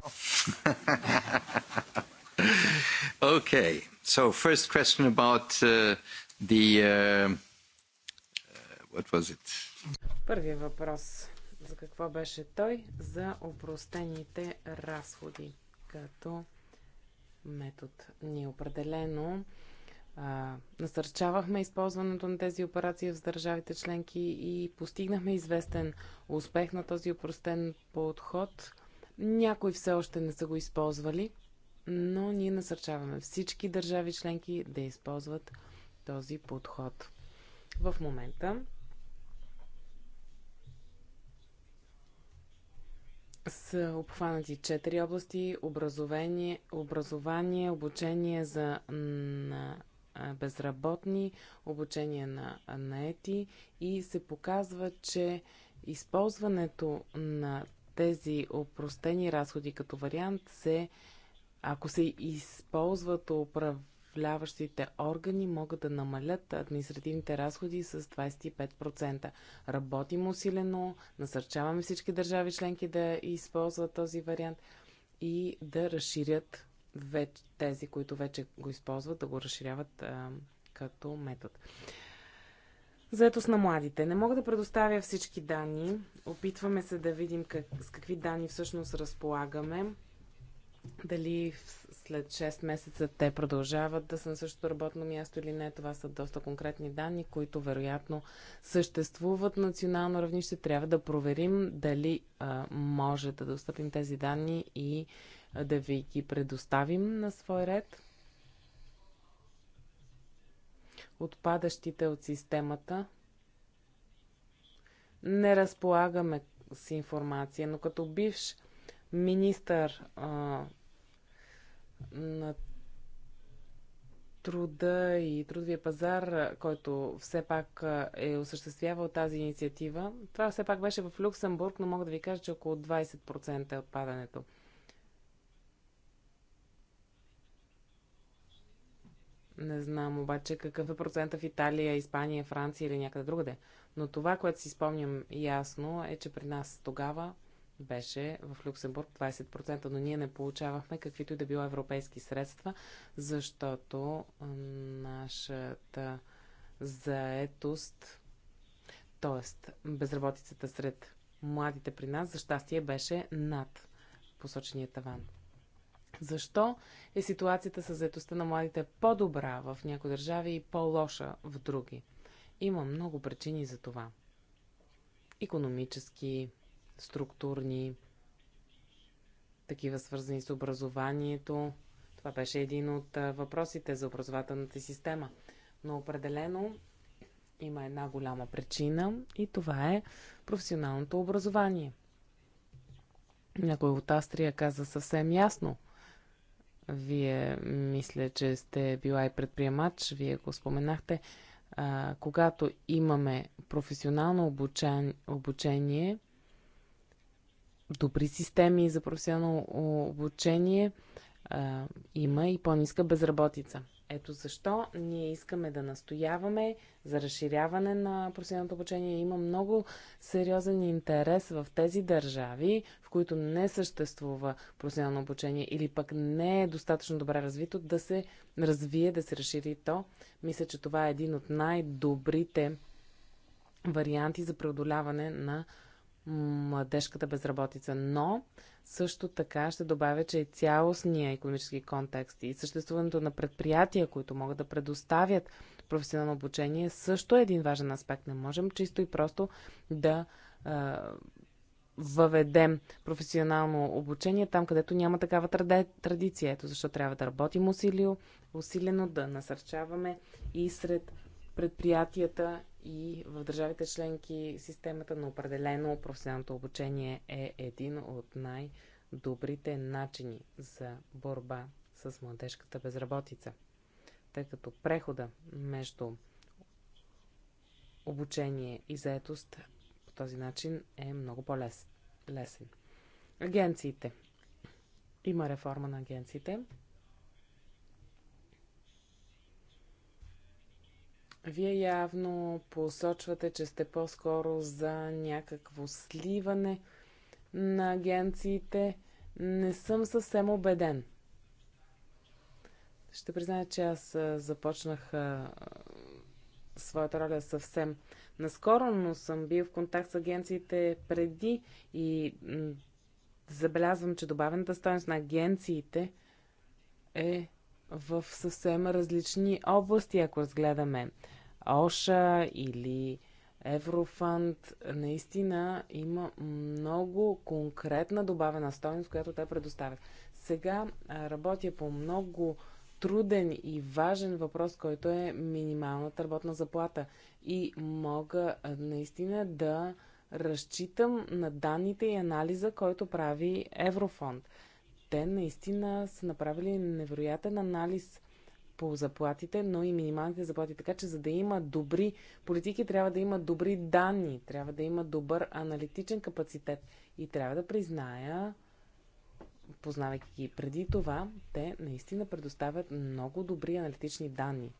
Okay. So first question about uh, the uh, uh what was it? Първия въпрос. За какво беше той? За опростените разходи като метод. Ние определено а, насърчавахме използването на тези операции в държавите членки и постигнахме известен успех на този опростен подход някои все още не са го използвали, но ние насърчаваме всички държави членки да използват този подход. В момента са обхванати четири области образование, образование, обучение за на безработни, обучение на наети и се показва, че използването на тези опростени разходи като вариант се, ако се използват управляващите органи, могат да намалят административните разходи с 25%. Работим усилено, насърчаваме всички държави членки да използват този вариант и да разширят вече, тези, които вече го използват, да го разширяват а, като метод. Заетост на младите. Не мога да предоставя всички данни. Опитваме се да видим как, с какви данни всъщност разполагаме. Дали след 6 месеца те продължават да са на същото работно място или не. Това са доста конкретни данни, които вероятно съществуват национално равнище. Трябва да проверим дали а, може да достъпим тези данни и а, да ви ги предоставим на свой ред. отпадащите от системата. Не разполагаме с информация, но като бивш министър а, на труда и трудовия пазар, който все пак е осъществявал тази инициатива. Това все пак беше в Люксембург, но мога да ви кажа, че около 20% е отпадането. Не знам обаче какъв е процента в Италия, Испания, Франция или някъде другаде. Но това, което си спомням ясно е, че при нас тогава беше в Люксембург 20%, но ние не получавахме каквито и да било европейски средства, защото нашата заетост, т.е. безработицата сред младите при нас, за щастие беше над посочения таван. Защо е ситуацията с заедостта на младите по-добра в някои държави и по-лоша в други? Има много причини за това. Економически, структурни, такива свързани с образованието. Това беше един от въпросите за образователната система. Но определено има една голяма причина и това е професионалното образование. Някой от Астрия каза съвсем ясно – вие мисля, че сте била и предприемач, вие го споменахте. А, когато имаме професионално обучен, обучение, добри системи за професионално обучение, а, има и по-ниска безработица. Ето защо ние искаме да настояваме за разширяване на професионалното обучение. Има много сериозен интерес в тези държави, в които не съществува професионално обучение или пък не е достатъчно добре развито да се развие, да се разшири то. Мисля, че това е един от най-добрите варианти за преодоляване на младежката безработица. Но също така ще добавя, че и цялостния економически контекст и съществуването на предприятия, които могат да предоставят професионално обучение, също е един важен аспект. Не можем чисто и просто да въведем професионално обучение там, където няма такава традиция. Ето защо трябва да работим усилено, да насърчаваме и сред предприятията и в държавите членки системата на определено професионалното обучение е един от най-добрите начини за борба с младежката безработица. Тъй като прехода между обучение и заетост по този начин е много по-лесен. Агенциите. Има реформа на агенциите. Вие явно посочвате, че сте по-скоро за някакво сливане на агенциите. Не съм съвсем убеден. Ще призная, че аз започнах своята роля съвсем наскоро, но съм бил в контакт с агенциите преди и забелязвам, че добавената стоеност на агенциите е в съвсем различни области, ако разгледаме ОША или Еврофанд, наистина има много конкретна добавена стоеност, която те предоставят. Сега работя по много труден и важен въпрос, който е минималната работна заплата. И мога наистина да разчитам на данните и анализа, който прави Еврофонд те наистина са направили невероятен анализ по заплатите, но и минималните заплати. Така че, за да има добри политики, трябва да има добри данни, трябва да има добър аналитичен капацитет. И трябва да призная, познавайки ги преди това, те наистина предоставят много добри аналитични данни.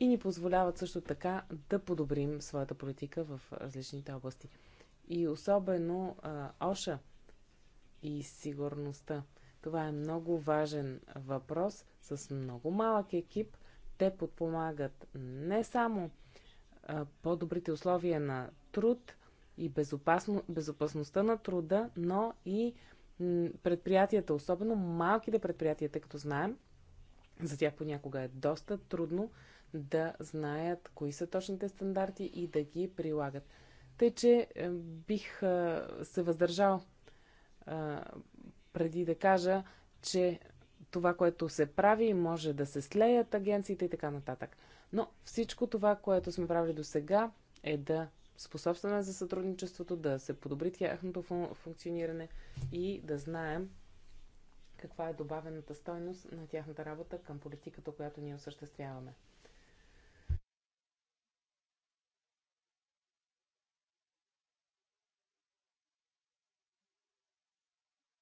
И ни позволяват също така да подобрим своята политика в различните области. И особено а, ОША и сигурността. Това е много важен въпрос. С много малък екип те подпомагат не само по-добрите условия на труд и безопасно, безопасността на труда, но и предприятията, особено малките предприятия, тъй като знаем, за тях понякога е доста трудно да знаят кои са точните стандарти и да ги прилагат. Тъй, че е, бих е, се въздържал е, преди да кажа, че това, което се прави, може да се слеят агенциите и така нататък. Но всичко това, което сме правили до сега, е да способстваме за сътрудничеството, да се подобри тяхното функциониране и да знаем каква е добавената стойност на тяхната работа към политиката, която ние осъществяваме.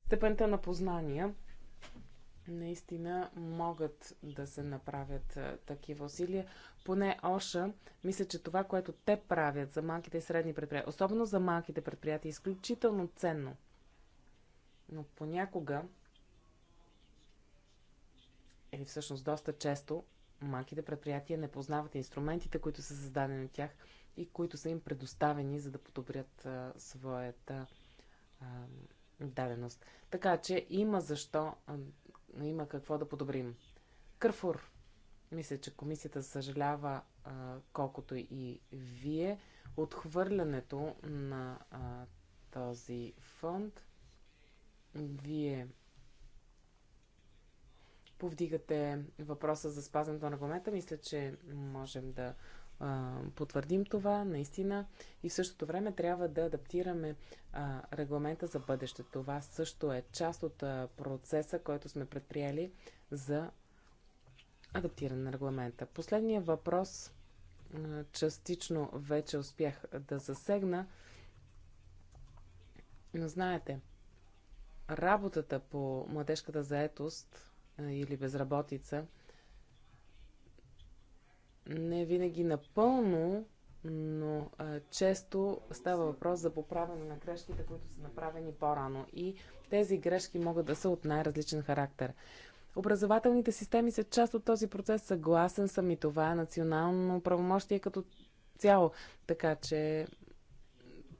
степента на познания наистина могат да се направят а, такива усилия. Поне Оша, мисля, че това, което те правят за малките и средни предприятия, особено за малките предприятия, е изключително ценно. Но понякога, или всъщност доста често, малките предприятия не познават инструментите, които са създадени от тях и които са им предоставени, за да подобрят а, своята а, даденост. Така че има защо, има какво да подобрим. Кърфур. Мисля, че комисията съжалява колкото и вие отхвърлянето на този фонд. Вие повдигате въпроса за спазването на регламента, мисля, че можем да а, потвърдим това, наистина. И в същото време трябва да адаптираме а, регламента за бъдеще. Това също е част от а, процеса, който сме предприели за адаптиране на регламента. Последният въпрос частично вече успях да засегна. Но знаете, работата по младежката заетост или безработица – не винаги напълно, но а, често става въпрос за поправяне на грешките, които са направени по-рано. И тези грешки могат да са от най-различен характер. Образователните системи са част от този процес. Съгласен съм и това е национално правомощие като цяло. Така че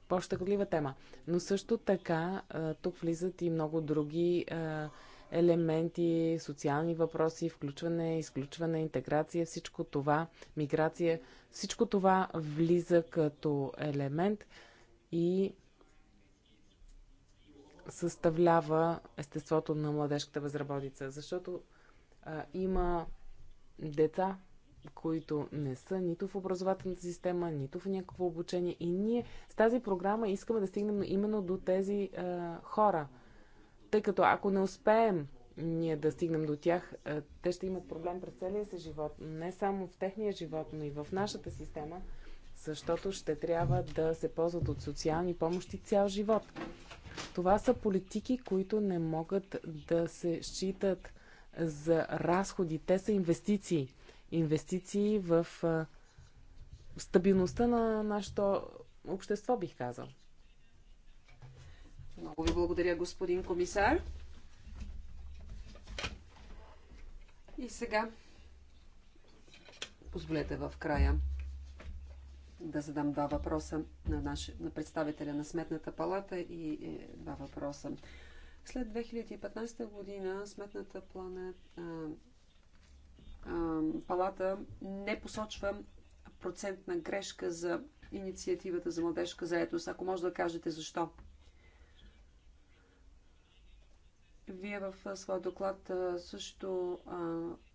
по-щекотлива тема. Но също така тук влизат и много други а, елементи, социални въпроси, включване, изключване, интеграция, всичко това, миграция, всичко това влиза като елемент и съставлява естеството на младежката безработица. Защото а, има деца, които не са нито в образователната система, нито в някакво обучение. И ние с тази програма искаме да стигнем именно до тези а, хора – тъй като ако не успеем ние да стигнем до тях, те ще имат проблем през целия си живот, не само в техния живот, но и в нашата система, защото ще трябва да се ползват от социални помощи цял живот. Това са политики, които не могат да се считат за разходи. Те са инвестиции. Инвестиции в стабилността на нашето общество, бих казал. Много ви благодаря, господин комисар. И сега, позволете в края да задам два въпроса на, наш, на представителя на Сметната палата и е, два въпроса. След 2015 година Сметната плана а, а, палата не посочва процентна грешка за инициативата за младежка заетост. Ако може да кажете защо? Вие в своя доклад също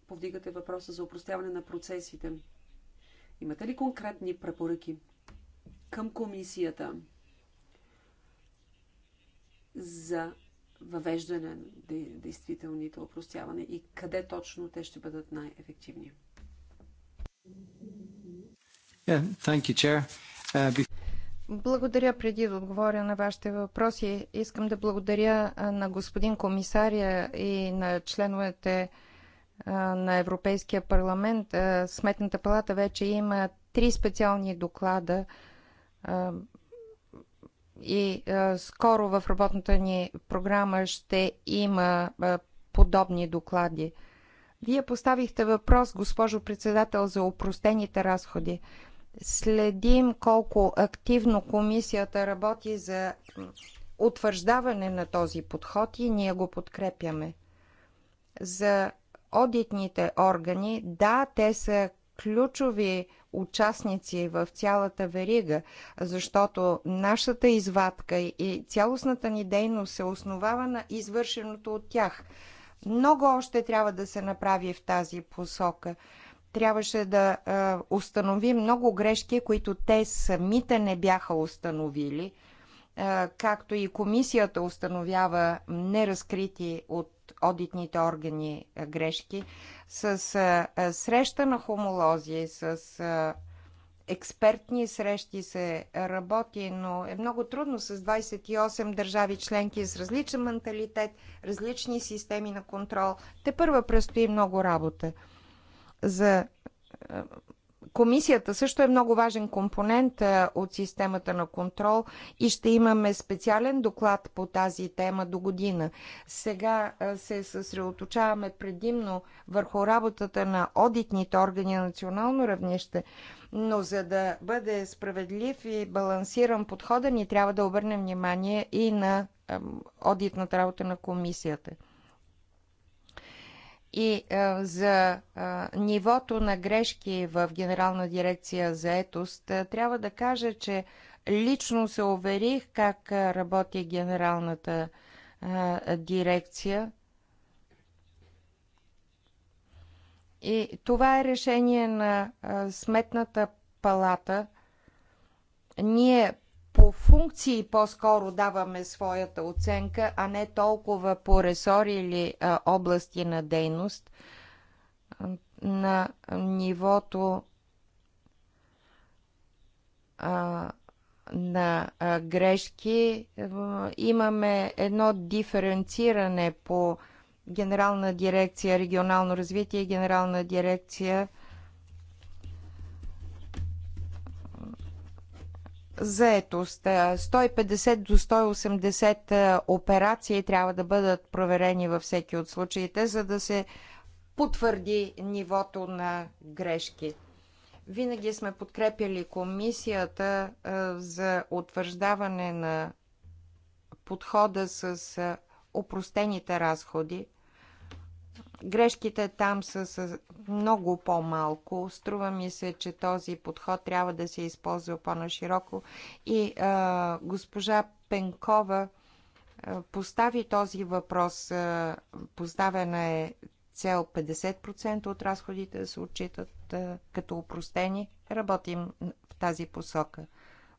повдигате въпроса за упростяване на процесите. Имате ли конкретни препоръки към комисията за въвеждане на действителните упростяване и къде точно те ще бъдат най-ефективни? Yeah, uh, благодаря преди да отговоря на вашите въпроси. Искам да благодаря на господин комисаря и на членовете на Европейския парламент. Сметната палата вече има три специални доклада и скоро в работната ни програма ще има подобни доклади. Вие поставихте въпрос, госпожо председател, за упростените разходи следим колко активно комисията работи за утвърждаване на този подход и ние го подкрепяме. За одитните органи, да, те са ключови участници в цялата верига, защото нашата извадка и цялостната ни дейност се основава на извършеното от тях. Много още трябва да се направи в тази посока трябваше да установи много грешки, които те самите не бяха установили, както и комисията установява неразкрити от одитните органи грешки. С среща на хомолози, с експертни срещи се работи, но е много трудно с 28 държави членки с различен менталитет, различни системи на контрол. Те първа предстои много работа. За е, Комисията също е много важен компонент е, от системата на контрол и ще имаме специален доклад по тази тема до година. Сега е, се съсредоточаваме предимно върху работата на одитните органи на национално равнище, но за да бъде справедлив и балансиран подхода ни трябва да обърнем внимание и на одитната работа на комисията и а, за а, нивото на грешки в Генерална дирекция за етост, а, трябва да кажа, че лично се уверих как работи Генералната а, дирекция. И това е решение на а, Сметната палата. Ние по функции по-скоро даваме своята оценка, а не толкова по ресори или а, области на дейност на нивото а, на а, грешки. Имаме едно диференциране по Генерална дирекция регионално развитие и Генерална дирекция а, заетост. 150 е, до 180 е, операции трябва да бъдат проверени във всеки от случаите, за да се потвърди нивото на грешки. Винаги сме подкрепили комисията е, за утвърждаване на подхода с опростените разходи – Грешките там са с много по-малко. Струва ми се, че този подход трябва да се използва по-нашироко. И а, госпожа Пенкова а, постави този въпрос. А, поставена е цел 50% от разходите да се отчитат а, като упростени. Работим в тази посока.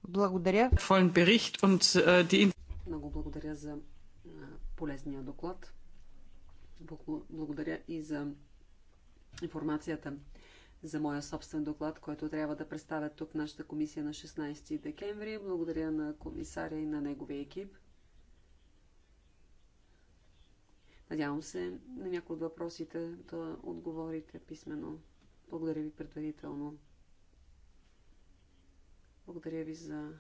Благодаря. Äh, много благодаря за полезния доклад. Благодаря и за информацията за моя собствен доклад, който трябва да представя тук нашата комисия на 16 декември. Благодаря на комисаря и на неговия екип. Надявам се на някои от въпросите да отговорите писменно. Благодаря ви предварително. Благодаря ви за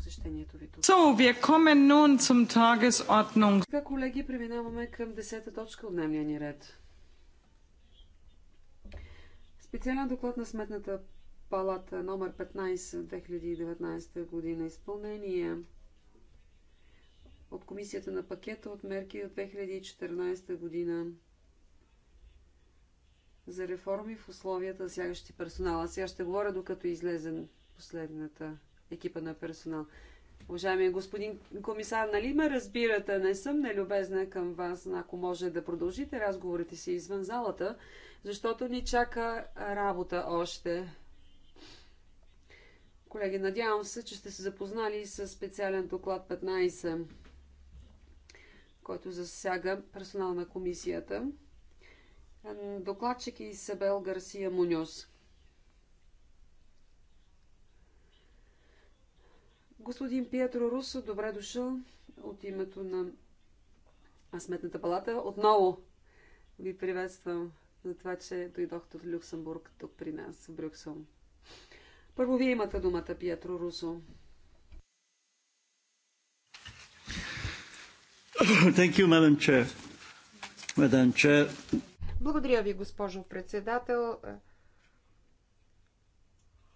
посещението ви тук. So, wir kommen nun zum Tagesordnung. Така, колеги, преминаваме към 10 точка от дневния ни ред. Специален доклад на Сметната палата номер 15 2019 година изпълнение от комисията на пакета от мерки от 2014 година за реформи в условията, засягащи персонала. Сега ще говоря, докато излезе последната екипа на персонал. Уважаеми господин комисар, нали ме разбирате? Не съм нелюбезна към вас, ако може да продължите разговорите си извън залата, защото ни чака работа още. Колеги, надявам се, че сте се запознали с специален доклад 15, който засяга персонал на комисията. Докладчик е Исабел Гарсия Муньос. Господин Пиетро Русо, добре дошъл от името на Сметната палата. Отново ви приветствам за това, че дойдохте от Люксембург тук при нас, в Брюксел. Първо вие имате думата, Пиетро Русо. Thank you, Madam Chair. Madam Chair. Благодаря ви, госпожо председател.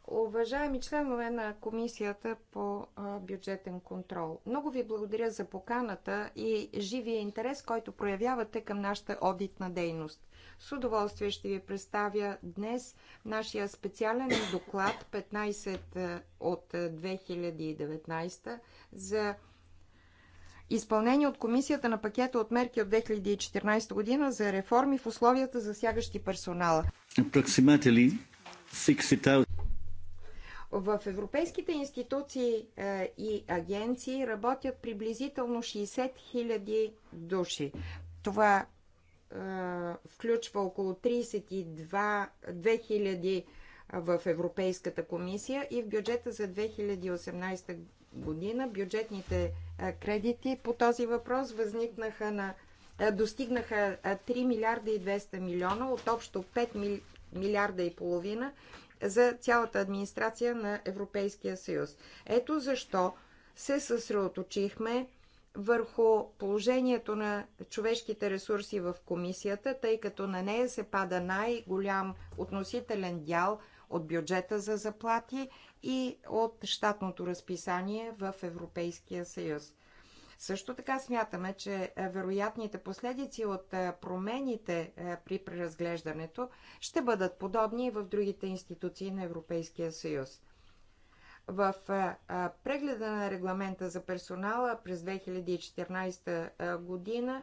Уважаеми членове на Комисията по бюджетен контрол, много ви благодаря за поканата и живия интерес, който проявявате към нашата одитна дейност. С удоволствие ще ви представя днес нашия специален доклад 15 от 2019 за изпълнение от комисията на пакета от мерки от 2014 година за реформи в условията засягащи персонала. Approximately 60 в европейските институции е, и агенции работят приблизително 60 000 души. Това е, включва около 32 000 е, в Европейската комисия и в бюджета за 2018 година бюджетните кредити по този въпрос възникнаха на достигнаха 3 милиарда и 200 милиона от общо 5 милиарда и половина за цялата администрация на Европейския съюз. Ето защо се съсредоточихме върху положението на човешките ресурси в комисията, тъй като на нея се пада най-голям относителен дял от бюджета за заплати и от щатното разписание в Европейския съюз. Също така смятаме, че е, вероятните последици от е, промените е, при преразглеждането ще бъдат подобни и в другите институции на Европейския съюз. В прегледа на регламента за персонала през 2014 година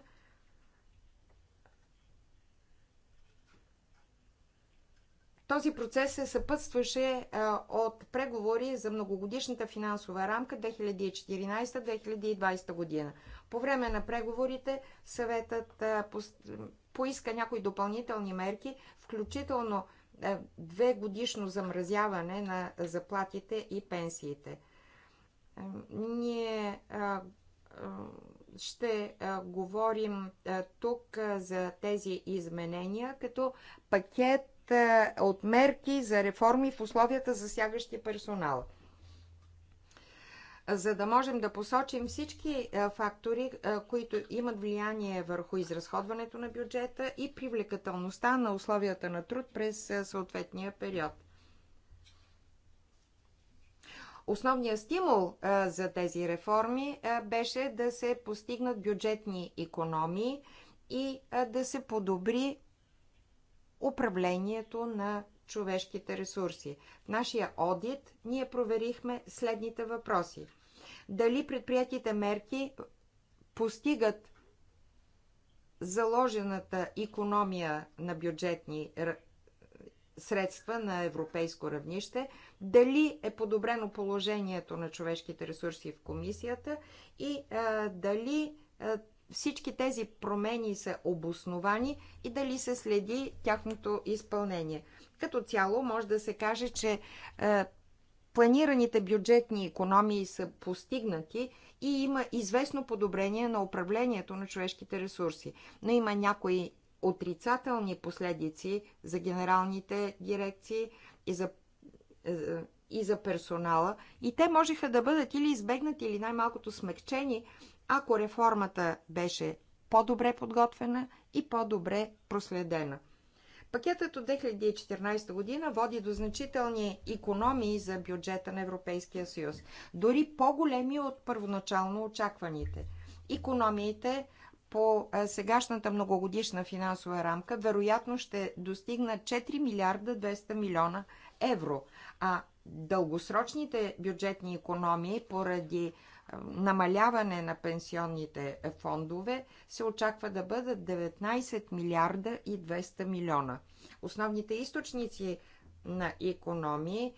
Този процес се съпътстваше от преговори за многогодишната финансова рамка 2014-2020 година. По време на преговорите съветът поиска някои допълнителни мерки, включително две годишно замразяване на заплатите и пенсиите. Ние ще говорим тук за тези изменения като пакет е, от мерки за реформи в условията засягащи персонал. За да можем да посочим всички е, фактори, е, които имат влияние върху изразходването на бюджета и привлекателността на условията на труд през съответния период. Основният стимул за тези реформи беше да се постигнат бюджетни економии и да се подобри управлението на човешките ресурси. В нашия одит ние проверихме следните въпроси. Дали предприятите мерки постигат заложената економия на бюджетни средства на европейско равнище, дали е подобрено положението на човешките ресурси в комисията и а, дали а, всички тези промени са обосновани и дали се следи тяхното изпълнение. Като цяло може да се каже, че е, планираните бюджетни економии са постигнати и има известно подобрение на управлението на човешките ресурси. Но има някои отрицателни последици за генералните дирекции и за, е, е и за персонала. И те можеха да бъдат или избегнати, или най-малкото смекчени ако реформата беше по-добре подготвена и по-добре проследена. Пакетът от 2014 година води до значителни економии за бюджета на Европейския съюз, дори по-големи от първоначално очакваните. Економиите по сегашната многогодишна финансова рамка вероятно ще достигнат 4 милиарда 200 милиона евро, а дългосрочните бюджетни економии поради намаляване на пенсионните фондове се очаква да бъдат 19 милиарда и 200 милиона. Основните източници на економии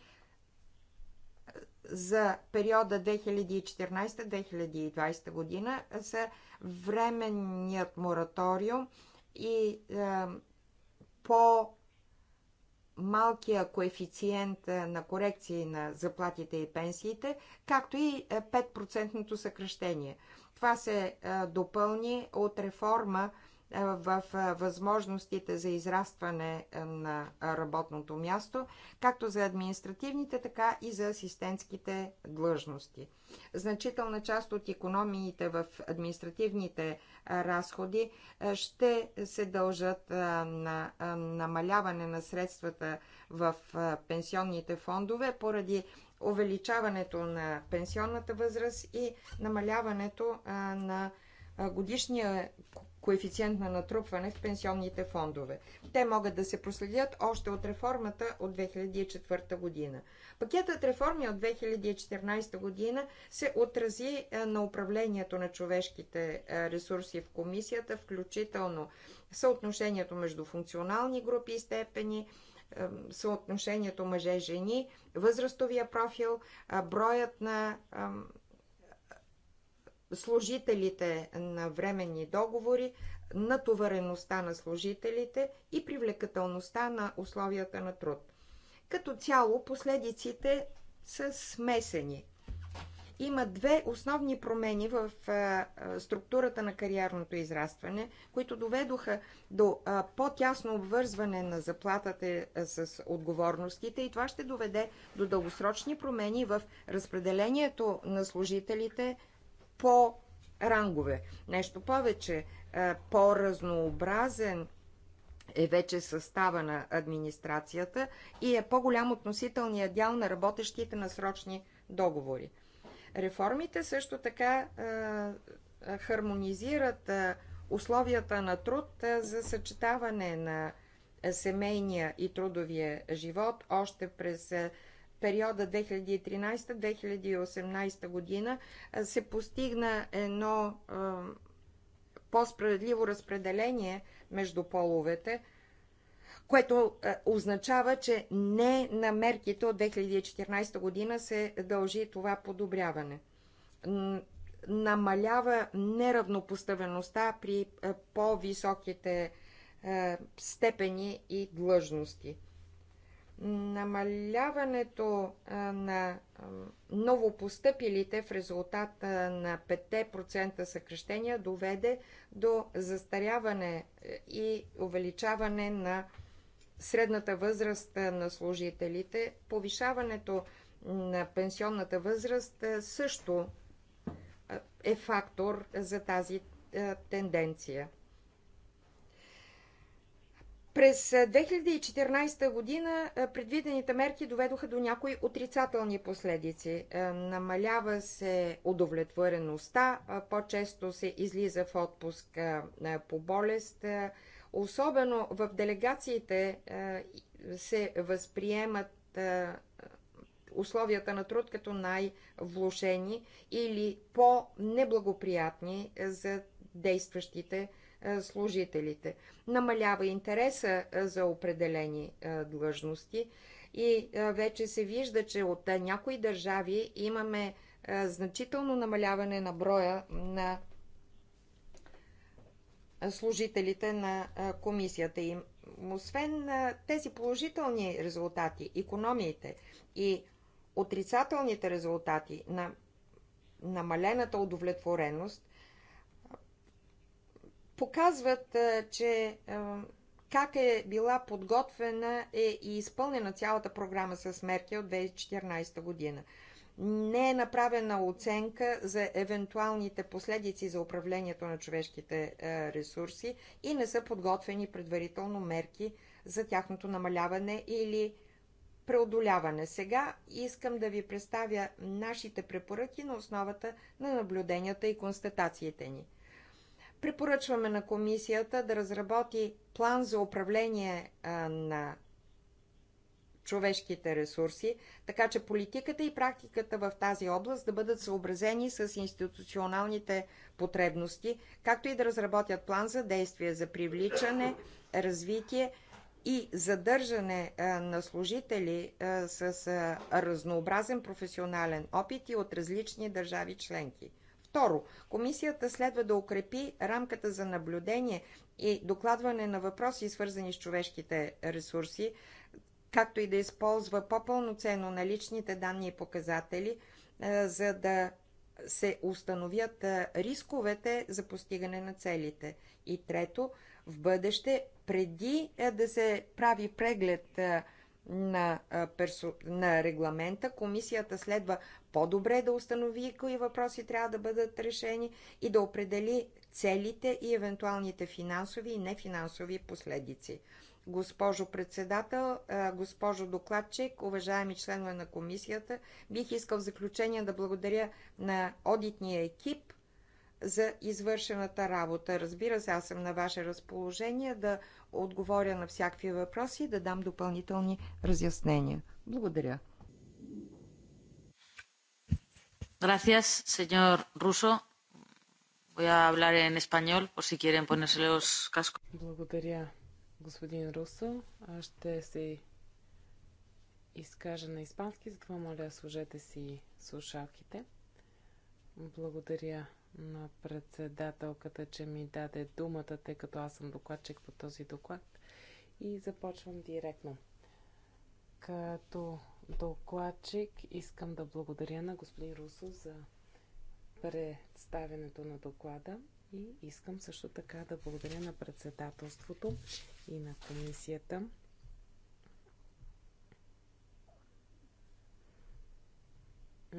за периода 2014-2020 година са временният мораториум и е, по малкия коефициент е, на корекции на заплатите и пенсиите, както и 5 е, съкръщение. Това се е, допълни от реформа е, в е, възможностите за израстване е, на работното място, както за административните, така и за асистентските длъжности. Значителна част от економиите в административните разходи ще се дължат на намаляване на средствата в пенсионните фондове поради увеличаването на пенсионната възраст и намаляването на годишния коефициент на натрупване в пенсионните фондове. Те могат да се проследят още от реформата от 2004 година. Пакетът реформи от 2014 година се отрази на управлението на човешките ресурси в комисията, включително съотношението между функционални групи и степени, съотношението мъже-жени, възрастовия профил, броят на служителите на временни договори, натовареността на служителите и привлекателността на условията на труд. Като цяло последиците са смесени. Има две основни промени в структурата на кариерното израстване, които доведоха до по-тясно обвързване на заплатата с отговорностите и това ще доведе до дългосрочни промени в разпределението на служителите по рангове. Нещо повече, е, по-разнообразен е вече състава на администрацията и е по-голям относителният дял на работещите на срочни договори. Реформите също така е, е, хармонизират условията на труд за съчетаване на семейния и трудовия живот още през периода 2013-2018 година се постигна едно по-справедливо разпределение между половете, което означава, че не на мерките от 2014 година се дължи това подобряване. Намалява неравнопоставеността при по-високите степени и длъжности намаляването на новопостъпилите в резултат на 5% съкрещения доведе до застаряване е, и увеличаване на средната възраст на служителите. Повишаването на пенсионната възраст също е фактор за тази тенденция. През 2014 година предвидените мерки доведоха до някои отрицателни последици. Намалява се удовлетвореността, по-често се излиза в отпуск по болест. Особено в делегациите се възприемат условията на труд като най-влушени или по-неблагоприятни за действащите е, служителите. Намалява интереса е, за определени е, длъжности и вече се вижда, че от някои държави имаме значително намаляване на броя на служителите на комисията им. Освен тези положителни резултати, економиите и отрицателните резултати на намалената удовлетвореност, показват, че как е била подготвена е и изпълнена цялата програма с мерки от 2014 година. Не е направена оценка за евентуалните последици за управлението на човешките ресурси и не са подготвени предварително мерки за тяхното намаляване или преодоляване. Сега искам да ви представя нашите препоръки на основата на наблюденията и констатациите ни – Препоръчваме на комисията да разработи план за управление на човешките ресурси, така че политиката и практиката в тази област да бъдат съобразени с институционалните потребности, както и да разработят план за действие за привличане, развитие и задържане на служители с разнообразен професионален опит и от различни държави членки. Второ, комисията следва да укрепи рамката за наблюдение и докладване на въпроси, свързани с човешките ресурси, както и да използва по-пълноценно наличните данни и показатели, е, за да се установят е, рисковете за постигане на целите. И трето, в бъдеще, преди е, да се прави преглед на, персо... на регламента, комисията следва по-добре да установи кои въпроси трябва да бъдат решени и да определи целите и евентуалните финансови и нефинансови последици. Госпожо председател, госпожо докладчик, уважаеми членове на комисията, бих искал в заключение да благодаря на одитния екип за извършената работа. Разбира се, аз съм на ваше разположение да отговоря на всякакви въпроси и да дам допълнителни разяснения. Благодаря. Gracias, señor Russo. Voy a hablar en español, por si quieren ponerse los cascos. Благодаря, господин Русо. Аз ще се изкажа на испански, затова моля, сложете си слушалките. Благодаря на председателката, че ми даде думата, тъй като аз съм докладчик по този доклад. И започвам директно. Като докладчик искам да благодаря на господин Русо за представенето на доклада и искам също така да благодаря на председателството и на комисията.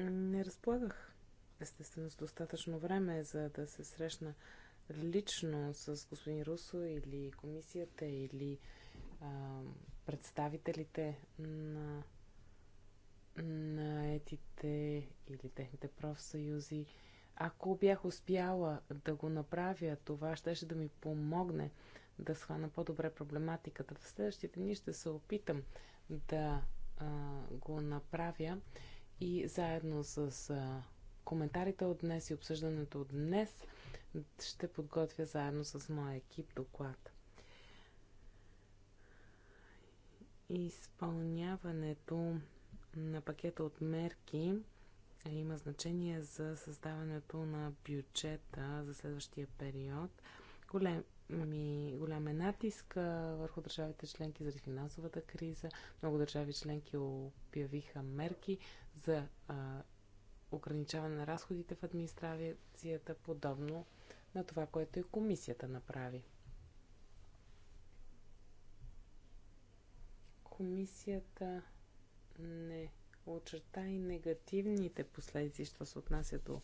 Не разполагах естествено с достатъчно време, за да се срещна лично с господин Русо или комисията или а, представителите на на етите или техните профсъюзи. Ако бях успяла да го направя, това щеше да ми помогне да схвана по-добре проблематиката. В следващите дни ще се опитам да а, го направя и заедно с а, коментарите от днес и обсъждането от днес ще подготвя заедно с моя екип доклад. Изпълняването на пакета от мерки има значение за създаването на бюджета за следващия период. Голем, ми, голям е натиск върху държавите членки заради финансовата криза. Много държави членки обявиха мерки за а, ограничаване на разходите в администрацията, подобно на това, което и комисията направи. Комисията не очерта и негативните последици, що се отнася до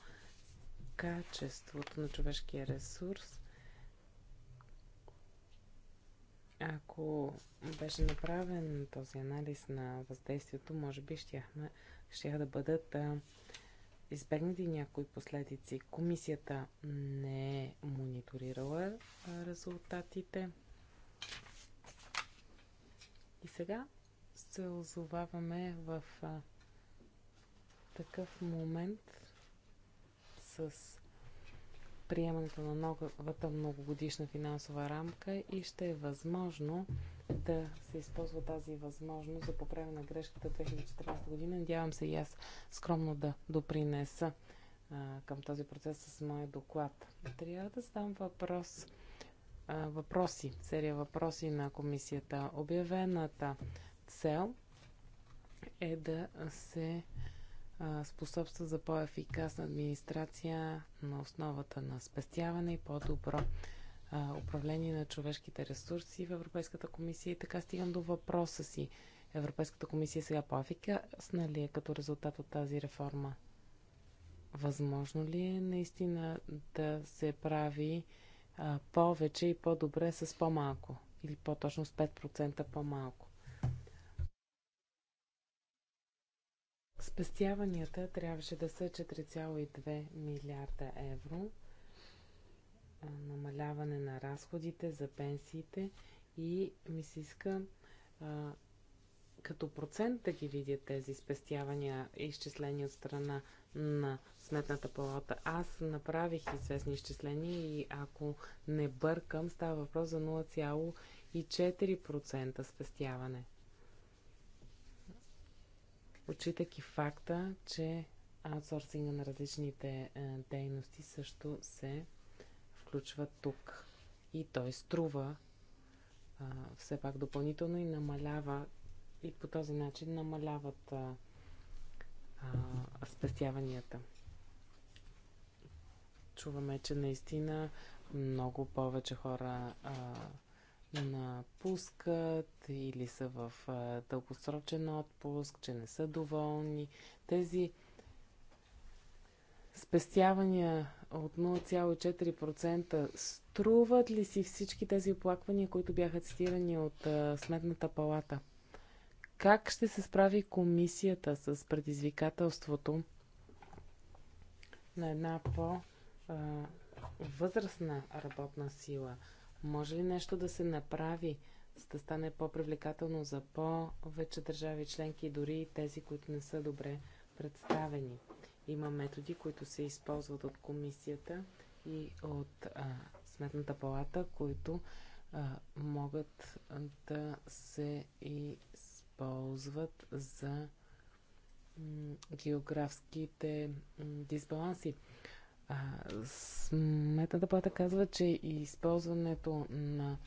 качеството на човешкия ресурс. Ако беше направен този анализ на въздействието, може би ще да бъдат а, избегнати някои последици. Комисията не е мониторирала резултатите. И сега се озоваваме в а, такъв момент с приемането на новата многогодишна финансова рамка и ще е възможно да се използва тази възможност за поправяне на грешката 2014 година. Надявам се и аз скромно да допринеса а, към този процес с моя доклад. Трябва да задам въпрос, а, въпроси, серия въпроси на комисията. Обявената цел е да се способства за по-ефикасна администрация на основата на спестяване и по-добро управление на човешките ресурси в Европейската комисия. И така стигам до въпроса си. Европейската комисия сега по-ефикасна ли е като резултат от тази реформа? Възможно ли е наистина да се прави а, повече и по-добре с по-малко? Или по-точно с 5% по-малко? Спестяванията трябваше да са 4,2 милиарда евро намаляване на разходите за пенсиите и ми се иска а, като процент да ги видят тези спестявания и изчисления от страна на Сметната палата. Аз направих известни изчисления и ако не бъркам, става въпрос за 0,4% спестяване. Отчитайки факта, че аутсорсинга на различните дейности също се приключва тук. И той струва а, все пак допълнително и намалява, и по този начин намаляват а, а, спестяванията. Чуваме, че наистина много повече хора а, напускат или са в а, дългосрочен отпуск, че не са доволни. Тези спестявания от 0,4% струват ли си всички тези оплаквания, които бяха цитирани от Сметната палата? Как ще се справи комисията с предизвикателството на една по-възрастна работна сила? Може ли нещо да се направи, за да стане по-привлекателно за по-вече държави членки, дори и тези, които не са добре представени? Има методи, които се използват от комисията и от а, сметната палата, които а, могат да се използват за географските дисбаланси. А, сметната плата казва, че използването на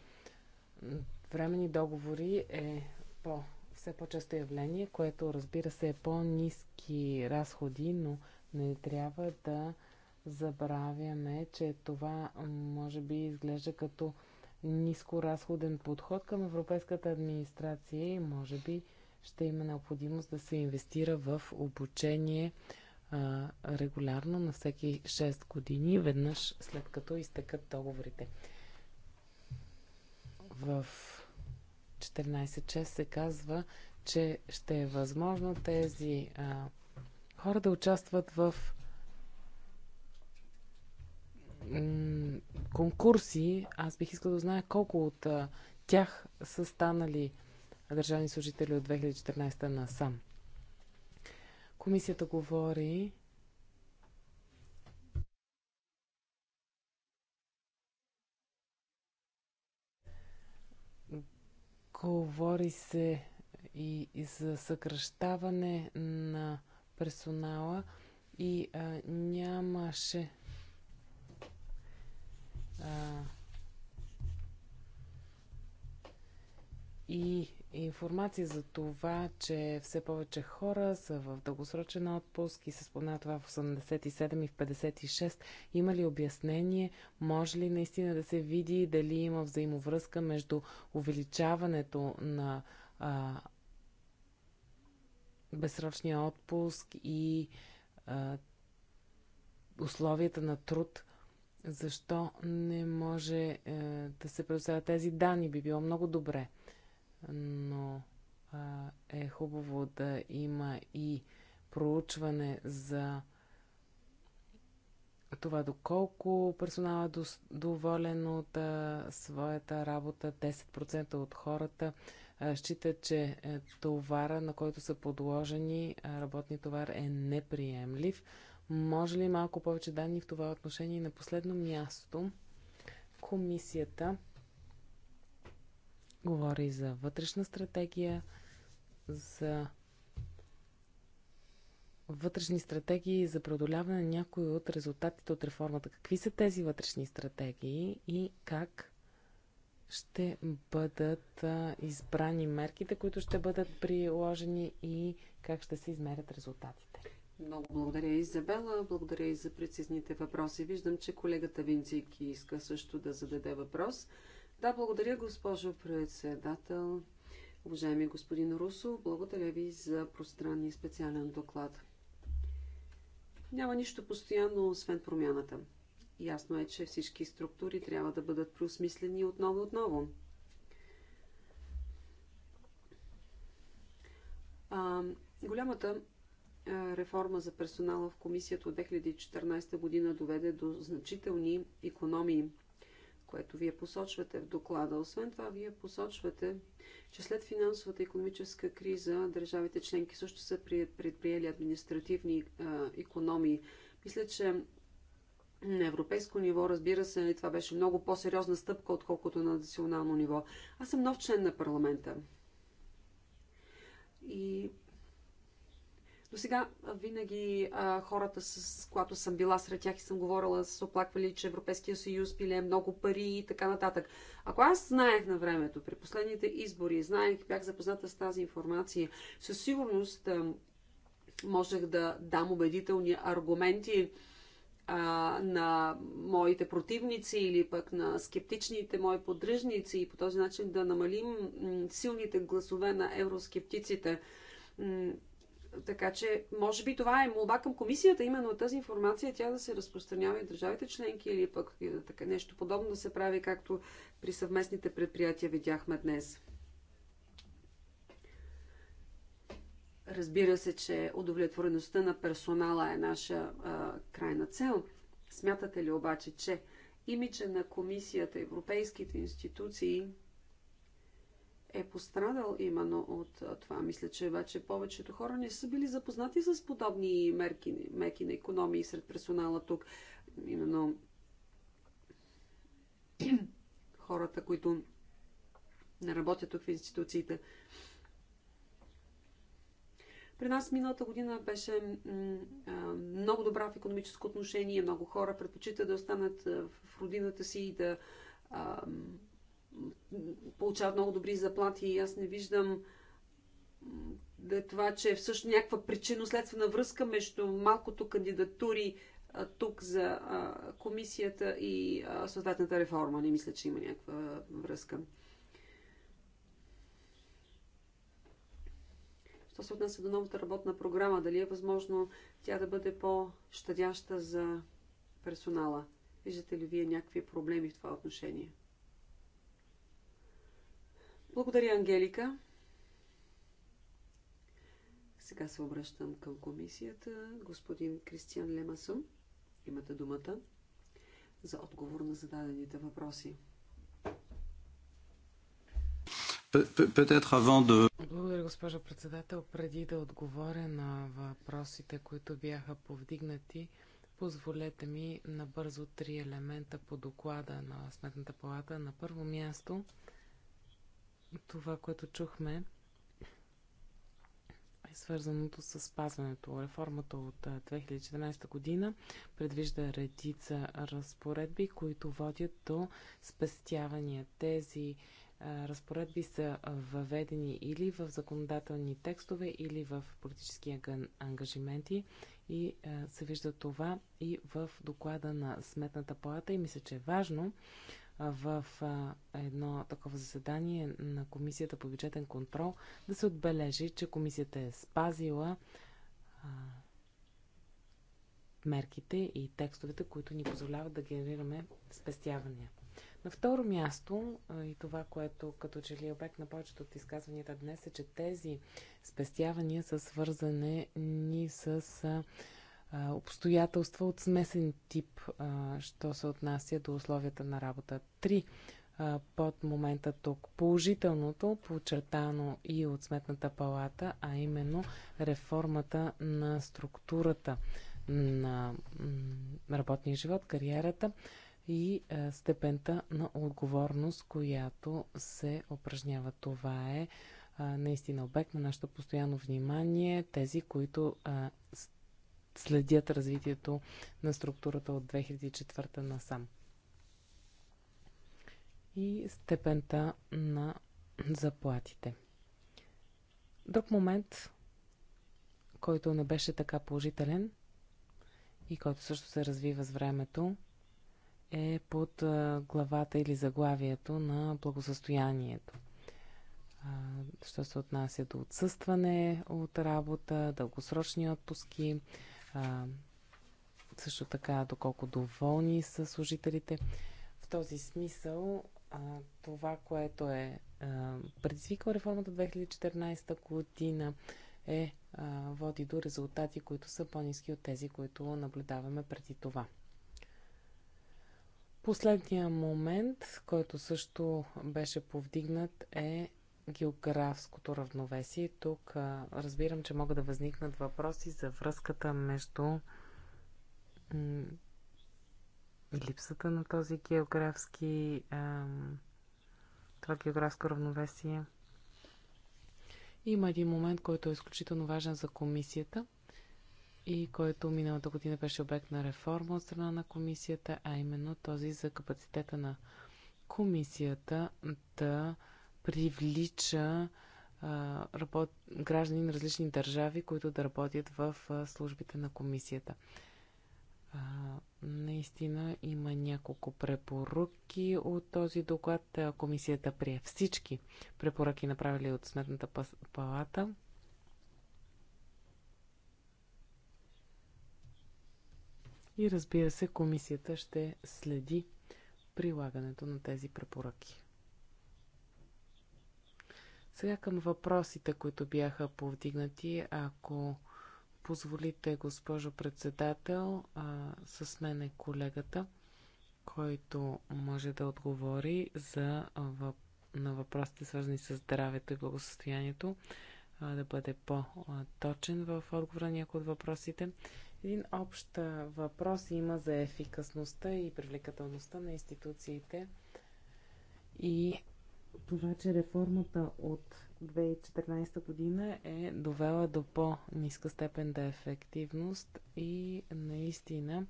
временни договори е по все по-често явление, което разбира се е по-низки разходи, но не трябва да забравяме, че това може би изглежда като нискоразходен подход към европейската администрация и може би ще има необходимост да се инвестира в обучение а, регулярно на всеки 6 години, веднъж след като изтекат договорите. В часа се казва, че ще е възможно тези а, хора да участват в конкурси. Аз бих искал да знае колко от а, тях са станали държавни служители от 2014 насам. Комисията говори Говори се и, и за съкръщаване на персонала и а, нямаше. А, и информация за това, че все повече хора са в дългосрочен отпуск и се спомена това в 87 и в 56. Има ли обяснение? Може ли наистина да се види дали има взаимовръзка между увеличаването на а, безсрочния отпуск и а, условията на труд? Защо не може е, да се предоставят тези данни? Би било много добре но а, е хубаво да има и проучване за това доколко персонал е доволен от а, своята работа. 10% от хората а, считат, че е, товара, на който са подложени, работни товар е неприемлив. Може ли малко повече данни в това отношение? И на последно място, комисията говори за вътрешна стратегия, за вътрешни стратегии за преодоляване на някои от резултатите от реформата. Какви са тези вътрешни стратегии и как ще бъдат избрани мерките, които ще бъдат приложени и как ще се измерят резултатите? Много благодаря, Изабела. Благодаря и за прецизните въпроси. Виждам, че колегата Винцик иска също да зададе въпрос. Да, благодаря, госпожо председател. Уважаеми господин Русо, благодаря ви за пространния специален доклад. Няма нищо постоянно, освен промяната. Ясно е, че всички структури трябва да бъдат преосмислени отново и отново. А, голямата реформа за персонала в комисията от 2014 година доведе до значителни економии – което вие посочвате в доклада. Освен това, вие посочвате, че след финансовата и економическа криза държавите членки също са предприели административни а, економии. Мисля, че на европейско ниво, разбира се, нали, това беше много по-сериозна стъпка, отколкото на национално ниво. Аз съм нов член на парламента. И до сега винаги а, хората, с когато съм била сред тях и съм говорила, са оплаквали, че Европейския съюз пиле много пари и така нататък. Ако аз знаех на времето, при последните избори, знаех, бях запозната с тази информация, със сигурност а, можех да дам убедителни аргументи а, на моите противници или пък на скептичните мои поддръжници и по този начин да намалим силните гласове на евроскептиците така че, може би това е молба към комисията, именно тази информация, тя да се разпространява и държавите членки или пък и да така, нещо подобно да се прави, както при съвместните предприятия видяхме днес. Разбира се, че удовлетвореността на персонала е наша а, крайна цел. Смятате ли обаче, че имиджа на комисията, европейските институции е пострадал именно от това. Мисля, че вече повечето хора не са били запознати с подобни мерки, мерки на економии сред персонала тук. Именно хората, които не работят тук в институциите. При нас миналата година беше много добра в економическо отношение. Много хора предпочитат да останат в родината си и да получават много добри заплати и аз не виждам да е това, че е всъщност някаква причинно-следствена връзка между малкото кандидатури а, тук за а, комисията и а, съответната реформа. Не мисля, че има някаква връзка. Що се отнася до новата работна програма, дали е възможно тя да бъде по-щадяща за персонала? Виждате ли вие някакви проблеми в това отношение? Благодаря, Ангелика. Сега се обръщам към комисията. Господин Кристиан Лемасъм, имате думата за отговор на зададените въпроси. Благодаря, госпожа председател. Преди да отговоря на въпросите, които бяха повдигнати, позволете ми набързо три елемента по доклада на Сметната палата. На първо място, това, което чухме, е свързаното с спазването. Реформата от 2014 година предвижда редица разпоредби, които водят до спестявания. Тези а, разпоредби са въведени или в законодателни текстове, или в политически ангажименти и а, се вижда това и в доклада на Сметната палата и мисля, че е важно в едно такова заседание на Комисията по бюджетен контрол да се отбележи, че Комисията е спазила мерките и текстовете, които ни позволяват да генерираме спестявания. На второ място, и това, което като че ли е обект на повечето от изказванията днес, е, че тези спестявания са свързани с обстоятелства от смесен тип, що се отнася до условията на работа. Три под момента тук. Положителното, подчертано и от Сметната палата, а именно реформата на структурата на работния живот, кариерата и степента на отговорност, която се упражнява. Това е наистина обект на нашето постоянно внимание. Тези, които следят развитието на структурата от 2004 насам. И степента на заплатите. Друг момент, който не беше така положителен и който също се развива с времето, е под главата или заглавието на благосъстоянието. Що се отнася до отсъстване от работа, дългосрочни отпуски, а, също така доколко доволни са служителите. В този смисъл а, това, което е а, предизвикал реформата 2014 година, е, а, води до резултати, които са по-низки от тези, които наблюдаваме преди това. Последният момент, който също беше повдигнат, е географското равновесие. Тук а, разбирам, че могат да възникнат въпроси за връзката между липсата на този географски а, това географско равновесие. Има един момент, който е изключително важен за комисията и който миналата година беше обект на реформа от страна на комисията, а именно този за капацитета на комисията да привлича а, работ... граждани на различни държави, които да работят в а, службите на комисията. А, наистина има няколко препоръки от този доклад. Комисията прие всички препоръки, направили от Сметната палата. И разбира се, комисията ще следи прилагането на тези препоръки. Сега към въпросите, които бяха повдигнати, ако позволите, госпожо председател, а, с мен е колегата, който може да отговори за, въп... на въпросите, свързани с здравето и благосостоянието, а, да бъде по-точен в отговора някои от въпросите. Един общ въпрос има за ефикасността и привлекателността на институциите и това, че реформата от 2014 година е довела до по-ниска степен да ефективност и наистина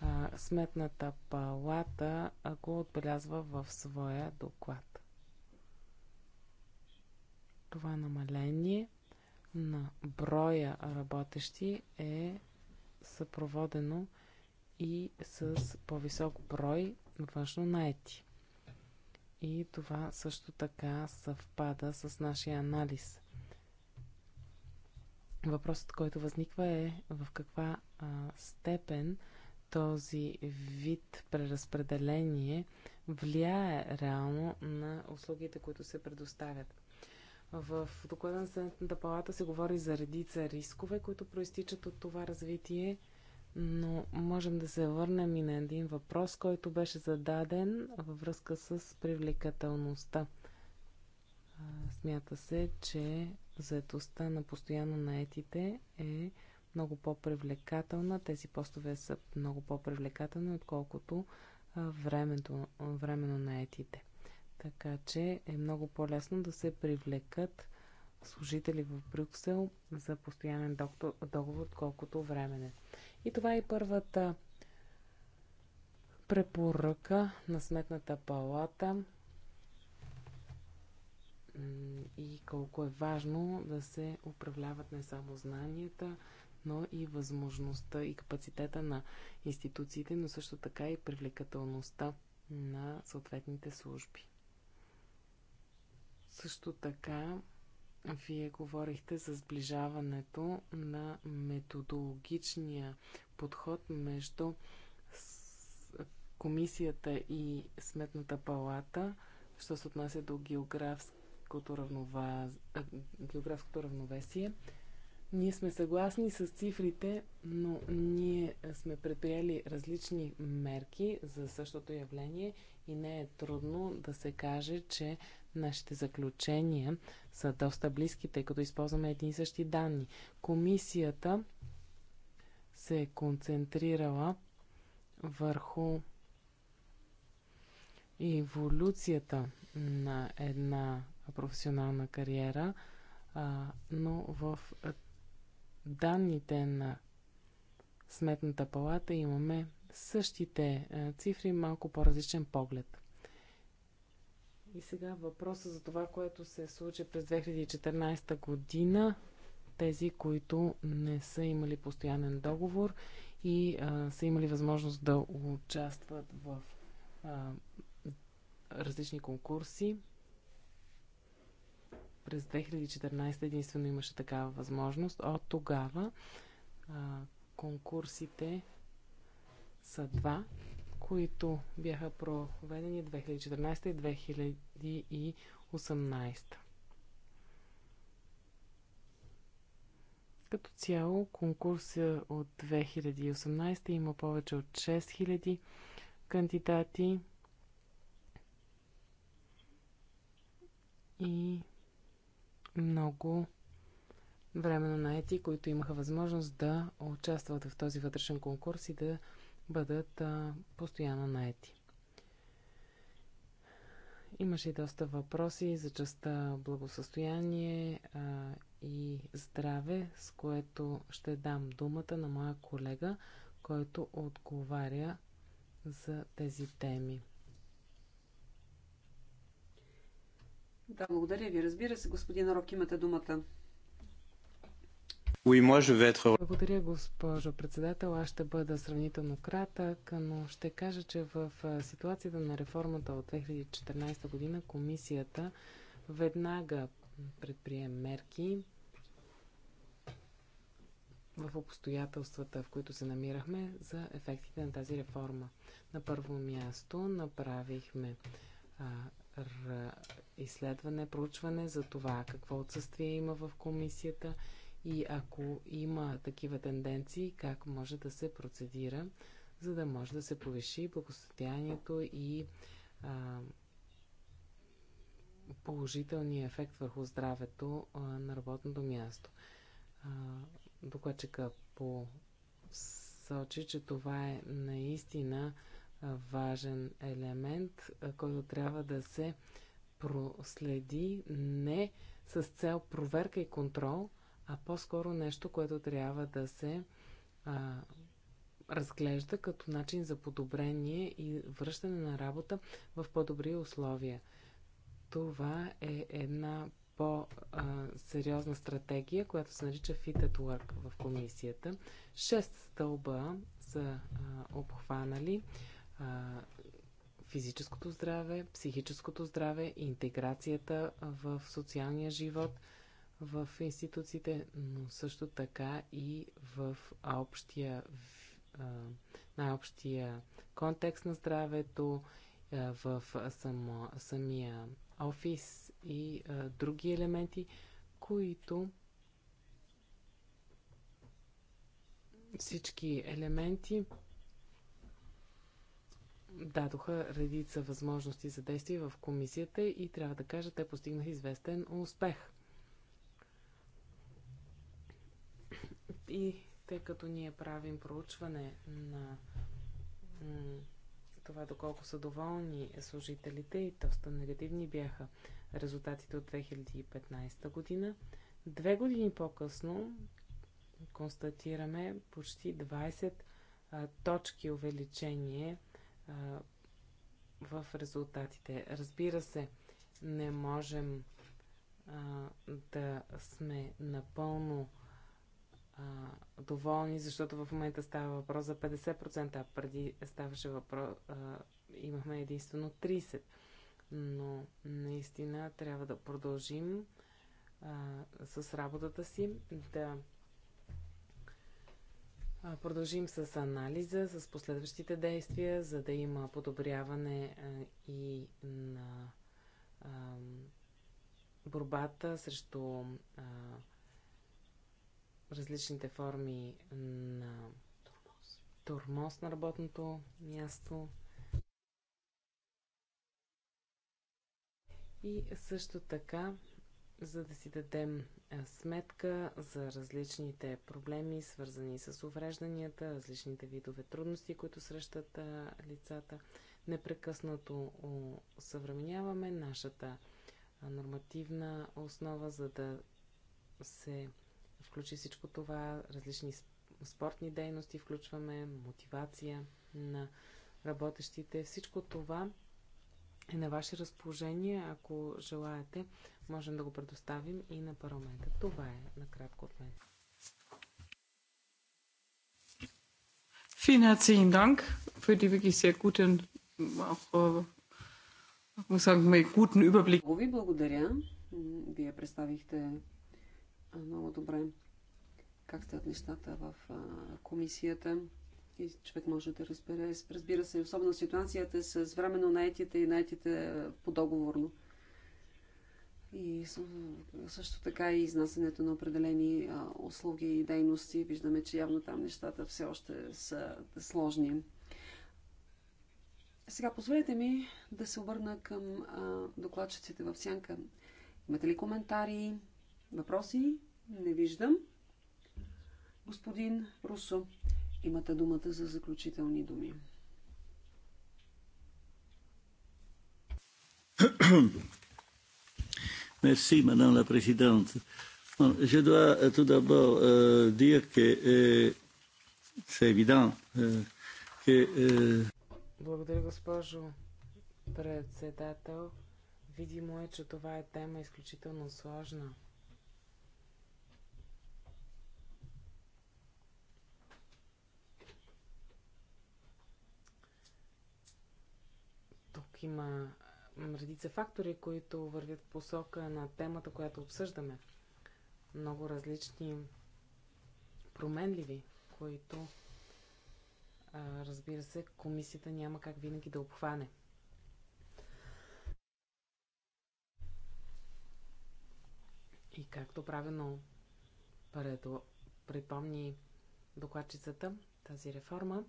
а, сметната палата го отбелязва в своя доклад. Това намаление на броя работещи е съпроводено и с по-висок брой външно наети. И това също така съвпада с нашия анализ. Въпросът, който възниква е в каква а, степен този вид преразпределение влияе реално на услугите, които се предоставят. В доклада на Съединената палата се говори за редица рискове, които проистичат от това развитие но можем да се върнем и на един въпрос, който беше зададен във връзка с привлекателността. Смята се, че заетостта на постоянно наетите е много по-привлекателна. Тези постове са много по-привлекателни, отколкото времето, временно наетите. Така че е много по-лесно да се привлекат служители в Брюксел за постоянен доктор, договор, отколкото е. И това е първата препоръка на Сметната палата и колко е важно да се управляват не само знанията, но и възможността и капацитета на институциите, но също така и привлекателността на съответните служби. Също така вие говорихте за сближаването на методологичния подход между комисията и сметната палата, що се отнася до географското, равнова... географското равновесие. Ние сме съгласни с цифрите, но ние сме предприели различни мерки за същото явление и не е трудно да се каже, че нашите заключения са доста близки, тъй като използваме едни и същи данни. Комисията се е концентрирала върху еволюцията на една професионална кариера, но в данните на Сметната палата имаме същите цифри, малко по-различен поглед. И сега въпроса за това, което се случи през 2014 година, тези, които не са имали постоянен договор и а, са имали възможност да участват в а, различни конкурси. През 2014 единствено имаше такава възможност. От тогава а, конкурсите са два, които бяха проведени 2014 и 2018. Като цяло конкурса от 2018 има повече от 6000 кандидати и много на наети, които имаха възможност да участват в този вътрешен конкурс и да бъдат а, постоянно наети. Имаше и доста въпроси за частта благосъстояние а, и здраве, с което ще дам думата на моя колега, който отговаря за тези теми. Да, благодаря ви. Разбира се, господин Рок, имате думата. Oui, moi, je vais être... Благодаря, госпожо председател. Аз ще бъда сравнително кратък, но ще кажа, че в ситуацията на реформата от 2014 година комисията веднага предприе мерки в обстоятелствата, в които се намирахме, за ефектите на тази реформа. На първо място направихме а, изследване, проучване за това какво отсъствие има в комисията – и ако има такива тенденции, как може да се процедира, за да може да се повиши благосостоянието и а, положителния ефект върху здравето а, на работното място. А, докладчика по сочи, че това е наистина важен елемент, който трябва да се проследи не с цел проверка и контрол, а по-скоро нещо, което трябва да се а, разглежда като начин за подобрение и връщане на работа в по-добри условия. Това е една по-сериозна стратегия, която се нарича Fit at Work в комисията. Шест стълба са а, обхванали а, физическото здраве, психическото здраве, интеграцията в социалния живот – в институциите, но също така и в общия, най общия контекст на здравето, в само, самия офис и други елементи, които всички елементи дадоха редица възможности за действие в комисията и трябва да кажа, те постигнаха известен успех. И тъй като ние правим проучване на това доколко са доволни служителите и доста негативни бяха резултатите от 2015 година. Две години по-късно констатираме почти 20 а, точки увеличение а, в резултатите. Разбира се, не можем а, да сме напълно а, доволни, защото в момента става въпрос за 50%, а преди ставаше въпрос, а, имахме единствено 30%. Но наистина трябва да продължим а, с работата си, да продължим с анализа, с последващите действия, за да има подобряване а, и на а, борбата срещу. А, различните форми на тормоз на работното място. И също така, за да си дадем сметка за различните проблеми, свързани с уврежданията, различните видове трудности, които срещат лицата, непрекъснато съвременяваме нашата нормативна основа, за да се включи всичко това, различни спортни дейности включваме, мотивация на работещите. Всичко това е на ваше разположение. Ако желаете, можем да го предоставим и на парламента. Това е накратко от мен. Vielen herzlichen Dank für die wirklich sehr guten, auch, äh, ich muss sagen, guten Überblick. Благодаря. Вие представихте много добре как стоят нещата в комисията и човек може да разбере. Разбира се, особено ситуацията с временно наетите и наетите по-договорно. И също така и изнасянето на определени услуги и дейности. Виждаме, че явно там нещата все още са сложни. Сега позволете ми да се обърна към докладчиците в сянка. Имате ли коментари? Въпроси? Не виждам. Господин Русо, имате думата за заключителни думи. Merci, Madame la Présidente. Bon, je dois euh, tout d'abord euh, dire que euh, c'est évident euh, que. Euh... Merci, Благодаря, госпожо председател. Видимо е, че това е тема изключително сложна. има редица фактори, които вървят в посока на темата, която обсъждаме. Много различни променливи, които, разбира се, комисията няма как винаги да обхване. И както правилно предо, припомни докладчицата, тази реформа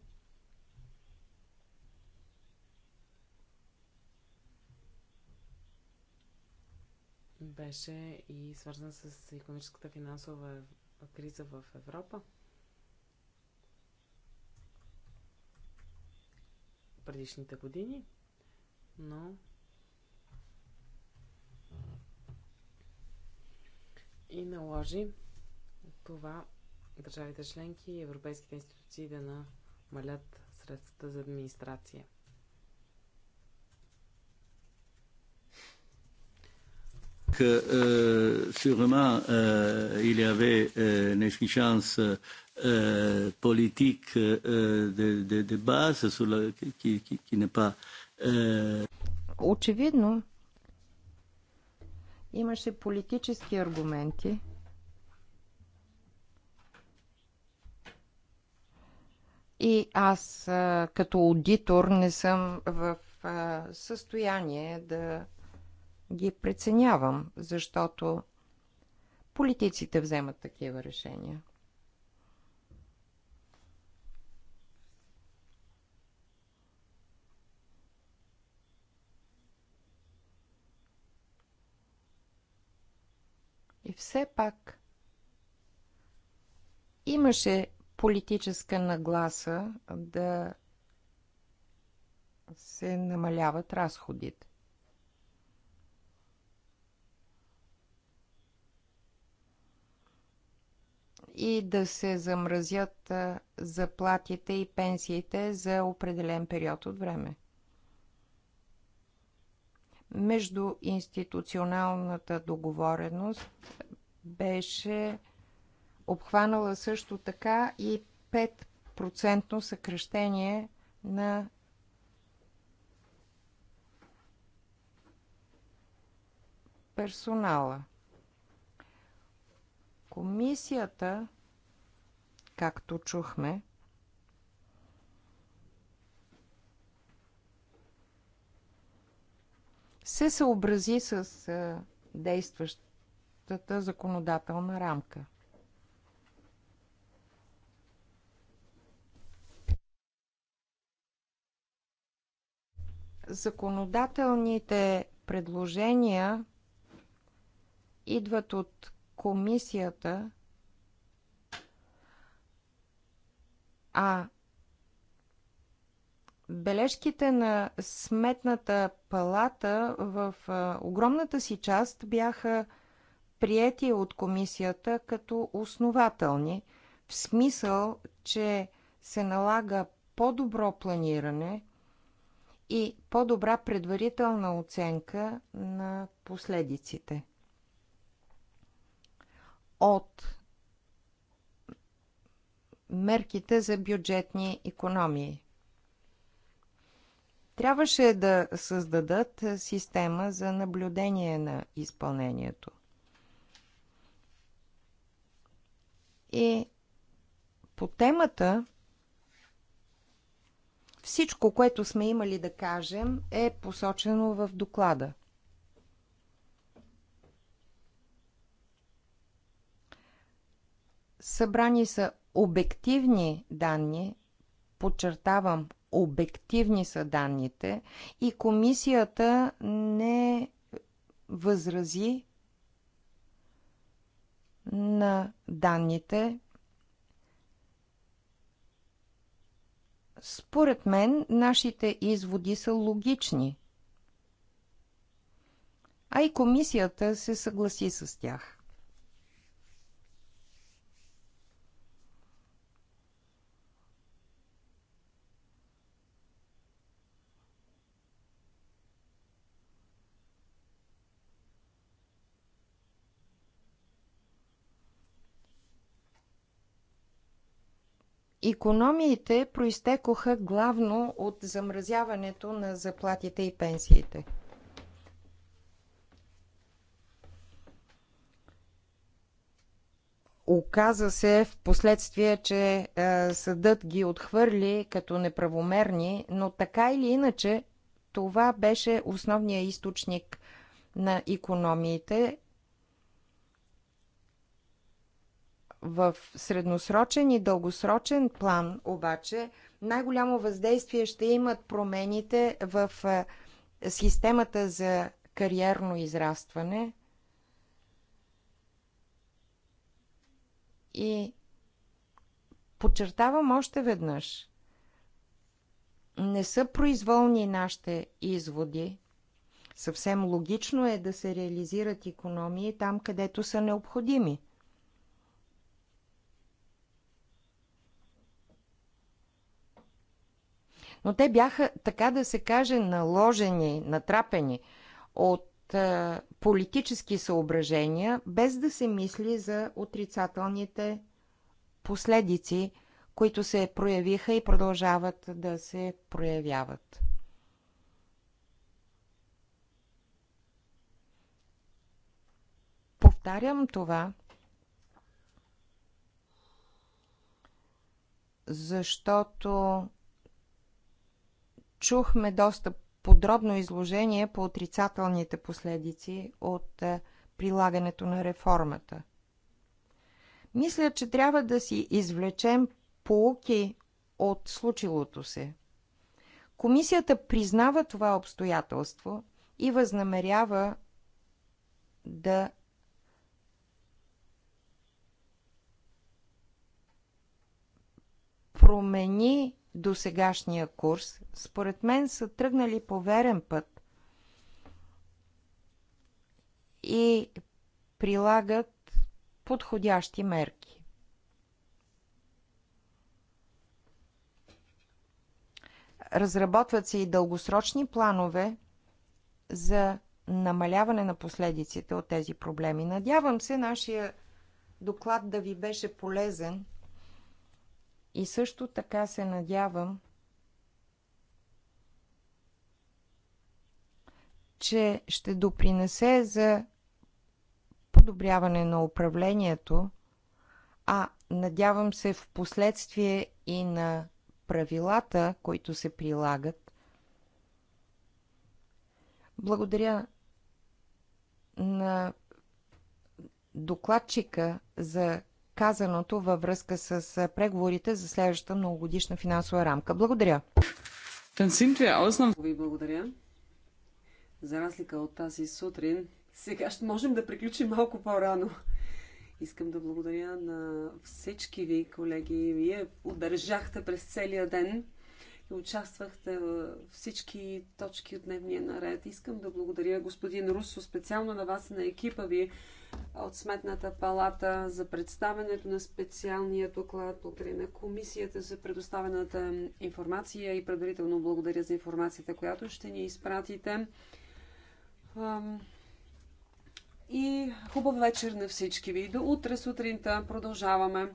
беше и свързан с економическата финансова криза в Европа. Предишните години, но и наложи това държавите членки и европейските институции да намалят средствата за администрация. Donc, euh, sûrement euh, il y avait euh, une exigence euh, politique euh, de, de, de base sur la, qui, qui, qui n'est pas. Euh... Очевидно, имаше политически аргументи. И аз като аудитор не съм в състояние да ги преценявам, защото политиците вземат такива решения. И все пак имаше политическа нагласа да се намаляват разходите. и да се замразят заплатите и пенсиите за определен период от време. Между институционалната договореност беше обхванала също така и 5% съкръщение на персонала – Комисията, както чухме, се съобрази с действащата законодателна рамка. Законодателните предложения идват от комисията, а бележките на сметната палата в огромната си част бяха приети от комисията като основателни, в смисъл, че се налага по-добро планиране и по-добра предварителна оценка на последиците от мерките за бюджетни економии. Трябваше да създадат система за наблюдение на изпълнението. И по темата всичко, което сме имали да кажем, е посочено в доклада – Събрани са обективни данни, подчертавам, обективни са данните и комисията не възрази на данните. Според мен, нашите изводи са логични, а и комисията се съгласи с тях. Икономиите проистекоха главно от замразяването на заплатите и пенсиите. Оказа се в последствие, че е, съдът ги отхвърли като неправомерни, но така или иначе това беше основният източник на економиите В средносрочен и дългосрочен план обаче най-голямо въздействие ще имат промените в е, системата за кариерно израстване и подчертавам още веднъж не са произволни нашите изводи. Съвсем логично е да се реализират економии там, където са необходими. но те бяха, така да се каже, наложени, натрапени от е, политически съображения, без да се мисли за отрицателните последици, които се проявиха и продължават да се проявяват. Повтарям това, защото Чухме доста подробно изложение по отрицателните последици от е, прилагането на реформата. Мисля, че трябва да си извлечем полуки от случилото се. Комисията признава това обстоятелство и възнамерява да промени до сегашния курс, според мен са тръгнали по верен път и прилагат подходящи мерки. Разработват се и дългосрочни планове за намаляване на последиците от тези проблеми. Надявам се нашия доклад да ви беше полезен и също така се надявам, че ще допринесе за подобряване на управлението, а надявам се в последствие и на правилата, които се прилагат. Благодаря на докладчика за казаното във връзка с преговорите за следващата многогодишна финансова рамка. Благодаря. Ви благодаря. За разлика от тази сутрин, сега ще можем да приключим малко по-рано. Искам да благодаря на всички ви колеги. Вие удържахте през целия ден и участвахте в всички точки от дневния наред. Искам да благодаря господин Русо, специално на вас и на екипа ви, от Сметната палата за представенето на специалния доклад. утре на комисията за предоставената информация и предварително благодаря за информацията, която ще ни изпратите. И хубав вечер на всички ви. До утре сутринта продължаваме.